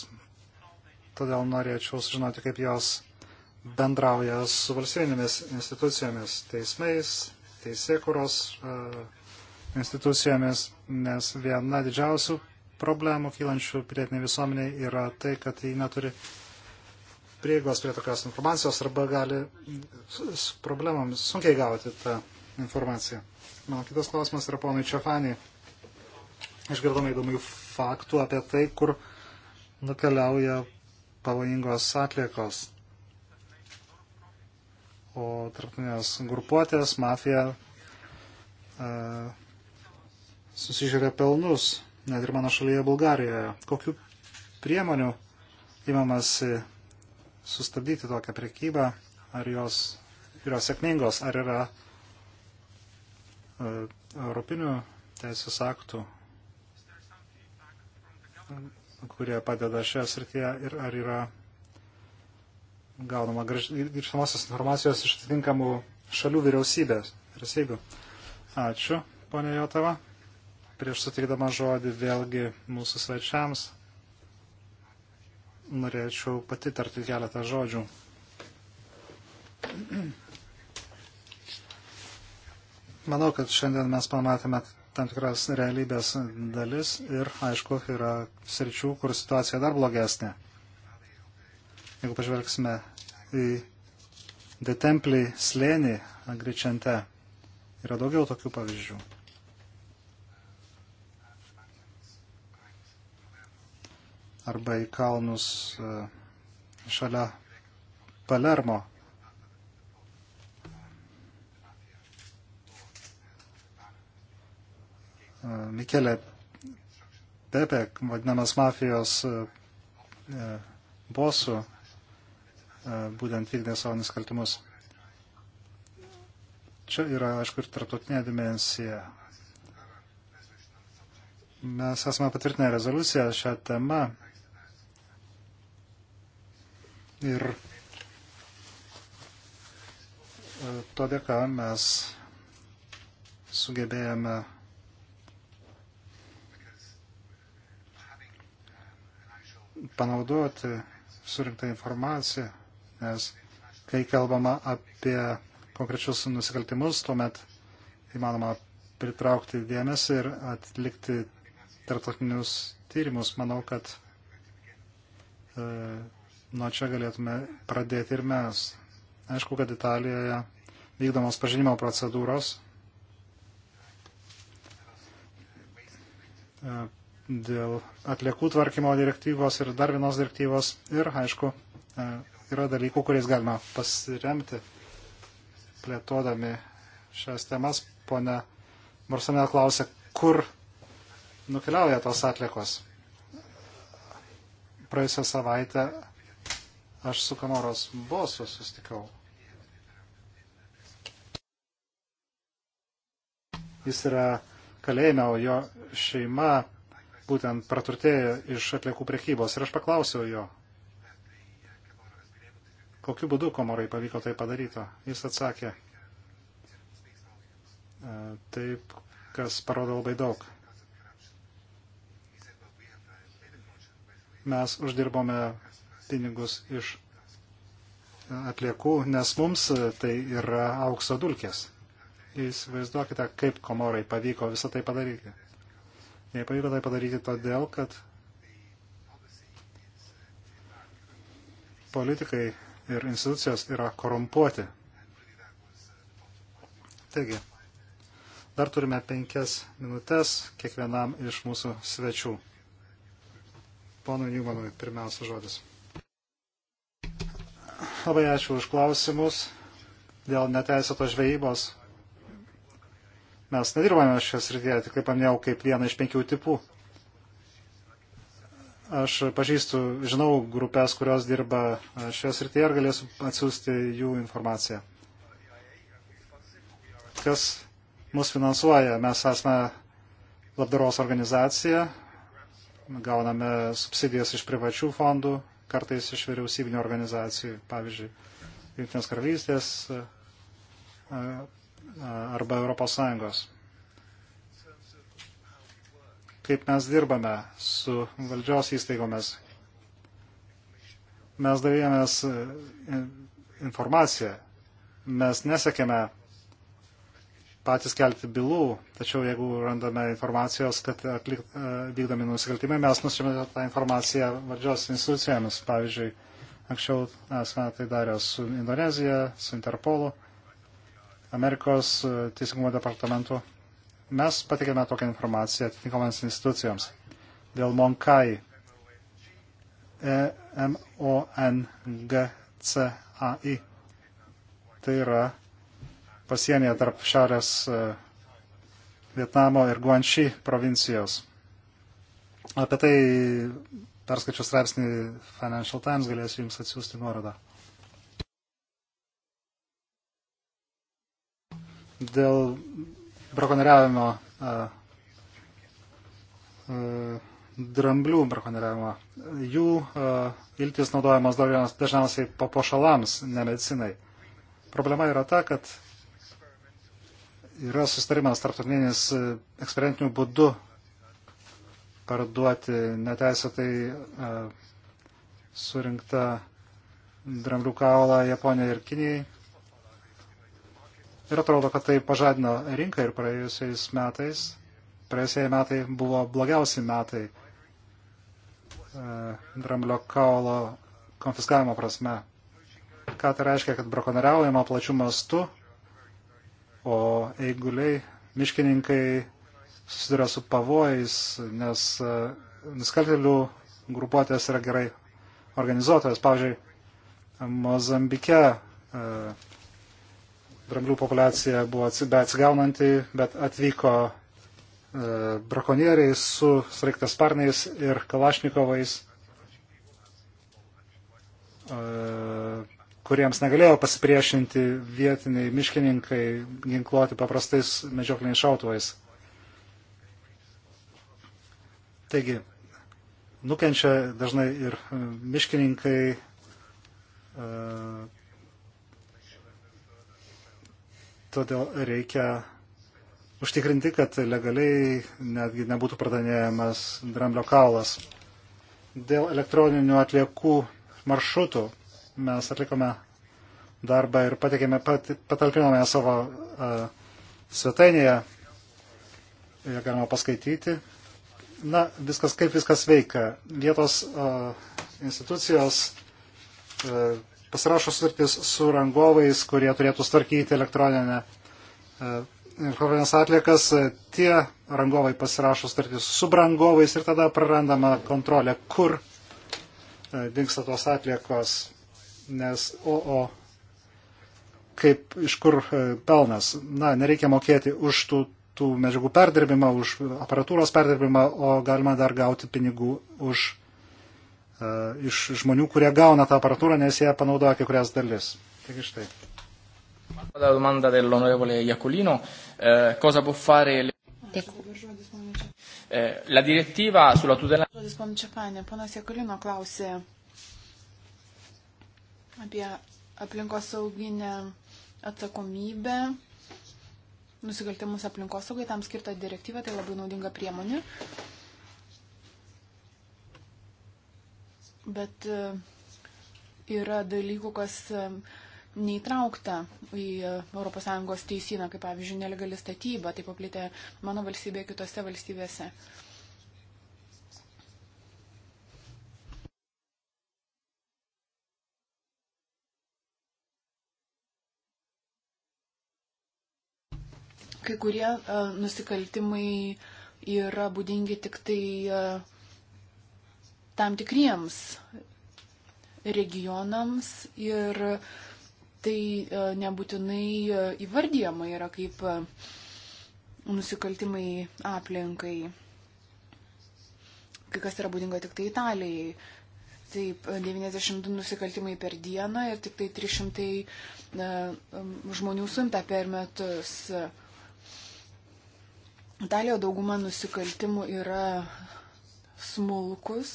Todėl norėčiau sužinoti, kaip jos bendrauja su valstybinėmis institucijomis, teismais, teisėkuros e, institucijomis, nes viena didžiausių problemų kylančių pilietinė visuomenė yra tai, kad ji neturi prieigos prie tokios informacijos arba gali su problemomis sunkiai gauti tą informaciją. Mano kitas klausimas yra ponai Čiafaniai. Išgirdome įdomių faktų apie tai, kur nukeliauja pavojingos atliekos. O tarptautinės grupuotės, mafija e, susižiūrė pelnus, net ir mano šalyje Bulgarijoje. Kokiu priemonių įmamasi sustabdyti tokią prekybą, ar jos yra sėkmingos, ar yra e, europinių teisės aktų, kurie padeda šioje srityje ir ar yra gaunama grįžtamosios informacijos iš atitinkamų šalių vyriausybės ir seigių. Ačiū, ponė Jotava. Prieš suteikdama žodį vėlgi mūsų svečiams norėčiau pati tarti keletą žodžių. Manau, kad šiandien mes pamatėme tam tikras realybės dalis ir, aišku, yra sričių, kur situacija dar blogesnė. Jeigu pažvelgsime į detemplį slėnį Agričente, yra daugiau tokių pavyzdžių. arba į kalnus e, šalia Palermo. E, Mikelė Pepe, vadinamas mafijos e, bosų, būtent vykdė savo nusikaltimus. Čia yra, aišku, ir tarptautinė dimensija. Mes esame patvirtinę rezoliuciją šią temą Ir e, to dėka mes sugebėjome panaudoti surinktą informaciją, nes kai kalbama apie konkrečius nusikaltimus, tuomet įmanoma pritraukti dėmesį ir atlikti tarptautinius tyrimus. Manau, kad e, nuo čia galėtume pradėti ir mes. Aišku, kad Italijoje vykdomos pažinimo procedūros e, dėl atliekų tvarkymo direktyvos ir dar vienos direktyvos ir, aišku, e, yra dalykų, kuriais galima pasiremti plėtodami šias temas. Pone Marsanė klausė, kur nukeliauja tos atliekos. Praėjusią savaitę Aš su Kamoros bosu sustikau. Jis yra kalėjime, o jo šeima būtent praturtėjo iš atliekų priekybos. Ir aš paklausiau jo, kokiu būdu komorai pavyko tai padaryti. Jis atsakė, e, taip, kas parodo labai daug. Mes uždirbome pinigus iš atliekų, nes mums tai yra aukso dulkės. Įsivaizduokite, kaip komorai pavyko visą tai padaryti. Jei pavyko tai padaryti todėl, kad politikai ir institucijos yra korumpuoti. Taigi, dar turime penkias minutės kiekvienam iš mūsų svečių. Ponui Newmanui pirmiausia žodis. Labai ačiū už klausimus dėl neteisėtos žvejybos. Mes nedirbame šios rytyje, tik kaip paminėjau, kaip vieną iš penkių tipų. Aš pažįstu, žinau grupės, kurios dirba šios rytyje ir galėsiu atsiųsti jų informaciją. Kas mus finansuoja? Mes esame labdaros organizacija, gauname subsidijas iš privačių fondų, kartais iš vyriausybinio organizacijų, pavyzdžiui, Junktinės karalystės arba Europos Sąjungos. Kaip mes dirbame su valdžios įstaigomis. Mes dalyjomės e, informaciją, mes nesekėme patys kelti bylų, tačiau jeigu randame informacijos, kad atlik, e, vykdomi nusikaltimai, mes nusiuntėme tą informaciją valdžios institucijomis. Pavyzdžiui, anksčiau esame tai darę su Indonezija, su Interpolu, Amerikos e, teisingumo departamentu. Mes patikėme tokią informaciją atitinkamams institucijoms. Dėl Monkai, e, M-O-N-G-C-A-I. Tai yra pasienyje tarp šiaurės e, Vietnamo ir Guanxi provincijos. Apie tai perskaičiu straipsnį Financial Times, galėsiu Jums atsiųsti nuorodą. Dėl brakonieriavimo, e, e, dramblių brakonieriavimo, jų a, iltis naudojamos dažniausiai papuošalams, ne medicinai. Problema yra ta, kad yra sustarimas tarptautinis e, eksperimentiniu būdu parduoti neteisėtai e, surinktą dramblių kaulą Japonijai ir Kinijai. Ir atrodo, kad tai pažadino rinką ir praėjusiais metais. Praėjusiai metai buvo blogiausi metai e, dramblio kaulo konfiskavimo prasme. Ką tai reiškia, kad brakonariaujama plačių mastų o eiguliai, miškininkai susiduria su pavojais, nes e, nusikaltelių grupuotės yra gerai organizuotojas. Pavyzdžiui, Mozambike e, dramblių populiacija buvo atsigaunanti, bet atvyko e, brakonieriai su sraigtasparniais ir kalašnikovais kuriems negalėjo pasipriešinti vietiniai miškininkai ginkluoti paprastais medžiokliniais šautuvais. Taigi, nukenčia dažnai ir e, miškininkai. E, todėl reikia užtikrinti, kad legaliai netgi nebūtų pradanėjamas dramblio kaulas. Dėl elektroninių atliekų maršrutų mes atlikome darbą ir patikėme, pat, patalpinome savo uh, svetainėje, ją galima paskaityti. Na, viskas kaip viskas veikia. Vietos uh, institucijos uh, pasirašo sutartis su rangovais, kurie turėtų starkyti elektroninę uh, elektroninės atliekas. Tie rangovai pasirašo sutartis su brangovais ir tada prarandama kontrolė, kur uh, dinksta tos atliekos nes o, o kaip iš kur e, pelnas. Na, nereikia mokėti už tų, tų medžiagų perdirbimą, už aparatūros perdirbimą, o galima dar gauti pinigų už, uh, iš žmonių, kurie gauna tą aparatūrą, nes jie panaudoja kai kurias dalis. Taigi štai. La domanda dell'onorevole Iacolino, eh, cosa può fare le... Eh, la direttiva sulla tutela... Ponas Jakulino klausė, apie aplinkosauginę atsakomybę, nusikaltimus aplinkosaugai, tam skirta direktyva, tai labai naudinga priemonė. Bet e, yra dalykų, kas e, neįtraukta į ES teisyną, kaip pavyzdžiui, nelegali statyba, tai paplitė mano valstybėje kitose valstybėse. valstybėse. Kai kurie e, nusikaltimai yra būdingi tik tai e, tam tikriems regionams ir tai e, nebūtinai įvardyjama yra kaip nusikaltimai aplinkai kai kas yra būdinga tik tai Italijai. Taip, 92 nusikaltimai per dieną ir tik tai 300 žmonių suimta per metus. Italijoje dauguma nusikaltimų yra smulkus,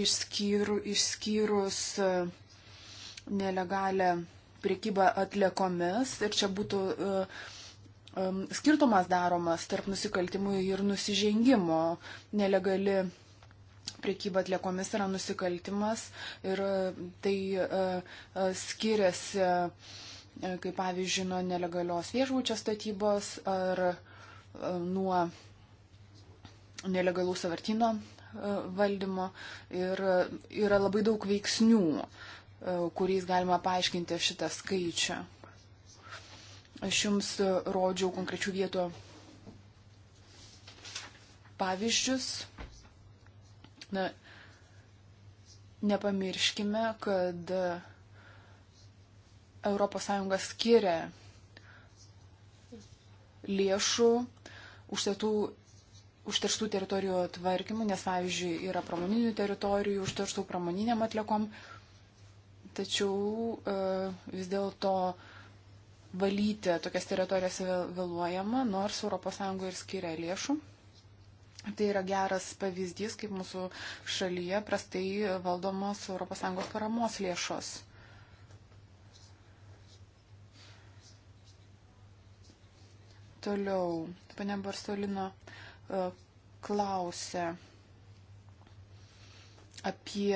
išskyru, išskyrus e, nelegalę priekybą atliekomis. Ir čia būtų uh, um, skirtumas daromas tarp nusikaltimų ir nusižengimo. Nelegali priekyba atliekomis yra nusikaltimas ir e, tai uh, skiriasi, uh, kaip pavyzdžiui, nuo nelegalios viešbučio statybos ar uh, nuo nelegalų savartino e, valdymo ir e, yra labai daug veiksnių, e, kuriais galima paaiškinti šitą skaičią. Aš jums rodžiau konkrečių vietų pavyzdžius. Na, nepamirškime, kad ES skiria lėšų užsatų, užterštų teritorijų tvarkymu, nes, pavyzdžiui, yra pramoninių teritorijų užterštų pramoniniam atlikom, tačiau e, vis dėlto valyti tokias teritorijas vėluojama, nors ES ir skiria lėšų. Tai yra geras pavyzdys, kaip mūsų šalyje prastai valdomos ES paramos lėšos. Toliau Pane Barsolino e, klausė apie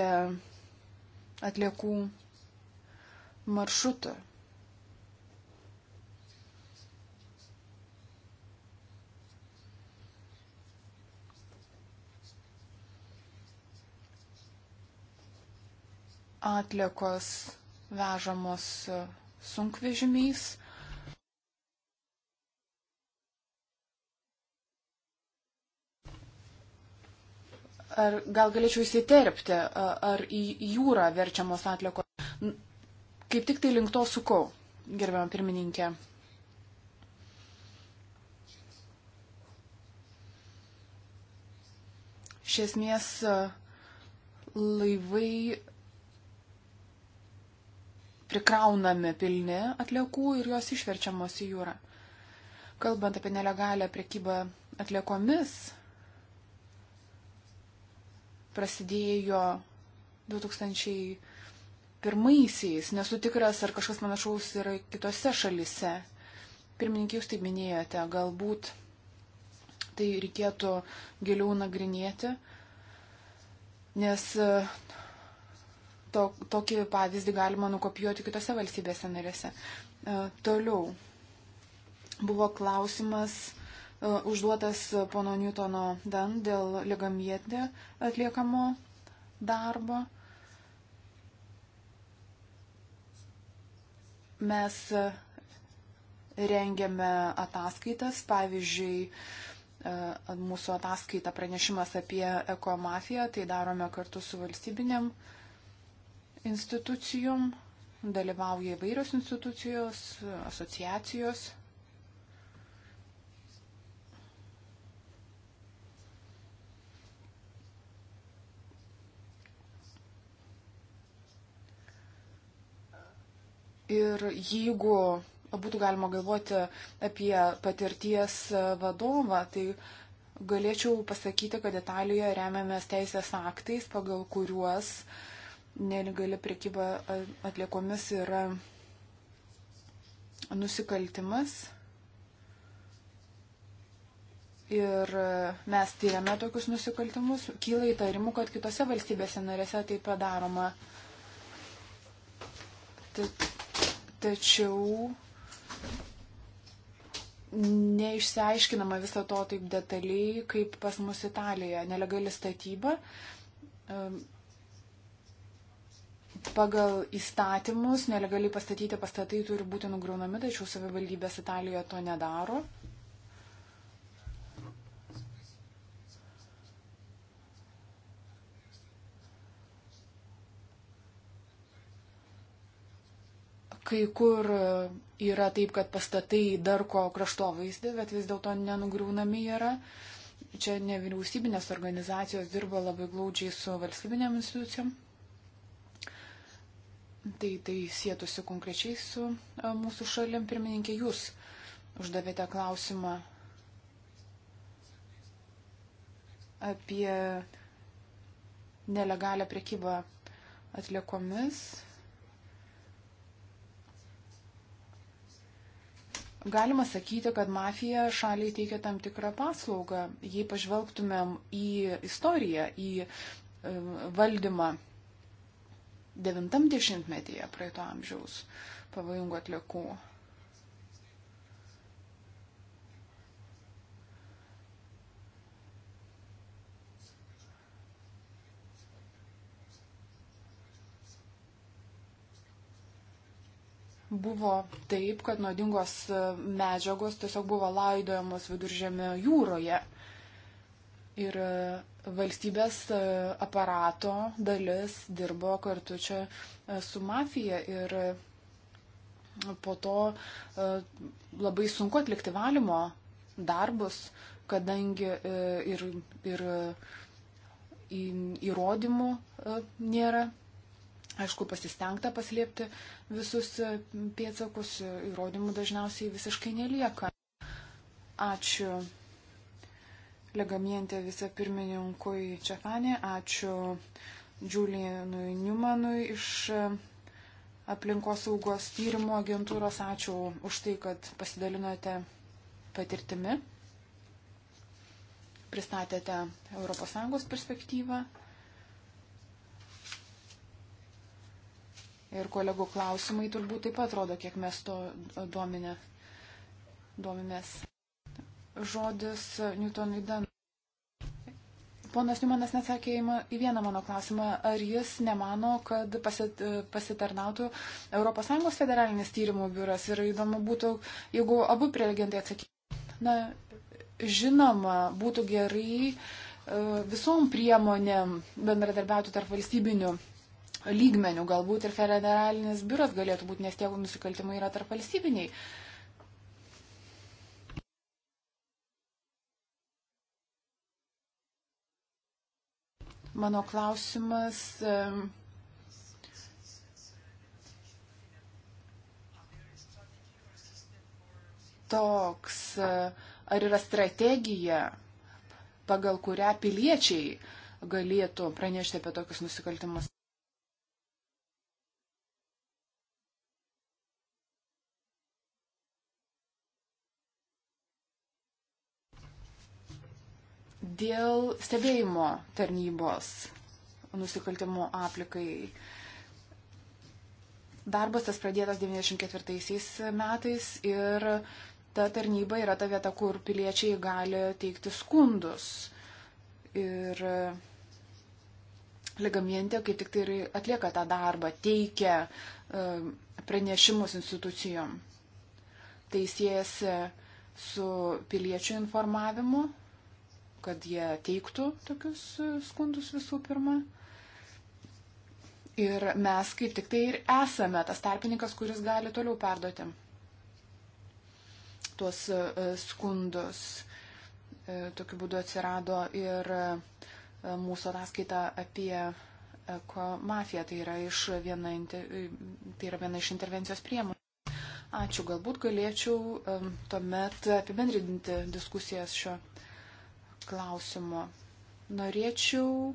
atliekų maršrutą. Atliekos vežamos sunkvežimiais ar gal galėčiau įsiterpti, ar į jūrą verčiamos atliekos. Kaip tik tai link to sukau, gerbiamą pirmininkę. Iš esmės laivai prikraunami pilni atliekų ir jos išverčiamos į jūrą. Kalbant apie nelegalią prekybą atliekomis, prasidėjo 2001-aisiais. Nesu tikras, ar kažkas panašaus yra kitose šalise. Pirmininkai, jūs taip minėjote, galbūt tai reikėtų giliau nagrinėti, nes e, to, tokį pavyzdį galima nukopijuoti kitose valstybėse narėse. E, toliau buvo klausimas E, užduotas pono Newtono Dan dėl ligamietė atliekamo darbo. Mes rengiame ataskaitas, pavyzdžiui, e, mūsų ataskaita pranešimas apie ekomafiją, tai darome kartu su valstybinėm institucijom, dalyvauja įvairios institucijos, asociacijos. Ir jeigu būtų galima galvoti apie patirties vadovą, tai galėčiau pasakyti, kad Italijoje remiamės teisės aktais, pagal kuriuos nelegali prekyba atliekomis yra nusikaltimas. Ir mes tyriame tokius nusikaltimus. Kyla įtarimų, kad kitose valstybėse narėse tai padaroma. Tad tačiau neišsiaiškinama viso to taip detaliai, kaip pas mus Italijoje. Nelegali statyba pagal įstatymus nelegaliai pastatyti pastatai turi būti nugraunami, tačiau savivaldybės Italijoje to nedaro. Kai kur yra taip, kad pastatai darko kraštovaizdį, bet vis dėlto nenugriūnami yra. Čia nevyriausybinės organizacijos dirba labai glaudžiai su valstybinėm institucijom. Tai, tai sėtusi konkrečiai su mūsų šalim. Pirmininkė, jūs uždavėte klausimą apie nelegalią prekybą atliekomis Galima sakyti, kad mafija šaliai teikia tam tikrą paslaugą. Jei pažvelgtumėm į istoriją, į e, valdymą 90-metyje praeito amžiaus pavojingų atliekų, buvo taip, kad nuodingos e, medžiagos tiesiog buvo laidojamos viduržėmio jūroje. Ir e, valstybės e, aparato dalis dirbo kartu čia su mafija ir po to labai sunku atlikti valymo darbus, kadangi ir, ir įrodymų nėra Aišku, pasistengta paslėpti visus e, pėtsakus, e, įrodymų dažniausiai visiškai nelieka. Ačiū legamientė vicepirmininkui Čefanė, ačiū Džiulienui Newmanui iš e, aplinkosaugos tyrimo agentūros, ačiū už tai, kad pasidalinote patirtimi, pristatėte ES perspektyvą. Ir kolegų klausimai turbūt taip pat rodo, kiek mes to duomenė, duomimės. Žodis Newtonui Dan. Ponas Niumanas nesakė į vieną mano klausimą, ar jis nemano, kad pasitarnautų ES federalinis tyrimų biuras ir įdomu būtų, jeigu abu prelegentai atsakytų. Na, žinoma, būtų gerai e, visom priemonėm bendradarbiauti tarp valstybinių lygmenių, galbūt ir federalinis biuras galėtų būti, nes tie nusikaltimai yra tarp valstybiniai. Mano klausimas. Toks, e, ar yra strategija, pagal kurią piliečiai galėtų pranešti apie tokius nusikaltimus? dėl stebėjimo tarnybos nusikaltimų aplikai. Darbas tas pradėtas 94 metais ir ta tarnyba yra ta vieta, kur piliečiai gali teikti skundus. Ir ligamientė kaip tik tai ir atlieka tą darbą, teikia e, pranešimus institucijom. Tai siejasi su piliečių informavimu kad jie teiktų tokius skundus visų pirma. Ir mes kaip tik tai ir esame tas tarpininkas, kuris gali toliau perduoti tuos e, skundus. E, tokiu būdu atsirado ir e, mūsų ataskaita apie mafiją. Tai yra, viena, tai yra viena iš intervencijos priemonių. Ačiū, galbūt galėčiau tuomet apibendrinti diskusijas šio klausimo. Norėčiau e,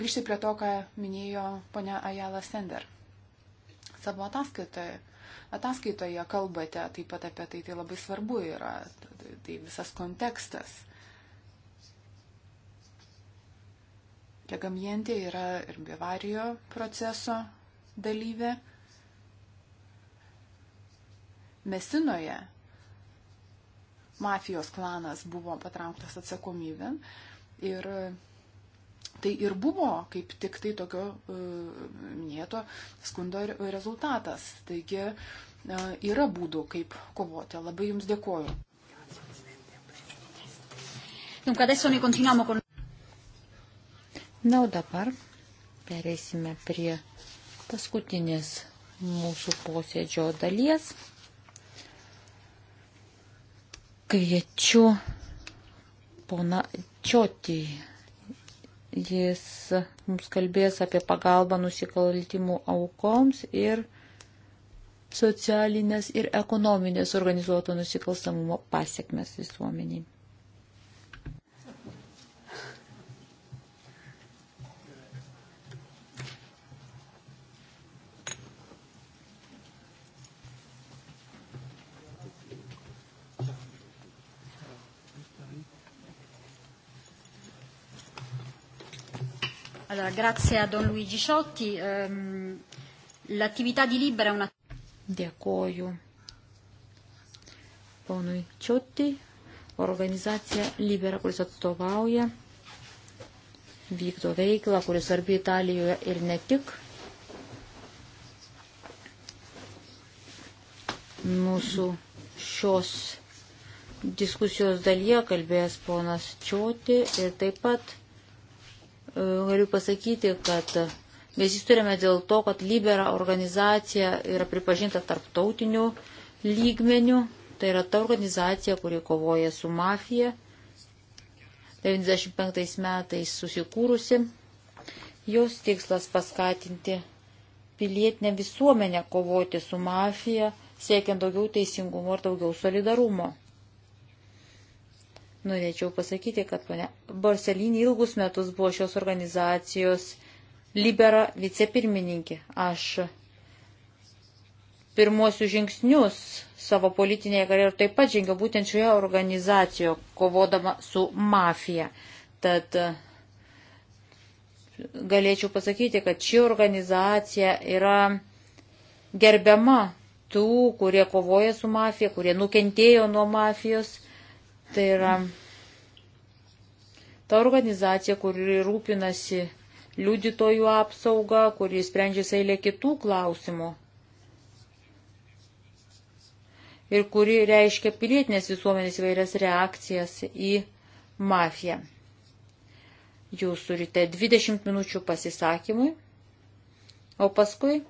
grįžti prie to, ką minėjo ponia Ajala Sender. Savo ataskaitoje, ataskaitoje kalbate taip pat apie tai, tai labai svarbu yra, tai visas kontekstas. Legamientė yra ir Bivarijo proceso dalyvė. Mesinoje mafijos klanas buvo patrauktas atsakomybėn. Ir tai ir buvo kaip tik tai tokio e, minėto skundo rezultatas. Taigi e, yra būdų, kaip kovoti. Labai Jums dėkoju. Na, o dabar pereisime prie paskutinės mūsų posėdžio dalies. Kviečiu pona Čiotį. Jis mums kalbės apie pagalbą nusikaltimų aukoms ir socialinės ir ekonominės organizuoto nusikalstamumo pasiekmes visuomeniai. Allora, grazie a Don Luigi Ciotti. Um, L'attività di Libera è una... Dėkoju. Ponui Ciotti, organizacija Libera, kuris atstovauja, vykdo veiklą, kuris svarbi Italijoje ir ne tik. Mūsų šios diskusijos dalyje kalbės ponas Čioti ir taip pat galiu pasakyti, kad mes įsturėme dėl to, kad Libera organizacija yra pripažinta tarptautiniu lygmeniu. Tai yra ta organizacija, kuri kovoja su mafija. 95 metais susikūrusi. Jos tikslas paskatinti pilietinę visuomenę kovoti su mafija, siekiant daugiau teisingumo ir daugiau solidarumo. Norėčiau pasakyti, kad ponia Borselinė ilgus metus buvo šios organizacijos libera vicepirmininkė. Aš pirmuosius žingsnius savo politinėje karjeroje taip pat žengiau būtent šioje organizacijoje, kovodama su mafija. Tad e, galėčiau pasakyti, kad ši organizacija yra gerbiama tų, kurie kovoja su mafija, kurie nukentėjo nuo mafijos Tai yra ta organizacija, kuri rūpinasi liudytojų apsauga, kuri sprendžia eilė kitų klausimų ir kuri reiškia pilietinės visuomenės įvairias reakcijas į mafiją. Jūs turite 20 minučių pasisakymui, o paskui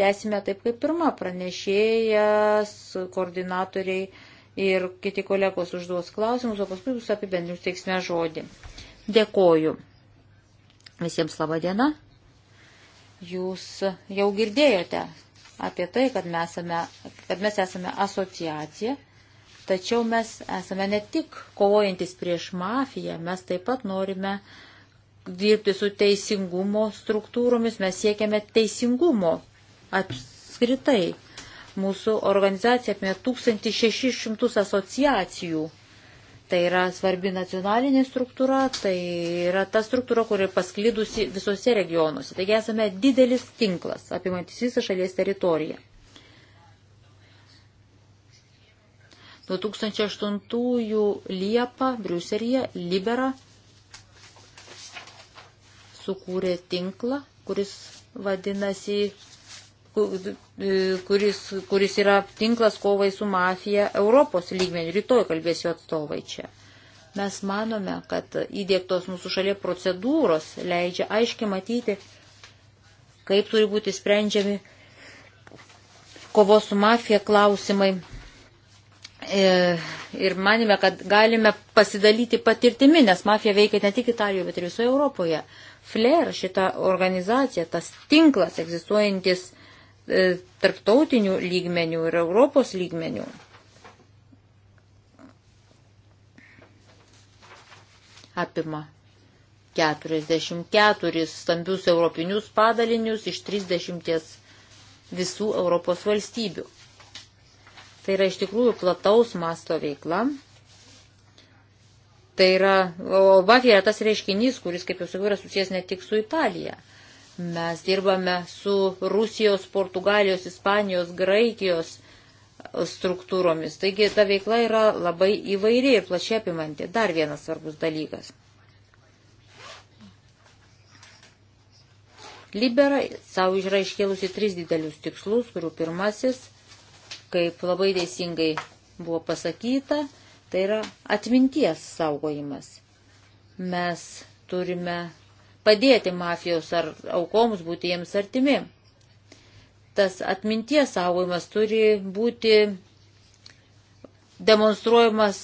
tęsime taip kaip pirma pranešėjas, koordinatoriai ir kiti kolegos užduos klausimus, o paskui jūs apibendrinius teiksime žodį. Dėkoju. Visiems laba diena. Jūs jau girdėjote apie tai, kad mes esame, kad mes esame asociacija, tačiau mes esame ne tik kovojantis prieš mafiją, mes taip pat norime dirbti su teisingumo struktūromis, mes siekiame teisingumo apskritai. Mūsų organizacija apie 1600 asociacijų. Tai yra svarbi nacionalinė struktūra, tai yra ta struktūra, kuri pasklydusi visose regionuose. Taigi esame didelis tinklas, apimantis visą šalies teritoriją. Nuo 2008 Liepa Briuselėje Libera sukūrė tinklą, kuris vadinasi E, kuris, kuris yra tinklas kovai su mafija Europos lygmenių. Rytoj kalbės jo atstovai čia. Mes manome, kad įdėktos mūsų šalia procedūros leidžia aiškiai matyti, kaip turi būti sprendžiami kovos su mafija klausimai. E, ir manime, kad galime pasidalyti patirtimi, nes mafija veikia ne tik Italijoje, bet ir visoje Europoje. Flair šita organizacija, tas tinklas egzistuojantis E, tarptautinių lygmenių ir Europos lygmenių. Apima 44 stambius europinius padalinius iš 30 visų Europos valstybių. Tai yra iš tikrųjų plataus masto veikla. Tai yra, o Bafija yra tas reiškinys, kuris, kaip jau sakiau, yra susijęs ne tik su Italija. Mes dirbame su Rusijos, Portugalijos, Ispanijos, Graikijos struktūromis. Taigi ta veikla yra labai įvairi ir plačiai apimanti. Dar vienas svarbus dalykas. Libera savo yra iškėlusi tris didelius tikslus, kurių pirmasis, kaip labai teisingai buvo pasakyta, tai yra atminties saugojimas. Mes turime padėti mafijos ar aukoms būti jiems artimi. Tas atminties saugojimas turi būti demonstruojamas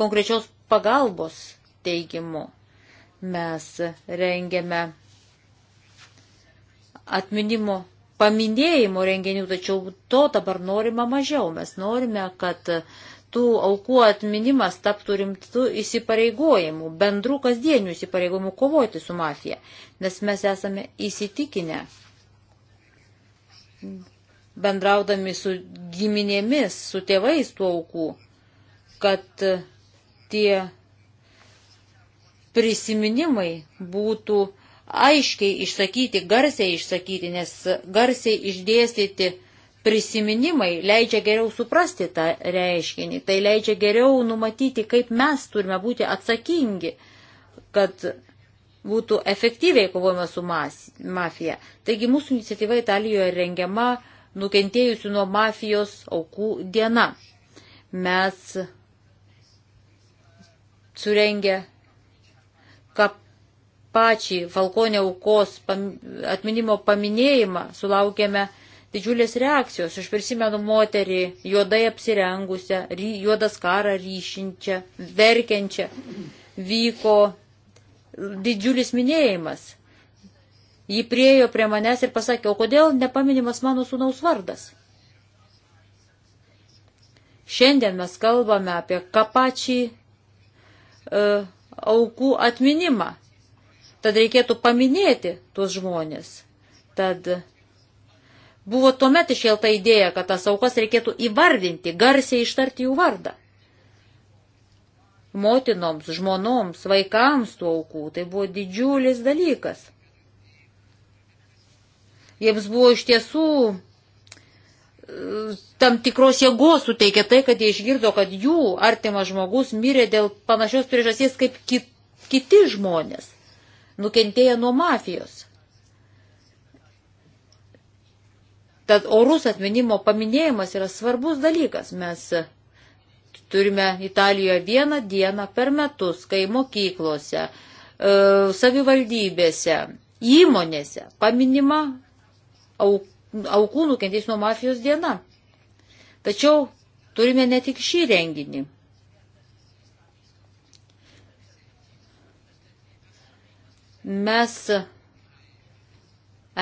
konkrečios pagalbos teigimu. Mes rengiame atminimo paminėjimo renginių, tačiau to dabar norima mažiau. Mes norime, kad uh, tų aukų atminimas taptų rimtų įsipareigojimų, bendrų kasdienių įsipareigojimų kovoti su mafija, nes mes esame įsitikinę bendraudami su giminėmis, su tėvais tų aukų, kad tie prisiminimai būtų aiškiai išsakyti, garsiai išsakyti, nes garsiai išdėstyti prisiminimai leidžia geriau suprasti tą reiškinį, tai leidžia geriau numatyti, kaip mes turime būti atsakingi, kad būtų efektyviai kovojama su mafija. Taigi mūsų iniciatyva Italijoje rengiama nukentėjusių nuo mafijos aukų diena. Mes surengę kapačį Falkonė aukos atminimo paminėjimą sulaukėme didžiulės reakcijos. Aš prisimenu moterį juodai apsirengusią, ry, juodas karą ryšinčią, verkiančią. Vyko didžiulis minėjimas. Ji priejo prie manęs ir pasakė, o kodėl nepaminimas mano sūnaus vardas? Šiandien mes kalbame apie kapačį uh, e, aukų atminimą. Tad reikėtų paminėti tuos žmonės. Tad uh, buvo tuomet iškelta idėja, kad tas aukas reikėtų įvardinti, garsiai ištarti jų vardą. Motinoms, žmonoms, vaikams tų aukų tai buvo didžiulis dalykas. Jiems buvo iš tiesų e, tam tikros jėgos suteikė tai, kad jie išgirdo, kad jų artimas žmogus mirė dėl panašios priežasties kaip kiti žmonės, nukentėję nuo mafijos. Tad orus atminimo paminėjimas yra svarbus dalykas. Mes turime Italijoje vieną dieną per metus, kai mokyklose, e, savivaldybėse, įmonėse paminima aukų nukentys nuo mafijos diena. Tačiau turime ne tik šį renginį. Mes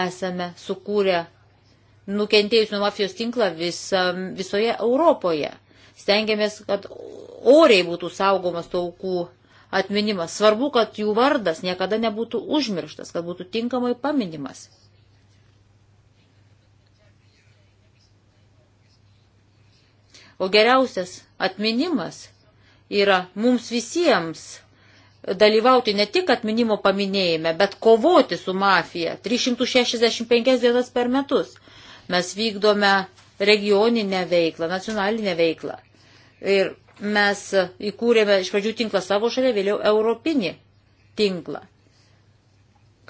esame sukūrę nukentėjusių nuo mafijos tinklą visa, visoje Europoje. Stengiamės, kad oriai būtų saugomas taukų atminimas. Svarbu, kad jų vardas niekada nebūtų užmirštas, kad būtų tinkamai paminimas. O geriausias atminimas yra mums visiems dalyvauti ne tik atminimo paminėjime, bet kovoti su mafija 365 dienas per metus. Mes vykdome regioninę veiklą, nacionalinę veiklą. Ir mes įkūrėme iš pradžių tinklą savo šalia, vėliau europinį tinklą,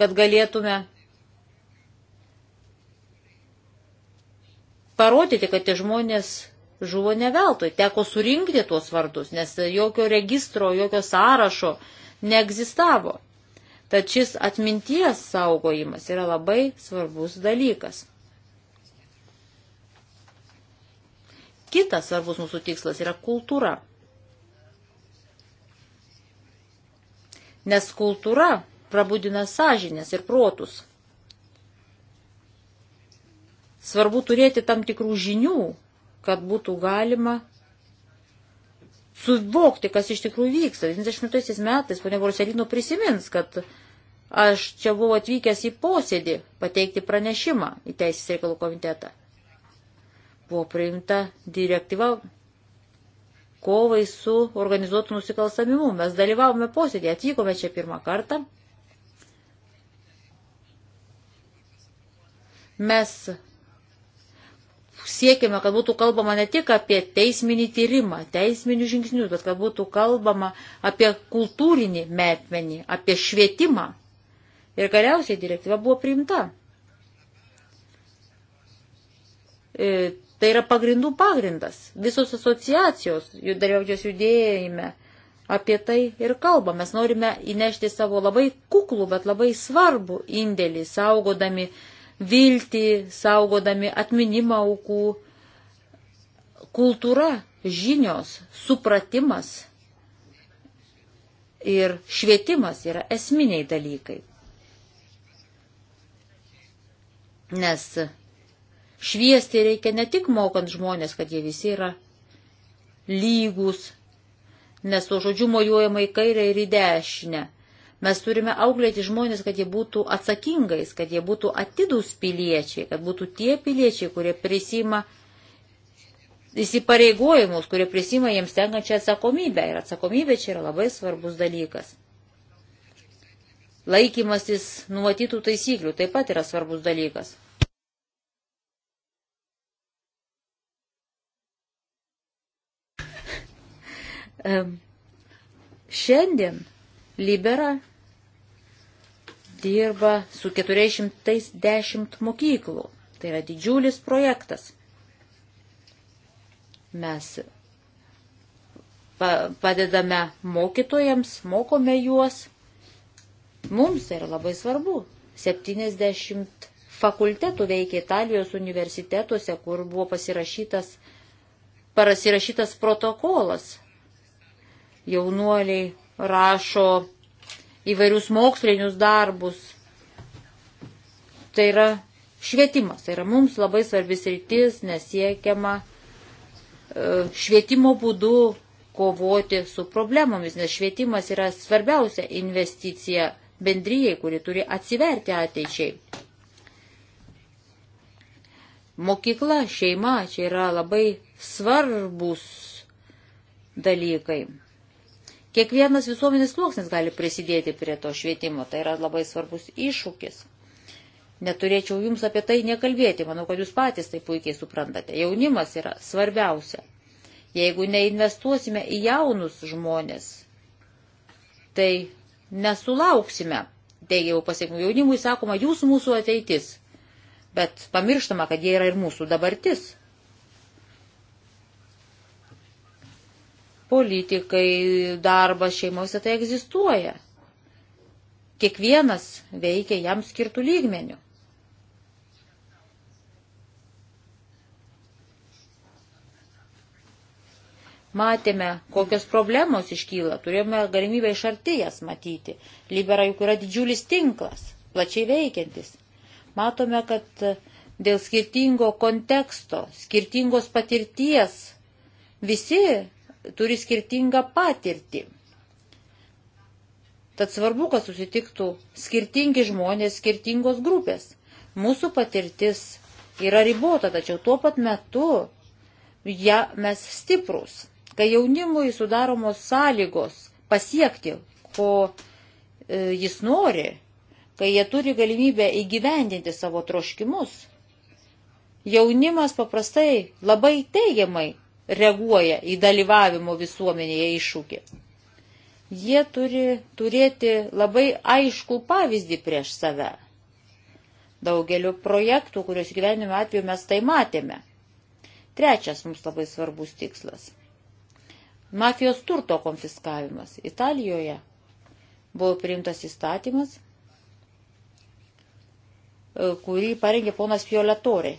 kad galėtume parodyti, kad tie žmonės žuvo ne veltui. Teko surinkti tuos vardus, nes jokio registro, jokio sąrašo neegzistavo. Tad šis atminties saugojimas yra labai svarbus dalykas. Kitas svarbus mūsų tikslas yra kultūra. Nes kultūra prabudina sąžinės ir protus. Svarbu turėti tam tikrų žinių, kad būtų galima suvokti, kas iš tikrųjų vyksta. 90 metais ponė Borselino prisimins, kad aš čia buvau atvykęs į posėdį pateikti pranešimą į Teisės reikalų komitetą. Buvo priimta direktyva kovai su organizuotų nusikalstamimu. Mes dalyvavome posėdį, atvykome čia pirmą kartą. Mes siekime, kad būtų kalbama ne tik apie teisminį tyrimą, teisminių žingsnius, bet kad būtų kalbama apie kultūrinį metmenį, apie švietimą. Ir galiausiai direktyva buvo priimta. E, Tai yra pagrindų pagrindas. Visos asociacijos, jų dalyvaujančios judėjime, apie tai ir kalba. Mes norime įnešti savo labai kuklų, bet labai svarbų indėlį, saugodami viltį, saugodami atminimą aukų. Kultūra, žinios, supratimas ir švietimas yra esminiai dalykai. Nes Šviesti reikia ne tik mokant žmonės, kad jie visi yra lygus, nes to žodžiu mojuojama į kairę ir į dešinę. Mes turime auklėti žmonės, kad jie būtų atsakingais, kad jie būtų atidus piliečiai, kad būtų tie piliečiai, kurie prisima įsipareigojimus, kurie prisima jiems tenkančią atsakomybę. Ir atsakomybė čia yra labai svarbus dalykas. Laikymasis numatytų taisyklių taip pat yra svarbus dalykas. Šiandien Libera dirba su 410 mokyklų. Tai yra didžiulis projektas. Mes padedame mokytojams, mokome juos. Mums tai yra labai svarbu. 70 fakultetų veikia Italijos universitetuose, kur buvo pasirašytas, pasirašytas protokolas jaunuoliai rašo įvairius mokslinius darbus. Tai yra švietimas, tai yra mums labai svarbis rytis, nesiekiama e, švietimo būdu kovoti su problemomis, nes švietimas yra svarbiausia investicija bendryjei, kuri turi atsiverti ateičiai. Mokykla, šeima čia yra labai svarbus dalykai. Kiekvienas visuomenės sluoksnis gali prisidėti prie to švietimo, tai yra labai svarbus iššūkis. Neturėčiau jums apie tai nekalbėti, manau, kad jūs patys tai puikiai suprantate. Jaunimas yra svarbiausia. Jeigu neinvestuosime į jaunus žmonės, tai nesulauksime teigiamų pasiekmių. Jaunimui sakoma, jūs mūsų ateitis, bet pamirštama, kad jie yra ir mūsų dabartis. politikai, darbas šeimose tai egzistuoja. Kiekvienas veikia jam skirtų lygmenių. Matėme, kokios problemos iškyla, turėjome galimybę iš arti jas matyti. Libera juk yra didžiulis tinklas, plačiai veikiantis. Matome, kad dėl skirtingo konteksto, skirtingos patirties visi turi skirtingą patirtį. Tad svarbu, kad susitiktų skirtingi žmonės, skirtingos grupės. Mūsų patirtis yra ribota, tačiau tuo pat metu ja, mes stiprus, kai jaunimui sudaromos sąlygos pasiekti, ko e, jis nori, kai jie turi galimybę įgyvendinti savo troškimus. Jaunimas paprastai labai teigiamai reaguoja į dalyvavimo visuomenėje iššūkį. Jie turi turėti labai aiškų pavyzdį prieš save. Daugeliu projektų, kurios gyvenime atveju mes tai matėme. Trečias mums labai svarbus tikslas. Mafijos turto konfiskavimas. Italijoje buvo priimtas įstatymas, kurį parengė ponas Fioletorė.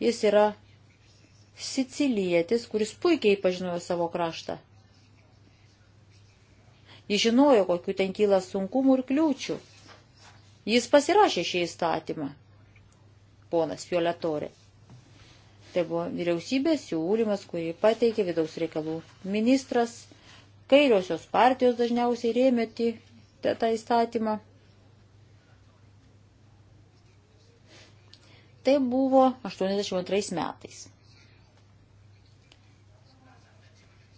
Jis yra sicilietis, kuris puikiai pažinojo savo kraštą. Jis žinojo, kokiu ten kyla sunkumų ir kliūčių. Jis pasirašė šį įstatymą, ponas Fioletorė. Tai buvo vyriausybės siūlymas, kurį pateikė vidaus reikalų ministras. Kairiosios partijos dažniausiai rėmėti tą įstatymą. Tai buvo 82 metais.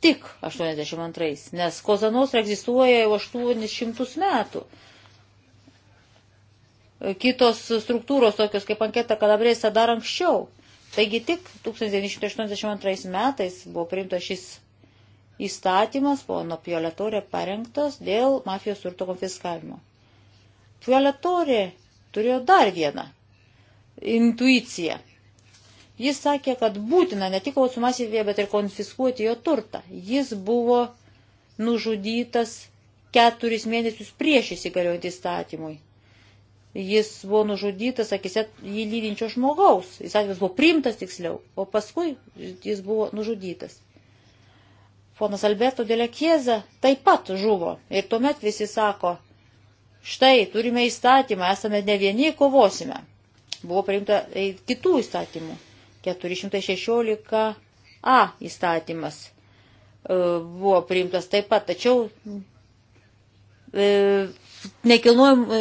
tik 82, nes Kozanos egzistuoja jau 800 metų. Kitos struktūros, tokios kaip anketa Kalabrėsa, dar anksčiau. Taigi tik 1982 metais buvo priimtas šis įstatymas, pono Piolatorė parengtas dėl mafijos turto konfiskavimo. Piolatorė turėjo dar vieną intuiciją. Jis sakė, kad būtina ne tik Otsumasyvėje, bet ir konfiskuoti jo turtą. Jis buvo nužudytas keturis mėnesius prieš įsigaliojant įstatymui. Jis buvo nužudytas, akise, jį lydinčio žmogaus. Įstatymas buvo priimtas tiksliau, o paskui jis buvo nužudytas. Ponas Alberto Delekieza taip pat žuvo. Ir tuomet visi sako, štai turime įstatymą, esame ne vieni, kovosime. Buvo priimta kitų įstatymų. 416a įstatymas e, buvo priimtas taip pat, tačiau e, nekilnojom, e,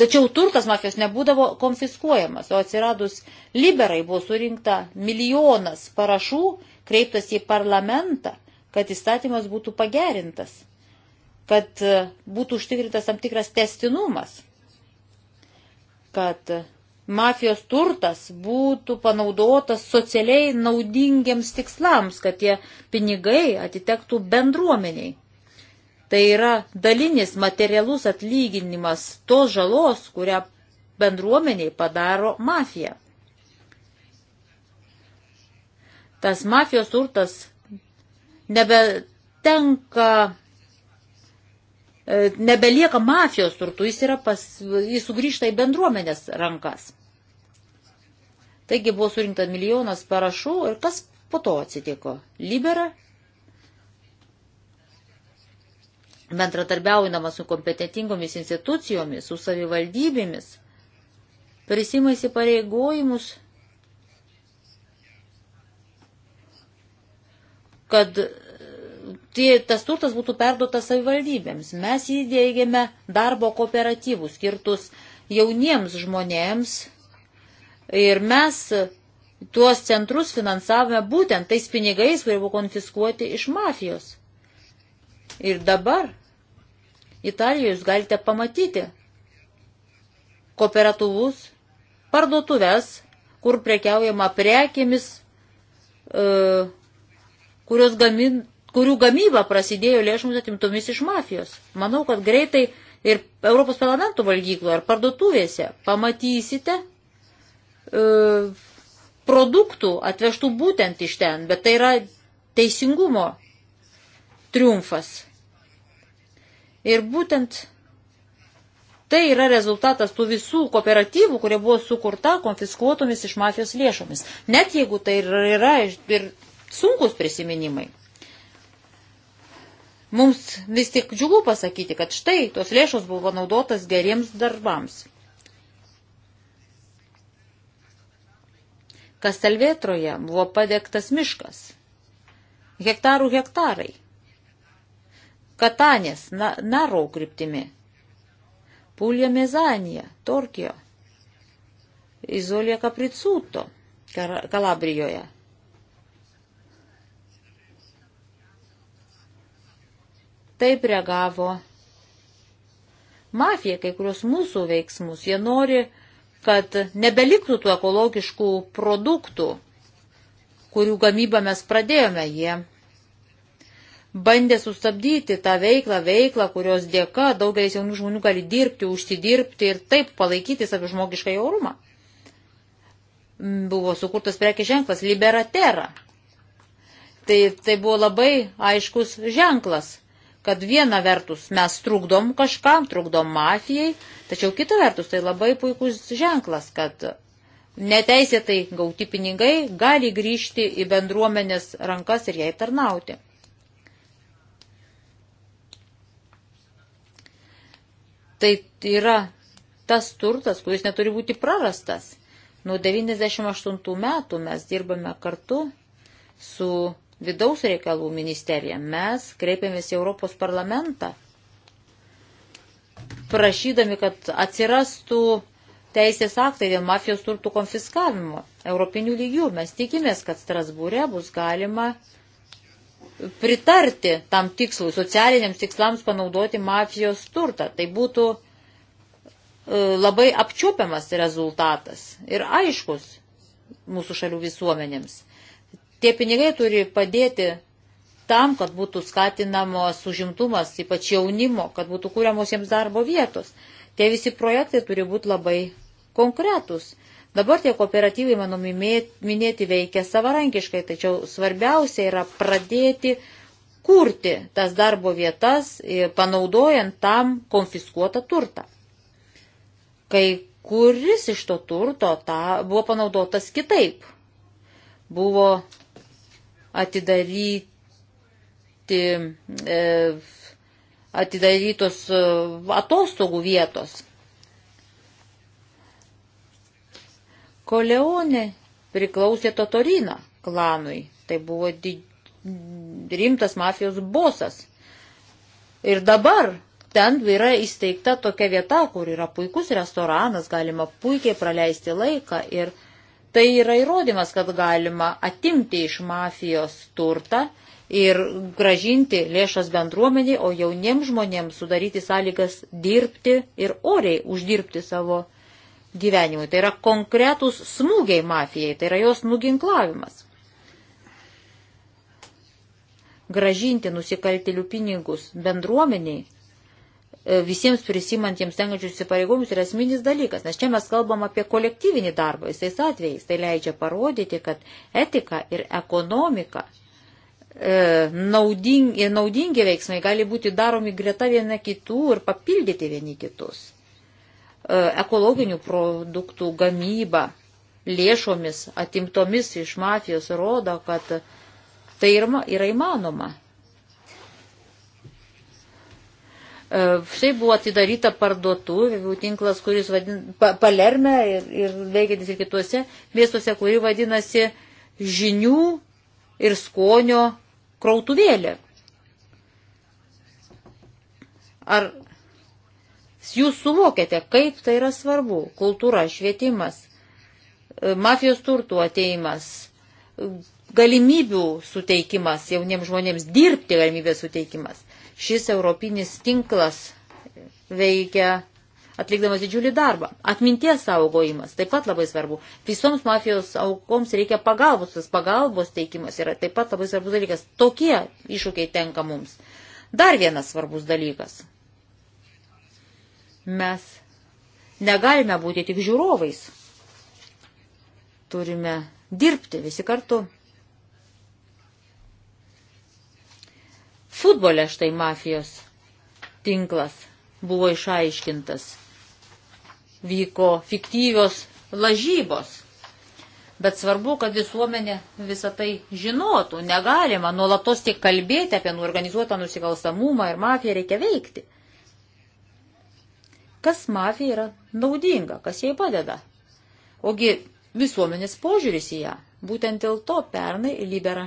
tačiau turtas mafijos nebūdavo konfiskuojamas, o atsiradus liberai buvo surinkta milijonas parašų, kreiptas į parlamentą, kad įstatymas būtų pagerintas, kad būtų užtikrintas tam tikras testinumas, kad mafijos turtas būtų panaudotas socialiai naudingiams tikslams, kad tie pinigai atitektų bendruomeniai. Tai yra dalinis materialus atlyginimas tos žalos, kurią bendruomeniai padaro mafija. Tas mafijos turtas nebetenka e, nebelieka mafijos turtų, jis, yra pas, jis sugrįžta į bendruomenės rankas. Taigi buvo surinkta milijonas parašų ir kas po to atsitiko? Libera? Bentratarbiaujama su kompetentingomis institucijomis, su savivaldybėmis, prisima įsipareigojimus, kad e, tie, tas turtas būtų perduotas savivaldybėms. Mes įdėgėme darbo kooperatyvus skirtus jauniems žmonėms Ir mes tuos centrus finansavome būtent tais pinigais, kurie buvo konfiskuoti iš mafijos. Ir dabar Italijoje jūs galite pamatyti kooperatyvus, parduotuves, kur prekiaujama prekėmis, e, kurios gamin, kurių gamyba prasidėjo lėšomis atimtomis iš mafijos. Manau, kad greitai ir Europos parlamento valgykloje ar parduotuvėse pamatysite, E, produktų atvežtų būtent iš ten, bet tai yra teisingumo triumfas. Ir būtent tai yra rezultatas tų visų kooperatyvų, kurie buvo sukurta konfiskuotomis iš mafijos lėšomis. Net jeigu tai yra, yra ir sunkus prisiminimai. Mums vis tik džiugu pasakyti, kad štai tos lėšos buvo naudotas geriems darbams. Kastelvėtroje buvo padegtas miškas. Hektarų hektarai. Katanės, na, Naro kryptimi. Pulja Mezanija, Torkijo. Izolija Kapricuto, Kalabrijoje. Taip reagavo mafija kai kurios mūsų veiksmus. Jie nori kad nebeliktų tų ekologiškų produktų, kurių gamybą mes pradėjome. Jie bandė sustabdyti tą veiklą, veiklą, kurios dėka daugelis jaunų žmonių gali dirbti, užsidirbti ir taip palaikyti savo žmogišką jaurumą. Buvo sukurtas prekė ženklas Liberatera. Tai, tai buvo labai aiškus ženklas kad viena vertus mes trukdom kažkam, trukdom mafijai, tačiau kita vertus tai labai puikus ženklas, kad neteisėtai gauti pinigai gali grįžti į bendruomenės rankas ir jai tarnauti. Tai yra tas turtas, kuris neturi būti prarastas. Nuo 98 metų mes dirbame kartu su vidaus reikalų ministeriją. Mes kreipėmės į Europos parlamentą, prašydami, kad atsirastų teisės aktai dėl mafijos turtų konfiskavimo europinių lygių. Mes tikimės, kad Strasbūre bus galima pritarti tam tikslui, socialiniams tikslams panaudoti mafijos turtą. Tai būtų e, labai apčiuopiamas rezultatas ir aiškus mūsų šalių visuomenėms. Tie pinigai turi padėti tam, kad būtų skatinamos užimtumas, ypač jaunimo, kad būtų kūriamos jiems darbo vietos. Tie visi projektai turi būti labai konkretūs. Dabar tie kooperatyvai, mano minėti, veikia savarankiškai, tačiau svarbiausia yra pradėti kurti tas darbo vietas, e, panaudojant tam konfiskuotą turtą. Kai kuris iš to turto ta, buvo panaudotas kitaip. Buvo atidaryti, e, atidarytos e, atostogų vietos. Koleonė priklausė Totorina klanui. Tai buvo did, rimtas mafijos bosas. Ir dabar ten yra įsteigta tokia vieta, kur yra puikus restoranas, galima puikiai praleisti laiką ir Tai yra įrodymas, kad galima atimti iš mafijos turtą ir gražinti lėšas bendruomeniai, o jauniems žmonėms sudaryti sąlygas dirbti ir oriai uždirbti savo gyvenimui. Tai yra konkretus smūgiai mafijai, tai yra jos nuginklavimas. Gražinti nusikaltėlių pinigus bendruomeniai E, visiems prisimantiems tenkančius įsipareigojimus yra esminis dalykas, nes čia mes kalbam apie kolektyvinį darbą visais atvejais. Tai leidžia parodyti, kad etika ir ekonomika e, naudingi, e, naudingi veiksmai gali būti daromi greta viena kitų ir papildyti vieni kitus. E, ekologinių produktų gamyba lėšomis atimtomis iš mafijos rodo, kad tai yra įmanoma. E, Štai buvo atidaryta parduotuvė, tinklas, kuris vadin, pa, Palerme ir, ir veikiantis ir kituose miestuose, kuri vadinasi žinių ir skonio krautuvėlė. Ar jūs suvokiate, kaip tai yra svarbu? Kultūra, švietimas, e, mafijos turtų ateimas, e, galimybių suteikimas jauniems žmonėms dirbti galimybės suteikimas. Šis europinis tinklas veikia atlikdamas didžiulį darbą. Atminties saugojimas taip pat labai svarbu. Visoms mafijos aukoms reikia pagalbos, tas pagalbos teikimas yra taip pat labai svarbus dalykas. Tokie iššūkiai tenka mums. Dar vienas svarbus dalykas. Mes negalime būti tik žiūrovais. Turime dirbti visi kartu. Futbole štai mafijos tinklas buvo išaiškintas. Vyko fiktyvios lažybos. Bet svarbu, kad visuomenė visą tai žinotų. Negalima nuolatos tik kalbėti apie organizuotą nusikalstamumą ir mafiją reikia veikti. Kas mafija yra naudinga, kas jai padeda? Ogi visuomenės požiūris į ją. Būtent dėl to pernai Libera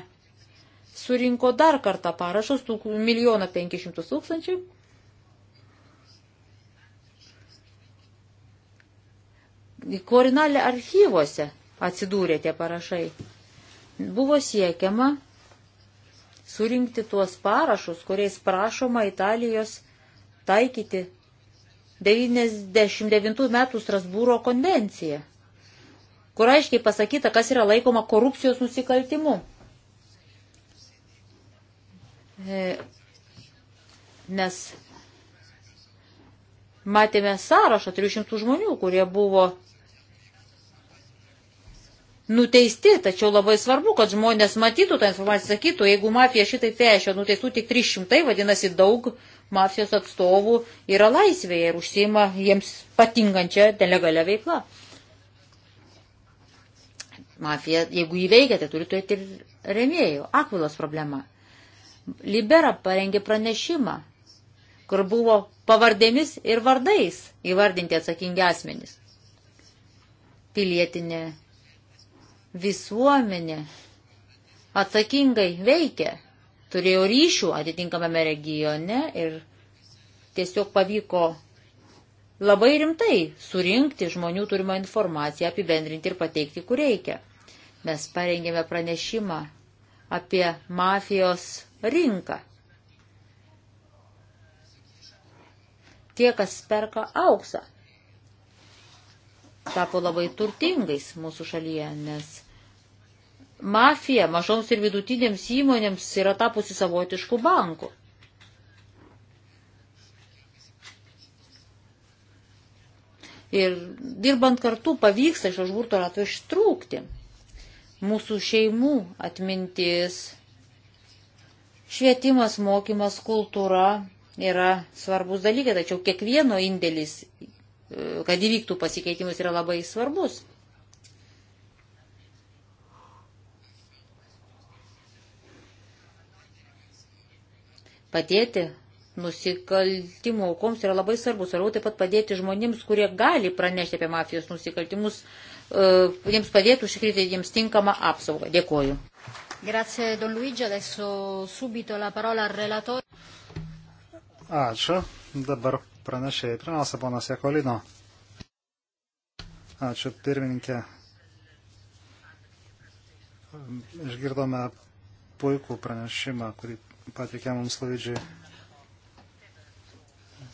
surinko dar kartą parašus, milijoną penkišimtus tūkstančių. Korinalė archyvose atsidūrė tie parašai. Buvo siekiama surinkti tuos parašus, kuriais prašoma Italijos taikyti 99 metų Strasbūro konvenciją, kur aiškiai pasakyta, kas yra laikoma korupcijos nusikaltimu. E, nes matėme sąrašą 300 žmonių, kurie buvo nuteisti, tačiau labai svarbu, kad žmonės matytų tą informaciją, sakytų, jeigu mafija šitai pešio, nuteistų tik 300, vadinasi, daug mafijos atstovų yra laisvėje ir užsima jiems patinkančią nelegalią veiklą. Mafija, jeigu įveikia, tai turi turėti ir remėjų. Akvilos problema. Libera parengė pranešimą, kur buvo pavardėmis ir vardais įvardinti atsakingi asmenys. Pilietinė visuomenė atsakingai veikė, turėjo ryšių atitinkamame regione ir tiesiog pavyko labai rimtai surinkti žmonių turimą informaciją, apibendrinti ir pateikti, kur reikia. Mes parengėme pranešimą apie mafijos rinką. Tie, kas perka auksą, tapo labai turtingais mūsų šalyje, nes mafija mažoms ir vidutinėms įmonėms yra tapusi savotiškų bankų. Ir dirbant kartu pavyksta iš užburto rato ištrūkti. Mūsų šeimų atmintis Švietimas, mokymas, kultūra yra svarbus dalykai, tačiau kiekvieno indėlis, e, kad įvyktų pasikeitimus, yra labai svarbus. Padėti nusikaltimų aukoms yra labai svarbus. Svarbu taip pat padėti žmonėms, kurie gali pranešti apie mafijos nusikaltimus, e, jiems padėti užtikrinti jiems tinkamą apsaugą. Dėkuoju. Grazie Don Luigi, adesso subito la parola al relatore. Ačiū. Dabar pranešėjai. Pirmiausia, ponas Jekolino. Ačiū pirmininkė. Išgirdome puikų pranešimą, kurį patikė mums Luidžiai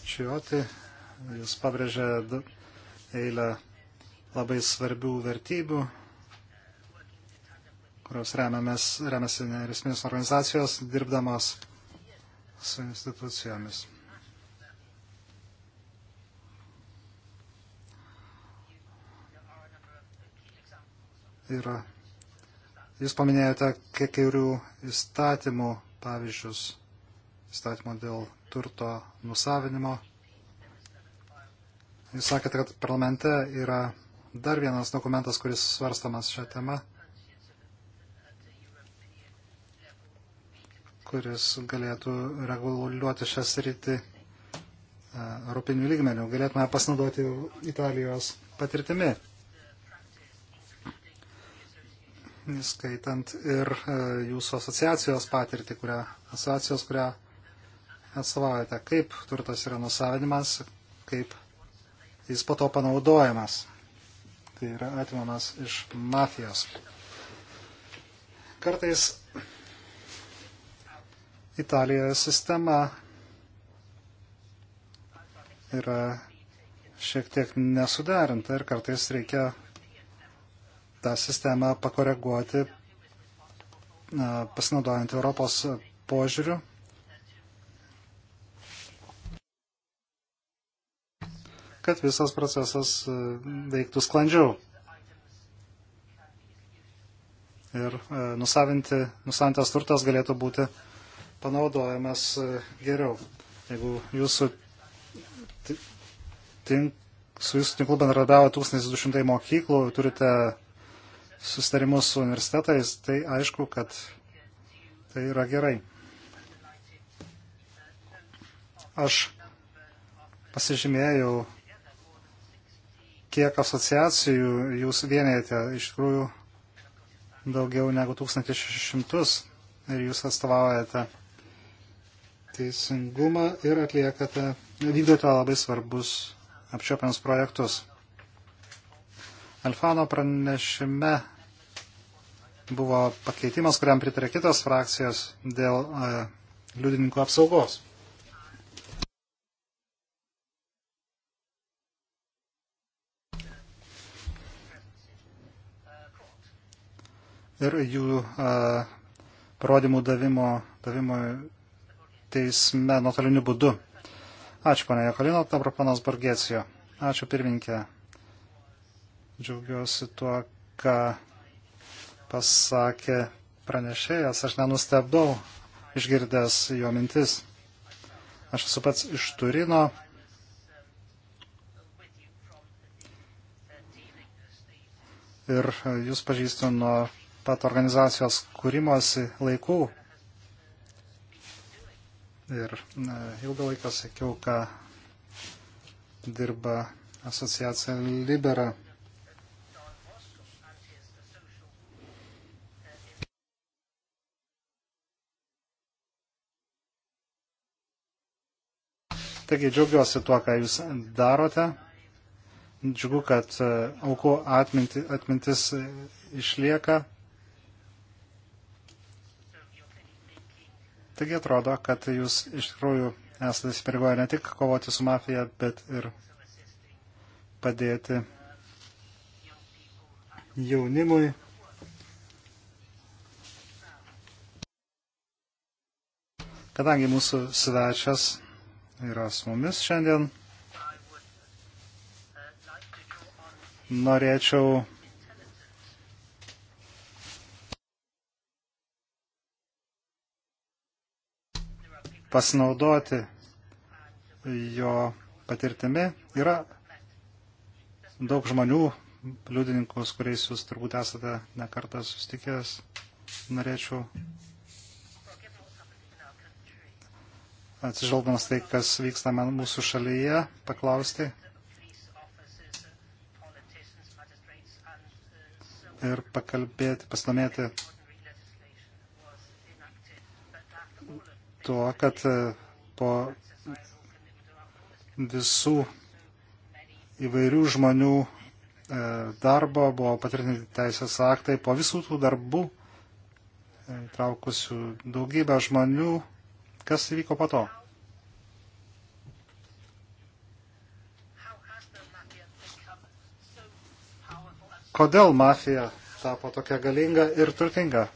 Čioti. Jis pabrėžė eilę labai svarbių vertybių kurios remiamės, remiasi nevyriausybinės organizacijos, dirbdamos su institucijomis. Ir jūs paminėjote kiekvienų įstatymų pavyzdžius, įstatymų dėl turto nusavinimo. Jūs sakėte, kad parlamente yra dar vienas dokumentas, kuris svarstamas šią temą. kuris galėtų reguliuoti šią sritį e, europinių lygmenių. Galėtume pasinaudoti Italijos patirtimi, skaitant ir e, jūsų asociacijos patirtį, kurią, asociacijos, kurią atstovaujate, kaip turtas yra nusavinimas, kaip jis po to panaudojamas. Tai yra atimamas iš mafijos. Kartais Italijoje sistema yra šiek tiek nesuderinta ir kartais reikia tą sistemą pakoreguoti pasinaudojant Europos požiūriu. kad visas procesas e, veiktų sklandžiau ir e, nusavinti, nusavintas turtas galėtų būti uh, panaudojamas e, geriau. Jeigu jūsų, tink, su jūsų tinklu bendradavo 1200 mokyklų, turite sustarimus su universitetais, tai aišku, kad tai yra gerai. Aš pasižymėjau, kiek asociacijų jūs vienėjate, iš tikrųjų daugiau negu 1600 ir jūs atstovaujate teisingumą ir atliekate, vykdote labai svarbus apčiopiams projektus. Alfano pranešime buvo pakeitimas, kuriam pritarė kitos frakcijos dėl e, liudininkų apsaugos. ir jų a, e, parodymų davimo, davimo teisme nuotoliniu būdu. Ačiū, ponia Jokolino, dabar panas Borgėcijo. Ačiū, pirminkė. Džiaugiuosi tuo, ką pasakė pranešėjas. Aš nenustebdau išgirdęs jo mintis. Aš esu pats iš Turino. Ir jūs pažįstu nuo pat organizacijos kūrimosi laikų ir ilgą laiką sakiau, ką dirba asociacija Libera. Taigi džiaugiuosi tuo, ką jūs darote. Džiugu, kad e, aukų atminti, atmintis e, išlieka. Taigi atrodo, kad jūs iš tikrųjų esate įsipareigoję ne tik kovoti su mafija, bet ir padėti jaunimui. Kadangi mūsų svečias yra su mumis šiandien, norėčiau pasinaudoti jo patirtimi. Yra daug žmonių, liudininkų, su kuriais jūs turbūt esate nekartą sustikęs. Norėčiau atsižvelgdamas tai, kas vyksta mūsų šalyje, paklausti. Ir pakalbėti, pasidomėti tuo, kad e, po visų įvairių žmonių e, darbo buvo patvirtinti teisės aktai, po visų tų darbų, e, traukusių daugybę žmonių, kas įvyko po to? Kodėl mafija tapo tokia galinga ir turtinga?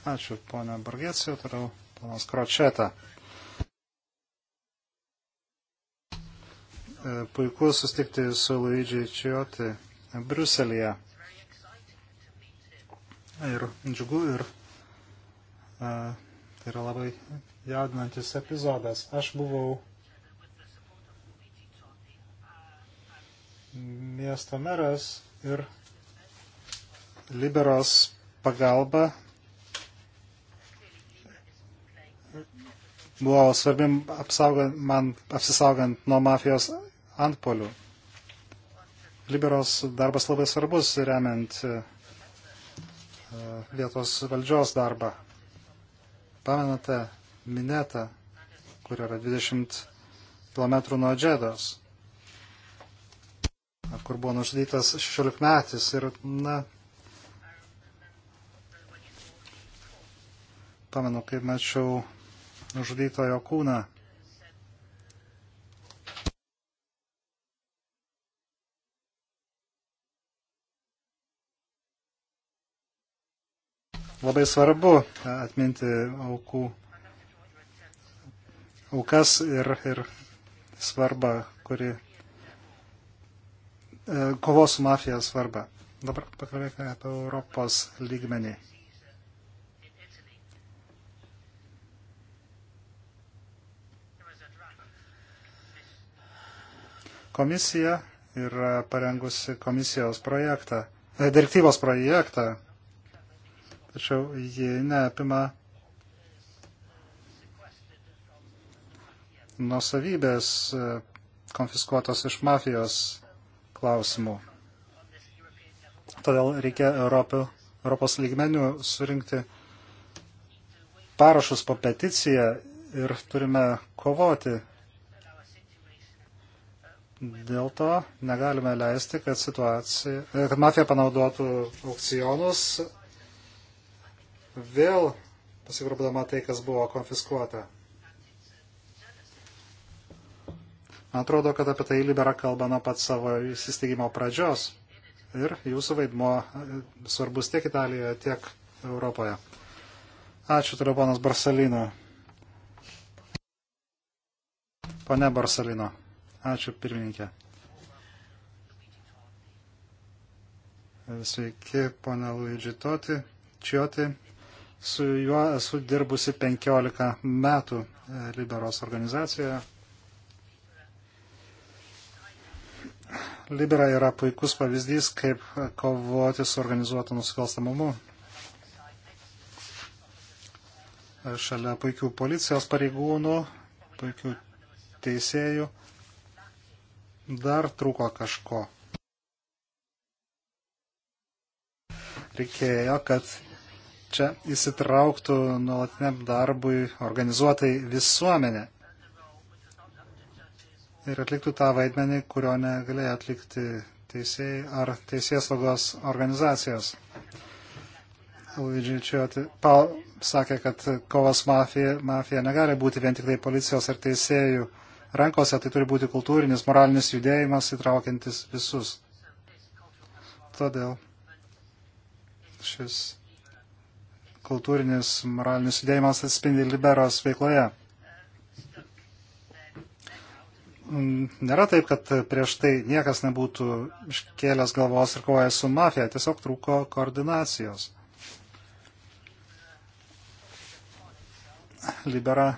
Ačiū, ponia Bargėcija, toliau ponas Kročeta. E, puiku sustikti su Luidžiai Čioti Bruselėje. Ir džiugu ir a, e, tai yra labai jaudinantis epizodas. Aš buvau miesto meras ir liberos pagalba buvo svarbi man apsisaugant nuo mafijos antpolių. Liberos darbas labai svarbus remiant e, vietos valdžios darbą. Pamenate Minetą, kur yra 20 km nuo Džedos, kur buvo nužudytas 16 metis ir, na, pamenu, kaip mačiau nužudytojo kūną. Labai svarbu atminti aukų, aukas ir, ir svarbą, kuri e, kovos su mafija svarbą. Dabar pakalbėkime apie Europos lygmenį. Komisija yra parengusi komisijos projektą, e, direktyvos projektą, tačiau ji neapima nusavybės e, konfiskuotos iš mafijos klausimų. Todėl reikia Europio, Europos lygmenių surinkti parašus po peticiją ir turime kovoti Dėl to negalime leisti, kad, e, kad mafija panaudotų aukcionus vėl pasigrubdama tai, kas buvo konfiskuota. Man atrodo, kad apie tai Libera kalba nuo pat savo įsisteigimo pradžios. Ir jūsų vaidmo e, svarbus tiek Italijoje, tiek Europoje. Ačiū, turiu ponas Barsalino. Pane Barsalino. Ačiū pirmininkė. Sveiki, pana Luidži Toti, Čioti. Su juo esu dirbusi 15 metų e, Liberos organizacijoje. Libera yra puikus pavyzdys, kaip kovoti su organizuotu nusikalstamumu. Šalia puikių policijos pareigūnų, puikių teisėjų dar trūko kažko. Reikėjo, kad čia įsitrauktų nuolatiniam darbui organizuotai visuomenė ir atliktų tą vaidmenį, kurio negalėjo atlikti teisėjai ar teisės saugos organizacijos. Luidžičiuoti sakė, kad kovas mafija, mafija negali būti vien tik tai policijos ar teisėjų rankose, tai turi būti kultūrinis, moralinis judėjimas įtraukiantis visus. Todėl šis kultūrinis, moralinis judėjimas atspindi liberos veikloje. Nėra taip, kad prieš tai niekas nebūtų iškėlęs galvos ir kovoja su mafija, tiesiog trūko koordinacijos. Libera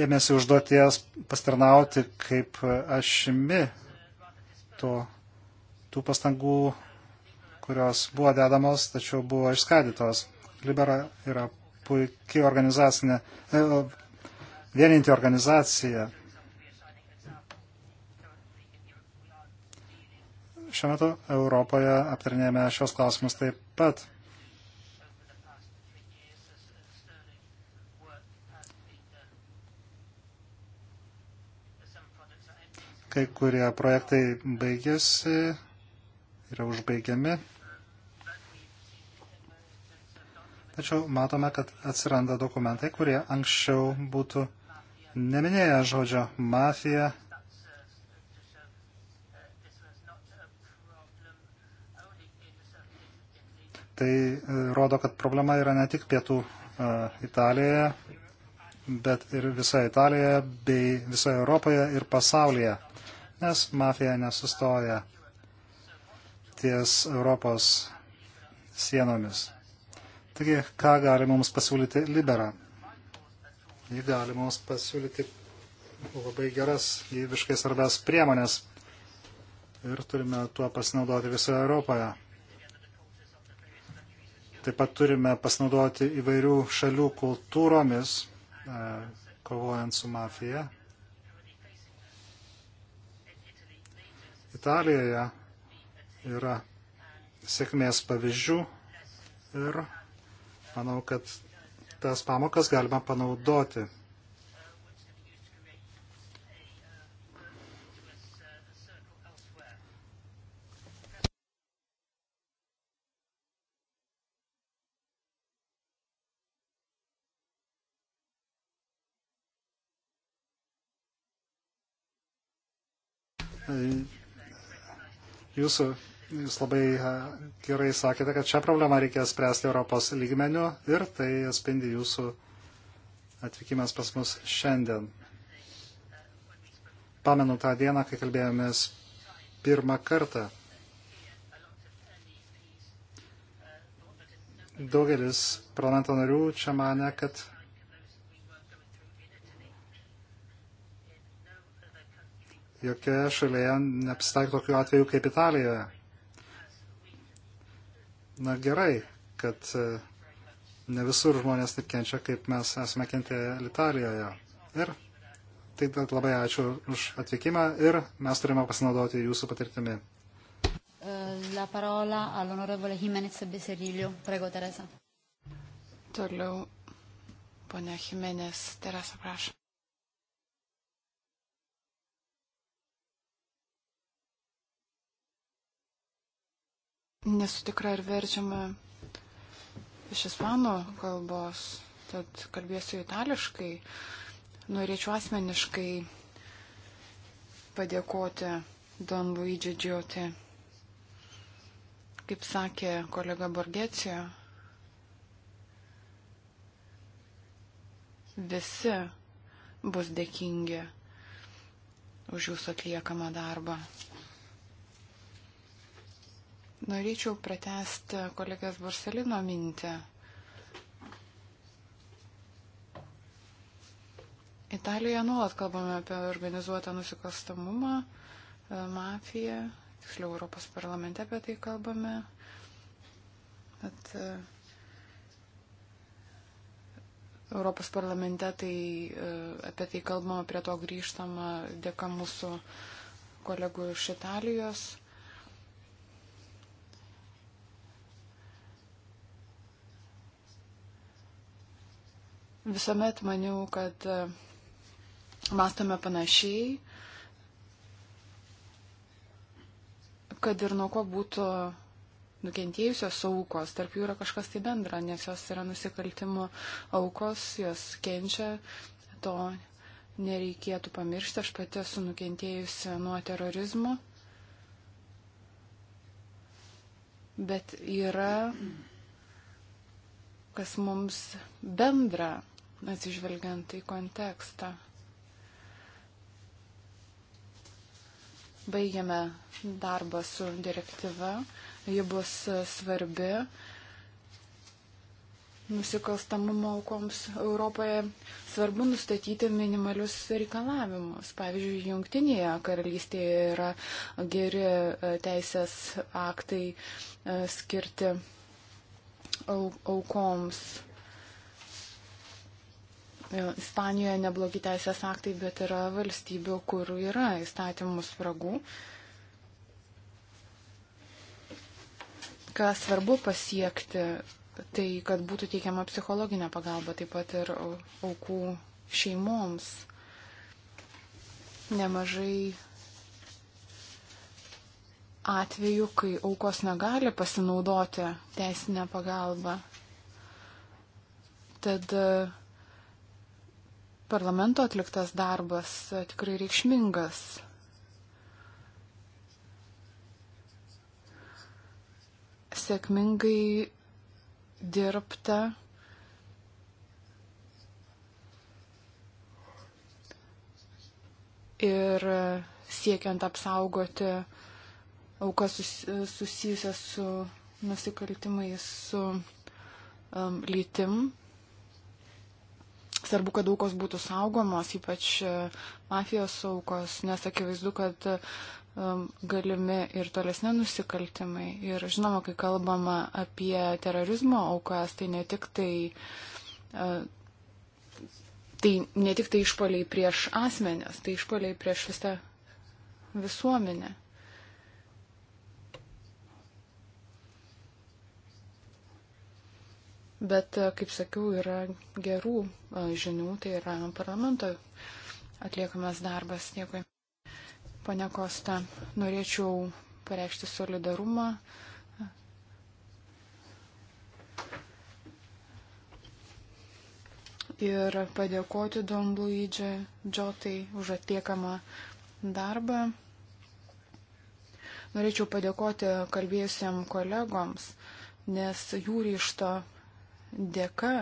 ėmėsi užduoties pastarnauti kaip ašimi to, tų pastangų, kurios buvo dedamos, tačiau buvo išskaidytos. Libera yra puikiai organizacinė, e, vieninti organizacija. Šiuo metu Europoje aptarnėjame šios klausimus taip pat. kai kurie projektai baigėsi, yra užbaigiami. Tačiau matome, kad atsiranda dokumentai, kurie anksčiau būtų neminėję žodžio mafija. Tai e, rodo, kad problema yra ne tik pietų e, Italijoje, bet ir visoje Italijoje bei visoje Europoje ir pasaulyje nes mafija nesustoja ties Europos sienomis. Taigi, ką gali mums pasiūlyti Libera? Ji gali mums pasiūlyti labai geras, gyviškai svarbias priemonės ir turime tuo pasinaudoti visoje Europoje. Taip pat turime pasinaudoti įvairių šalių kultūromis, e, kovojant su mafija. Italijoje yra sėkmės pavyzdžių ir manau, kad tas pamokas galima panaudoti Jūs, jūs labai e, gerai sakėte, kad šią problemą reikės spręsti Europos lygmeniu ir tai atspindi jūsų atvykimas pas mus šiandien. Pamenu tą dieną, kai kalbėjomės pirmą kartą. Daugelis parlamento narių čia mane, kad jokioje šalyje nepasitaiko tokių atvejų kaip Italijoje. Na gerai, kad e, ne visur žmonės taip kenčia, kaip mes esame kentėję Italijoje. Ir tai labai ačiū už atvykimą ir mes turime pasinaudoti jūsų patirtimi. E, la parola all'onorevole Jimenez Beserilio. Prego, Teresa. Toliau, ponia Jimenez, Teresa, prašau. Nesu tikra, ar verčiama iš ispanų kalbos, tad kalbėsiu itališkai. Norėčiau asmeniškai padėkoti Don Luigi Džioti. Kaip sakė kolega Borgecijo, visi bus dėkingi už jūsų atliekamą darbą. Norėčiau pratesti kolegės Borselino mintę. Italijoje nuolat kalbame apie organizuotą nusikalstamumą, e, mafiją, tiksliau Europos parlamente apie tai kalbame. Bet Europos parlamente tai e, apie tai kalbama, prie to grįžtama dėka mūsų kolegų iš Italijos. Visuomet maniau, kad e, mastome panašiai, kad ir nuo ko būtų nukentėjusios aukos, tarp jų yra kažkas tai bendra, nes jos yra nusikaltimo aukos, jos kenčia, to nereikėtų pamiršti, aš pati esu nukentėjusi nuo terorizmo, bet yra, kas mums bendra atsižvelgiant į kontekstą. Baigiame darbą su direktyva, ji bus svarbi nusikalstamumo aukoms Europoje svarbu nustatyti minimalius reikalavimus. Pavyzdžiui, Junktinėje karalystėje yra geri e, teisės aktai e, skirti aukoms. Ispanijoje neblogi teisės aktai, bet yra valstybių, kur yra įstatymų spragų. Ką svarbu pasiekti, tai kad būtų teikiama psichologinė pagalba taip pat ir aukų šeimoms. Nemažai atveju, kai aukos negali pasinaudoti teisinę pagalbą. Tad uh, parlamento atliktas darbas tikrai reikšmingas. Sėkmingai dirbta ir siekiant apsaugoti aukas susijusias su nusikaltimais su um, lytim. Svarbu, kad aukos būtų saugomos, ypač e, mafijos aukos, nes akivaizdu, kad e, galimi ir tolesni nusikaltimai. Ir žinoma, kai kalbama apie terorizmo aukas, tai ne tik tai e, tai ne tik tai išpoliai prieš asmenės, tai išpoliai prieš visą visuomenę. Bet, e, kaip sakiau, yra gerų e, žinių, tai yra parlamento atliekamas darbas. Dėkui. Pane Kosta, norėčiau pareikšti solidarumą. Ir padėkoti Don Luigi Džotai už atliekamą darbą. Norėčiau padėkoti kalbėjusiem kolegoms, nes jų ryšto dėka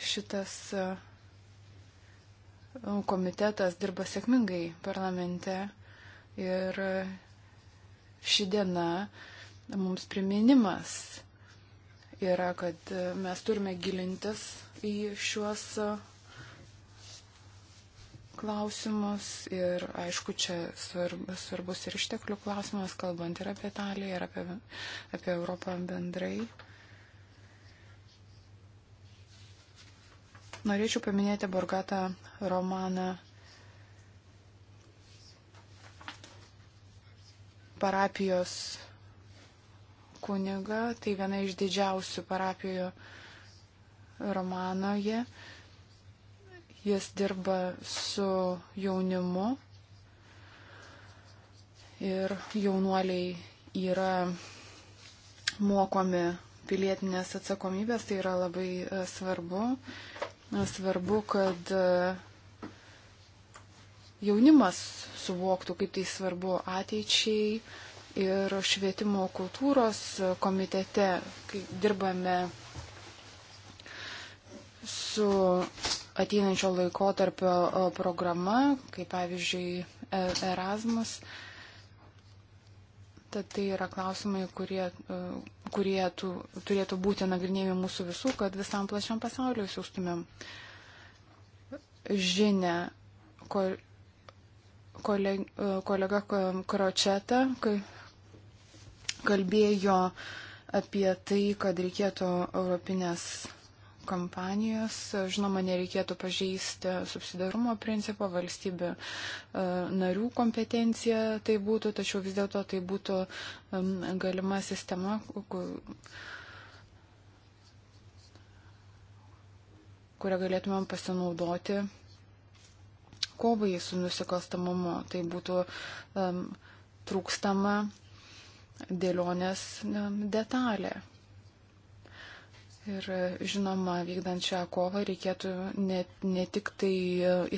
šitas e, komitetas dirba sėkmingai parlamente ir ši diena mums priminimas yra, kad mes turime gilintis į šiuos klausimus ir aišku, čia svarbus, svarbus ir išteklių klausimas, kalbant ir apie Italiją, ir apie, apie Europą bendrai. Norėčiau paminėti Borgatą romaną parapijos kuniga, tai viena iš didžiausių parapijų Romanoje. Jis dirba su jaunimu ir jaunuoliai yra mokomi pilietinės atsakomybės, tai yra labai e, svarbu. Svarbu, kad e, jaunimas suvoktų, kaip tai svarbu ateičiai. Ir švietimo kultūros komitete, kai dirbame su ateinančio laiko tarpio e, programa, kaip pavyzdžiui e, Erasmus, e Tad tai yra klausimai, kurie, e, kurie tų, turėtų būti nagrinėjami mūsų visų, kad visam plačiam pasauliu siūstumėm žinę, e, ko, koleg, kolega Kročeta kalbėjo apie tai, kad reikėtų europinės kompanijos. Žinoma, nereikėtų pažeisti subsidarumo principo, valstybių e, narių kompetencija tai būtų, tačiau vis dėlto tai būtų galima sistema, kurią galėtumėm pasinaudoti kovai su nusikalstamumu. Tai būtų um, trūkstama dėlionės um, detalė. Ir žinoma, vykdant šią kovą reikėtų ne, ne tik tai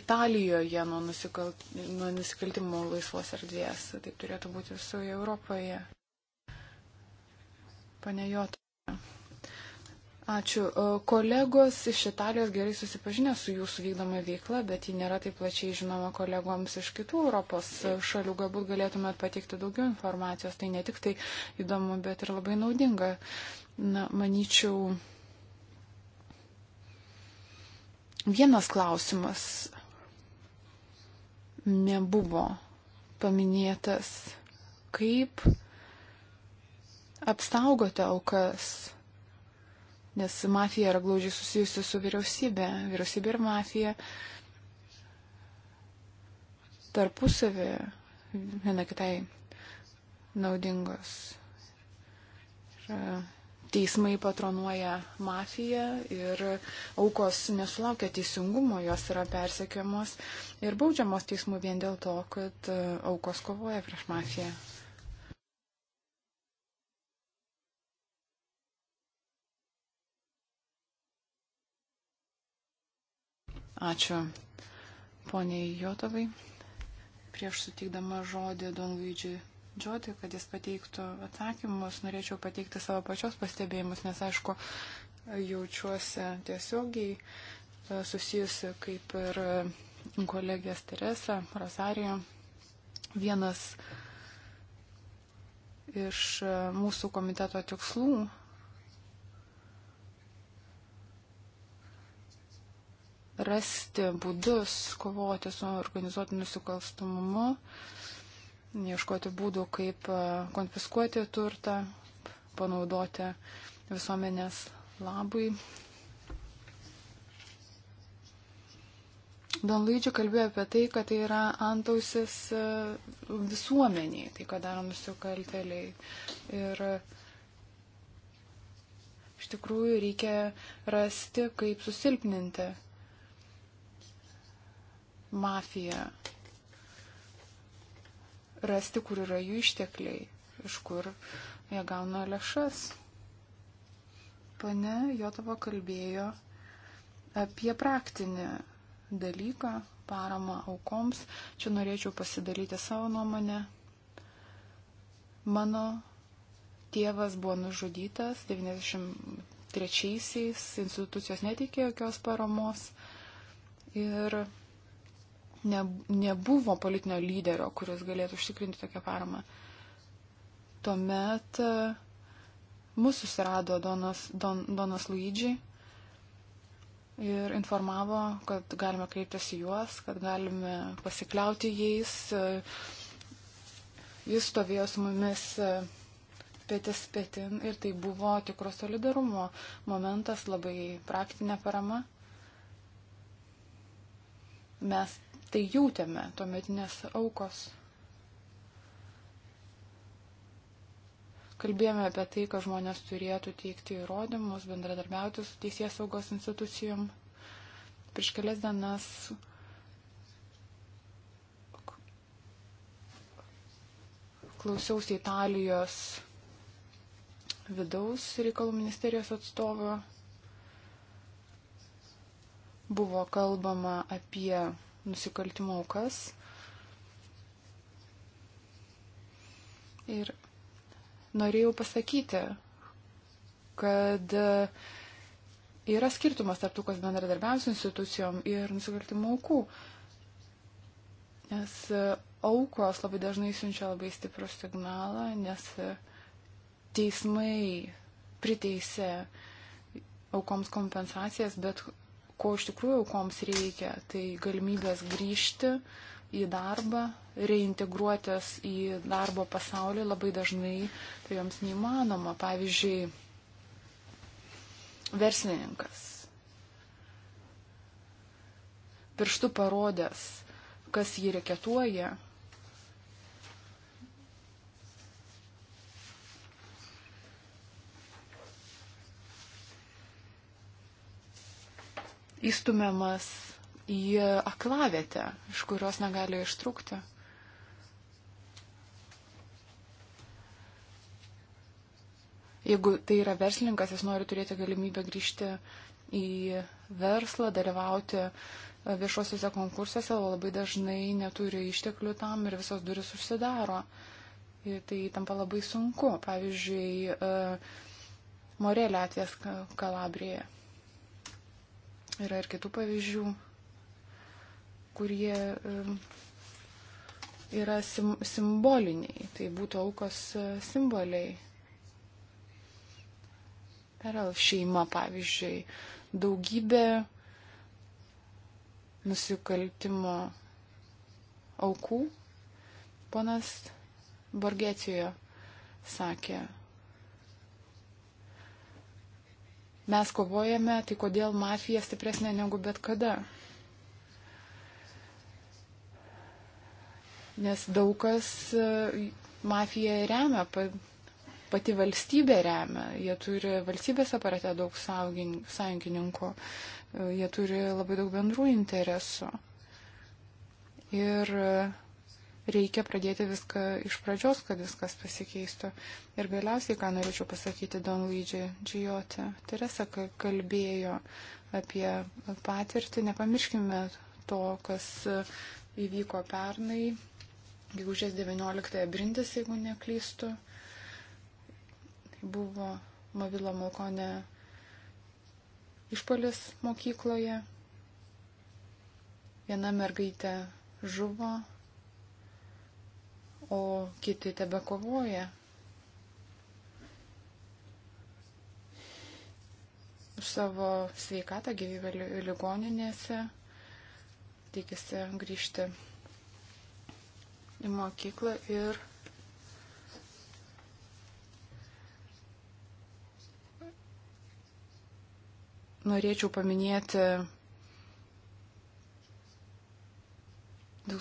Italijoje nuo, nusikalt, nuo nusikaltimų laisvos erdvės, taip turėtų būti visoje Europoje. Panejota. Ačiū. Kolegos iš Italijos gerai susipažinę su jūsų vykdoma veikla, bet ji nėra taip plačiai žinoma kolegoms iš kitų Europos šalių. Galbūt galėtumėt pateikti daugiau informacijos. Tai ne tik tai įdomu, bet ir labai naudinga. Na, manyčiau, Vienas klausimas nebuvo paminėtas, kaip apsaugote aukas, nes mafija yra glaudžiai susijusi su vyriausybė, vyriausybė ir mafija tarpusavį viena kitai naudingos. Ir teismai patronuoja mafiją ir aukos nesulaukia teisingumo, jos yra persekiamos ir baudžiamos teismų vien dėl to, kad e, aukos kovoja prieš mafiją. Ačiū poniai Jotovai. Prieš sutikdama žodį Don Luidžiui Džioti, kad jis pateiktų atsakymus. Norėčiau pateikti savo pačios pastebėjimus, nes aišku, jaučiuosi tiesiogiai e, susijusi kaip ir kolegės Teresa Rosario. Vienas iš e, mūsų komiteto tikslų rasti būdus kovoti su organizuotu nusikalstumumu, uh, ieškoti būdų, kaip e, konfiskuoti turtą, panaudoti visuomenės labui. Don Luidži kalbėjo apie tai, kad tai yra antausis e, visuomeniai, tai ką daro nusikalteliai. Ir iš tikrųjų reikia rasti, kaip susilpninti mafiją rasti, kur yra jų ištekliai, iš kur jie gauna lėšas. Pane Jotavo kalbėjo apie praktinį dalyką, paramą aukoms. Čia norėčiau pasidalyti savo nuomonę. Mano tėvas buvo nužudytas 93-aisiais, institucijos netikė jokios paramos. Ir ne, nebuvo politinio lyderio, kuris galėtų užtikrinti tokią paramą. Tuomet e, mūsų susirado donas, don, donas Luidžiai ir informavo, kad galime kreiptis į juos, kad galime pasikliauti jais. E, jis stovėjo su mumis e, pėtis pėtin ir tai buvo tikro solidarumo momentas, labai praktinė parama. Mes tai jautėme tuometinės aukos. Kalbėjome apie tai, kad žmonės turėtų teikti įrodymus, bendradarbiauti su teisės saugos institucijom. Prieš kelias dienas klausiausi Italijos vidaus reikalų ministerijos atstovo. Buvo kalbama apie nusikaltimo aukas. Ir norėjau pasakyti, kad yra skirtumas tarp tų, kas bendradarbiaus institucijom ir nusikaltimo aukų. Nes aukos labai dažnai siunčia labai stiprų signalą, nes teismai priteisė aukoms kompensacijas, bet ko iš tikrųjų aukoms reikia, tai galimybės grįžti į darbą, reintegruotis į darbo pasaulį labai dažnai tai joms neįmanoma. Pavyzdžiui, verslininkas pirštų parodęs, kas jį reketuoja, įstumiamas į aklavietę, iš kurios negali ištrūkti. Jeigu tai yra verslininkas, jis nori turėti galimybę grįžti į verslą, dalyvauti viešuosiuose konkursuose, o labai dažnai neturi išteklių tam ir visos duris užsidaro. Ir tai tampa labai sunku. Pavyzdžiui, e, Morelė atvies Kalabrijoje. Yra ir kitų pavyzdžių, kurie yra sim, simboliniai. Tai būtų aukos e, simboliai. Perel šeima, pavyzdžiui, daugybė nusikaltimo aukų. Ponas Borgetijo sakė, mes kovojame, tai kodėl mafija stipresnė negu bet kada? Nes daug kas e, mafiją remia, pati valstybė remia, jie turi valstybės aparate daug sąjungininkų, e, jie turi labai daug bendrų interesų. Ir uh, reikia pradėti viską iš pradžios, kad viskas pasikeistų. Ir galiausiai, ką norėčiau pasakyti Don Luigi Džiote, Teresa kalbėjo apie patirtį, nepamirškime to, kas įvyko pernai, gegužės 19 brindis, jeigu neklystu, buvo Mavilo Malkone išpolis mokykloje. Viena mergaitė žuvo, o kiti tebe kovoja. Už savo sveikatą gyvybę ligoninėse tikisi grįžti į mokyklą ir norėčiau paminėti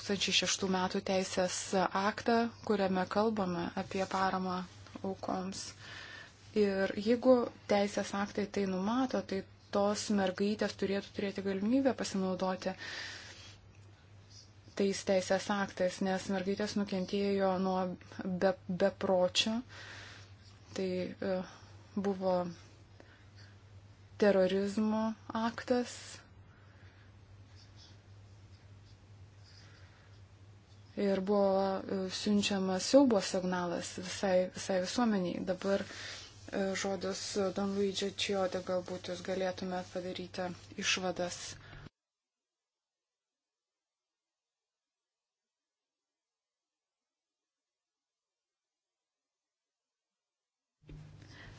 2006 metų teisės aktą, kuriame kalbame apie paramą aukoms. Ir jeigu teisės aktai tai numato, tai tos mergaitės turėtų turėti galimybę pasinaudoti tais teisės aktais, nes mergaitės nukentėjo nuo be, bepročio. Tai e, buvo terorizmo aktas, ir buvo e, siunčiamas siaubo signalas visai, visai visuomeniai. Dabar e, žodis Don Luigi Čiodė, galbūt jūs galėtumėt padaryti išvadas.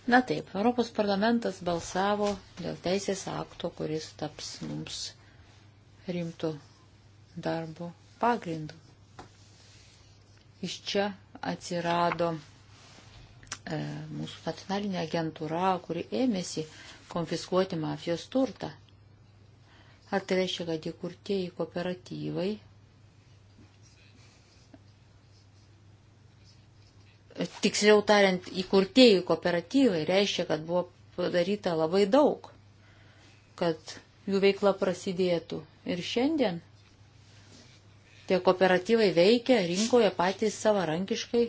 Na taip, Europos parlamentas balsavo dėl teisės akto, kuris taps mums rimtų darbo pagrindų. Iš čia atsirado e, mūsų nacionalinė agentūra, kuri ėmėsi konfiskuoti mafijos turtą. Ar tai reiškia, kad įkurtieji kooperatyvai tiksliau tariant, įkurtėjų kooperatyvai reiškia, kad buvo padaryta labai daug, kad jų veikla prasidėtų. Ir šiandien Tie kooperatyvai veikia rinkoje patys savarankiškai,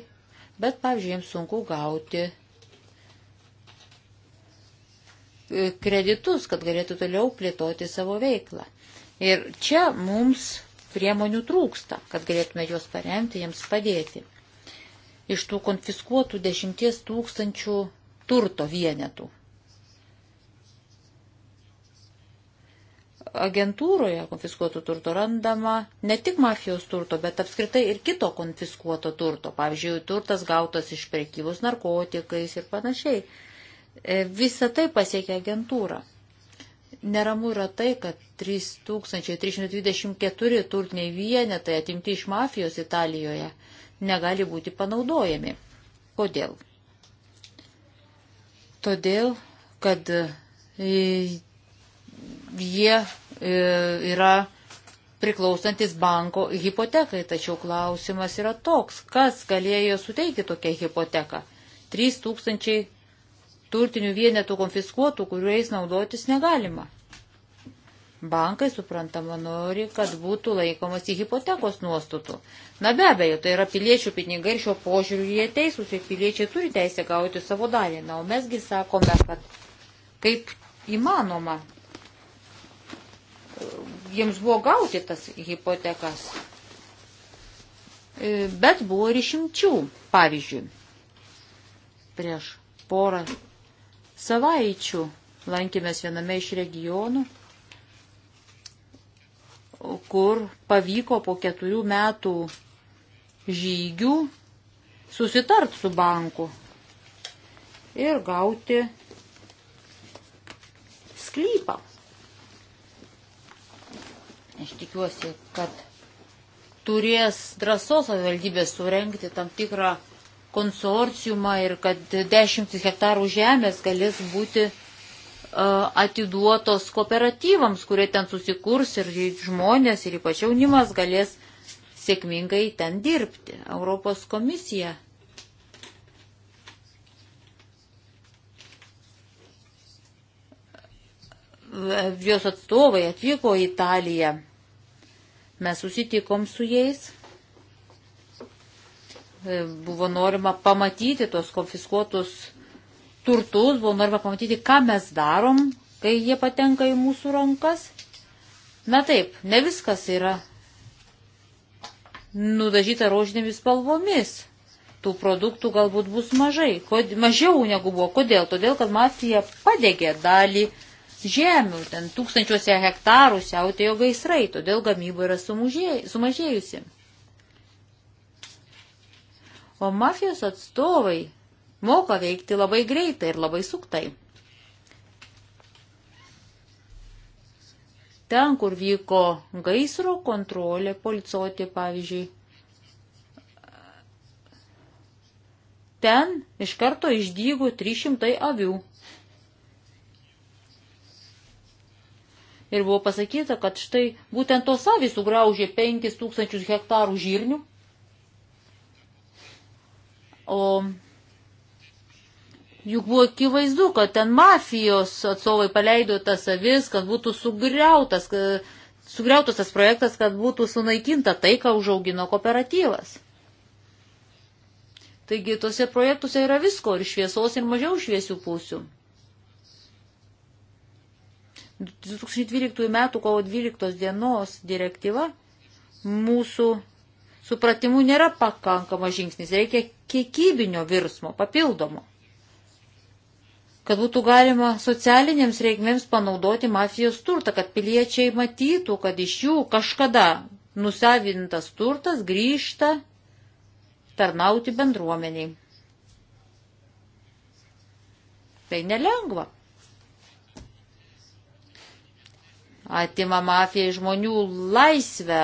bet, pavyzdžiui, jiems sunku gauti e, kreditus, kad galėtų toliau plėtoti savo veiklą. Ir čia mums priemonių trūksta, kad galėtume juos paremti, jiems padėti. Iš tų konfiskuotų dešimties tūkstančių turto vienetų agentūroje konfiskuoto turto randama ne tik mafijos turto, bet apskritai ir kito konfiskuoto turto. Pavyzdžiui, turtas gautas iš prekybos narkotikais ir panašiai. E, Visą tai pasiekia agentūra. Neramu yra tai, kad 3324 turtiniai vienetai atimti iš mafijos Italijoje negali būti panaudojami. Kodėl? Todėl, kad e, jie E, yra priklausantis banko hipotekai. Tačiau klausimas yra toks, kas galėjo suteikti tokią hipoteką. 3000 turtinių vienetų konfiskuotų, kuriais naudotis negalima. Bankai, suprantama, nori, kad būtų laikomasi hipotekos nuostatų. Na be abejo, tai yra piliečių pinigai ir šio požiūriu jie teisūs, ir piliečiai turi teisę gauti savo dalį. Na, o mesgi sakome, kad kaip įmanoma jiems buvo gauti tas hipotekas. E, bet buvo ir išimčių. Pavyzdžiui, prieš porą savaičių lankėmės viename iš regionų, kur pavyko po keturių metų žygių susitart su banku ir gauti sklypą. Aš tikiuosi, kad turės drąsos savivaldybės surenkti tam tikrą konsorciumą ir kad dešimtis hektarų žemės galės būti e, atiduotos kooperatyvams, kurie ten susikurs ir žmonės, ir ypač jaunimas galės sėkmingai ten dirbti. Europos komisija jos atstovai atvyko į Italiją. Mes susitikom su jais. E, buvo norima pamatyti tos konfiskuotus turtus, buvo norima pamatyti, ką mes darom, kai jie patenka į mūsų rankas. Na taip, ne viskas yra nudažyta rožinėmis spalvomis. Tų produktų galbūt bus mažai, kod, mažiau negu buvo. Kodėl? Todėl, kad mafija padegė dalį žemių, ten tūkstančiuose hektarų siautėjo gaisrai, todėl gamyba yra sumažėjusi. O mafijos atstovai moka veikti labai greitai ir labai suktai. Ten, kur vyko gaisro kontrolė, policoti, pavyzdžiui, ten iš karto išdygo 300 avių. Ir buvo pasakyta, kad štai būtent tos avys sugraužė 5000 hektarų žirnių. O juk buvo akivaizdu, kad ten mafijos atstovai paleido tas avis, kad būtų sugriautas, kad, sugriautas tas projektas, kad būtų sunaikinta tai, ką užaugino kooperatyvas. Taigi tose projektuose yra visko ir šviesos, ir mažiau šviesių pusių. 2012 m. kovo 12 dienos direktyva mūsų supratimu nėra pakankamas žingsnis. Reikia kiekybinio virsmo, papildomo, kad būtų galima socialinėms reikmėms panaudoti mafijos turtą, kad piliečiai matytų, kad iš jų kažkada nusavintas turtas grįžta tarnauti bendruomeniai. Tai nelengva. atima mafija žmonių laisvę,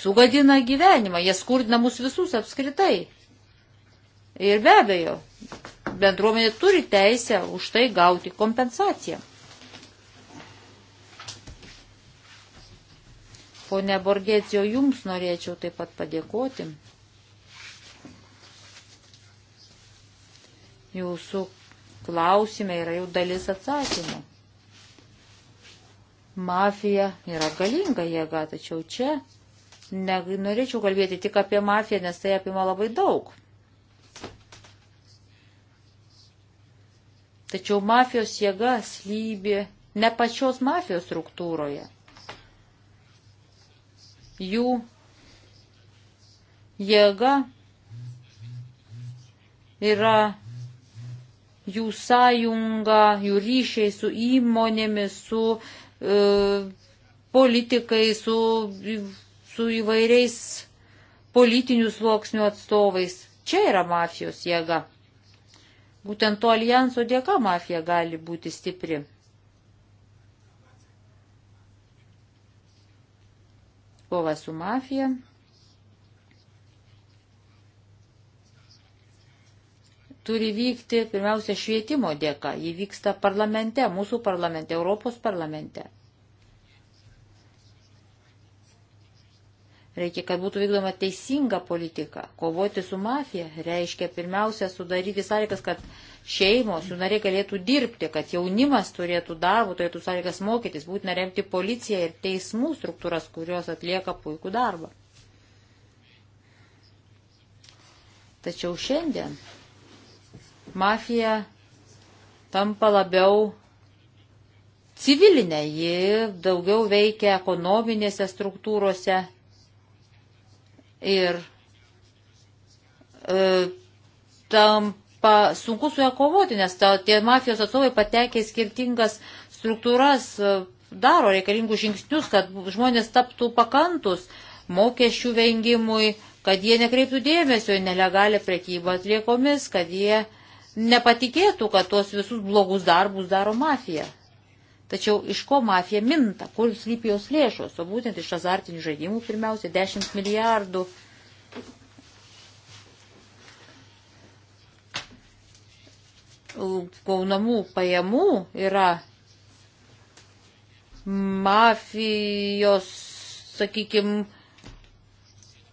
sugadina gyvenimą, jie skurdina mus visus apskritai. Ir be abejo, bendruomenė turi teisę už tai gauti kompensaciją. Pone Borgėcijo, jums norėčiau taip pat padėkoti. Jūsų klausime yra jau dalis atsakymų. Mafija yra galinga jėga, tačiau čia nenorėčiau kalbėti tik apie mafiją, nes tai apima labai daug. Tačiau mafijos jėga slybi ne pačios mafijos struktūroje. Jų jėga yra jų sąjunga, jų ryšiai su įmonėmis, su E, politikai su, su įvairiais politinių sluoksnių atstovais. Čia yra mafijos jėga. Būtent to alijanso dėka mafija gali būti stipri. Kova su mafija. turi vykti pirmiausia švietimo dėka. Ji vyksta parlamente, mūsų parlamente, Europos parlamente. Reikia, kad būtų vykdoma teisinga politika. Kovoti su mafija reiškia pirmiausia sudaryti sąlygas, kad šeimos, jų nariai galėtų dirbti, kad jaunimas turėtų darbų, turėtų sąlygas mokytis, būtina remti policiją ir teismų struktūras, kurios atlieka puikų darbą. Tačiau šiandien mafija tampa labiau civilinė, ji daugiau veikia ekonominėse struktūrose ir e, tampa sunku su ją kovoti, nes ta, tie mafijos atstovai patekia į skirtingas struktūras, e, daro reikalingus žingsnius, kad žmonės taptų pakantus mokesčių vengimui, kad jie nekreiptų dėmesio į nelegalę prekybą atliekomis, kad jie e, nepatikėtų, kad tuos visus blogus darbus daro mafija. Tačiau iš ko mafija minta, kur slypi jos lėšos, o būtent iš azartinių žaidimų pirmiausia 10 milijardų. Gaunamų pajamų yra mafijos, sakykime,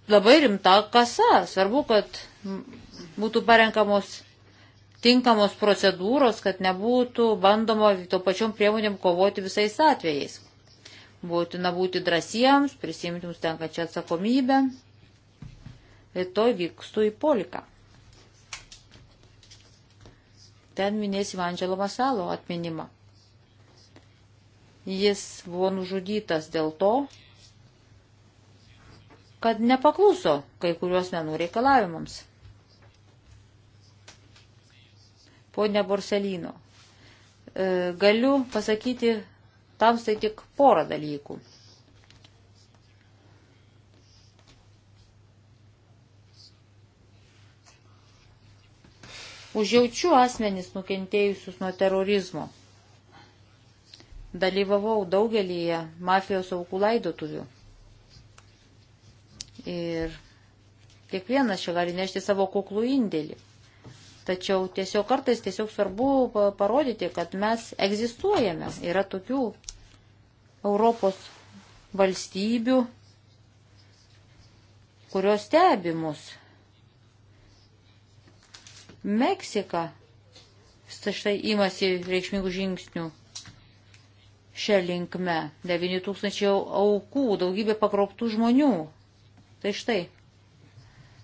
labai rimta kasa. Svarbu, kad būtų parenkamos tinkamos procedūros, kad nebūtų bandoma to pačiom priemonėm kovoti visais atvejais. Būtina būti drąsiems, prisimti mums tenkačią atsakomybę. Rytoj vykstu į Poliką. Ten minėsim Andželo Masalo atminimą. Jis buvo nužudytas dėl to, kad nepakluso kai kuriuos menų reikalavimams. Pone Borselino, e, galiu pasakyti tamstai tik porą dalykų. Užjaučiu asmenys nukentėjusius nuo terorizmo. Dalyvavau daugelyje mafijos aukų laidotuvių. Ir kiekvienas čia gali nešti savo kuklų indėlį. Tačiau tiesiog kartais tiesiog svarbu parodyti, kad mes egzistuojame. Yra tokių Europos valstybių, kurios stebimus. Meksika štai imasi reikšmingų žingsnių šią linkmę. 9000 aukų, daugybė pakroptų žmonių. Tai štai,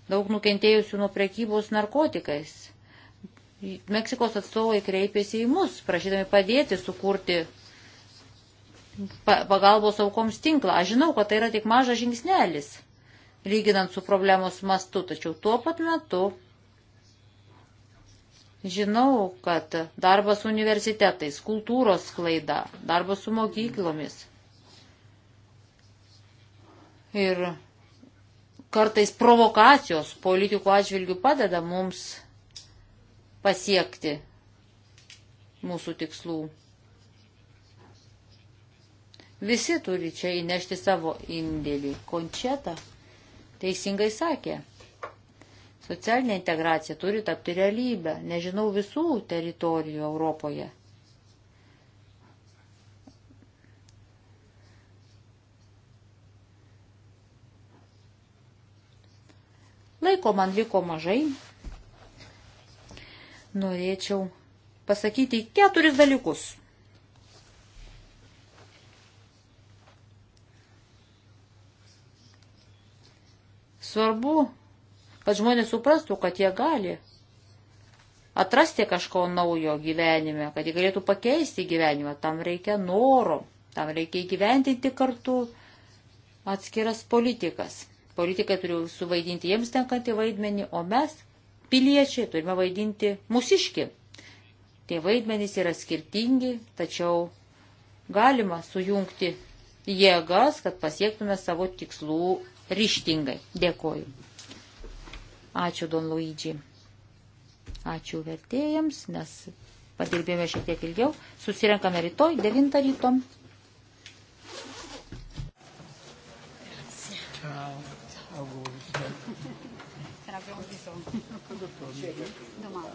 daug nukentėjusių nuo prekybos narkotikais. Meksikos atstovai kreipėsi į mus, prašydami padėti sukurti pagalbos aukoms tinklą. Aš žinau, kad tai yra tik mažas žingsnelis, lyginant su problemos mastu, tačiau tuo pat metu žinau, kad darbas su universitetais, kultūros sklaida, darbas su mokyklomis ir kartais provokacijos politikų atžvilgių padeda mums pasiekti mūsų tikslų. Visi turi čia įnešti savo indėlį. Končeta teisingai sakė. Socialinė integracija turi tapti realybę. Nežinau visų teritorijų Europoje. Laiko man liko mažai, norėčiau pasakyti keturis dalykus. Svarbu, kad žmonės suprastų, kad jie gali atrasti kažko naujo gyvenime, kad jie galėtų pakeisti gyvenimą. Tam reikia noro, tam reikia įgyventinti kartu atskiras politikas. Politikai turi suvaidinti jiems tenkantį vaidmenį, o mes piliečiai, turime vaidinti mūsiški. Tie vaidmenys yra skirtingi, tačiau galima sujungti jėgas, kad pasiektume savo tikslų ryštingai. Dėkoju. Ačiū, Don Luidžiai. Ačiū vertėjams, nes padirbėjome šiek tiek ilgiau. Susirenkame rytoj, 9 ryto. Ciao. Auguri. Domani.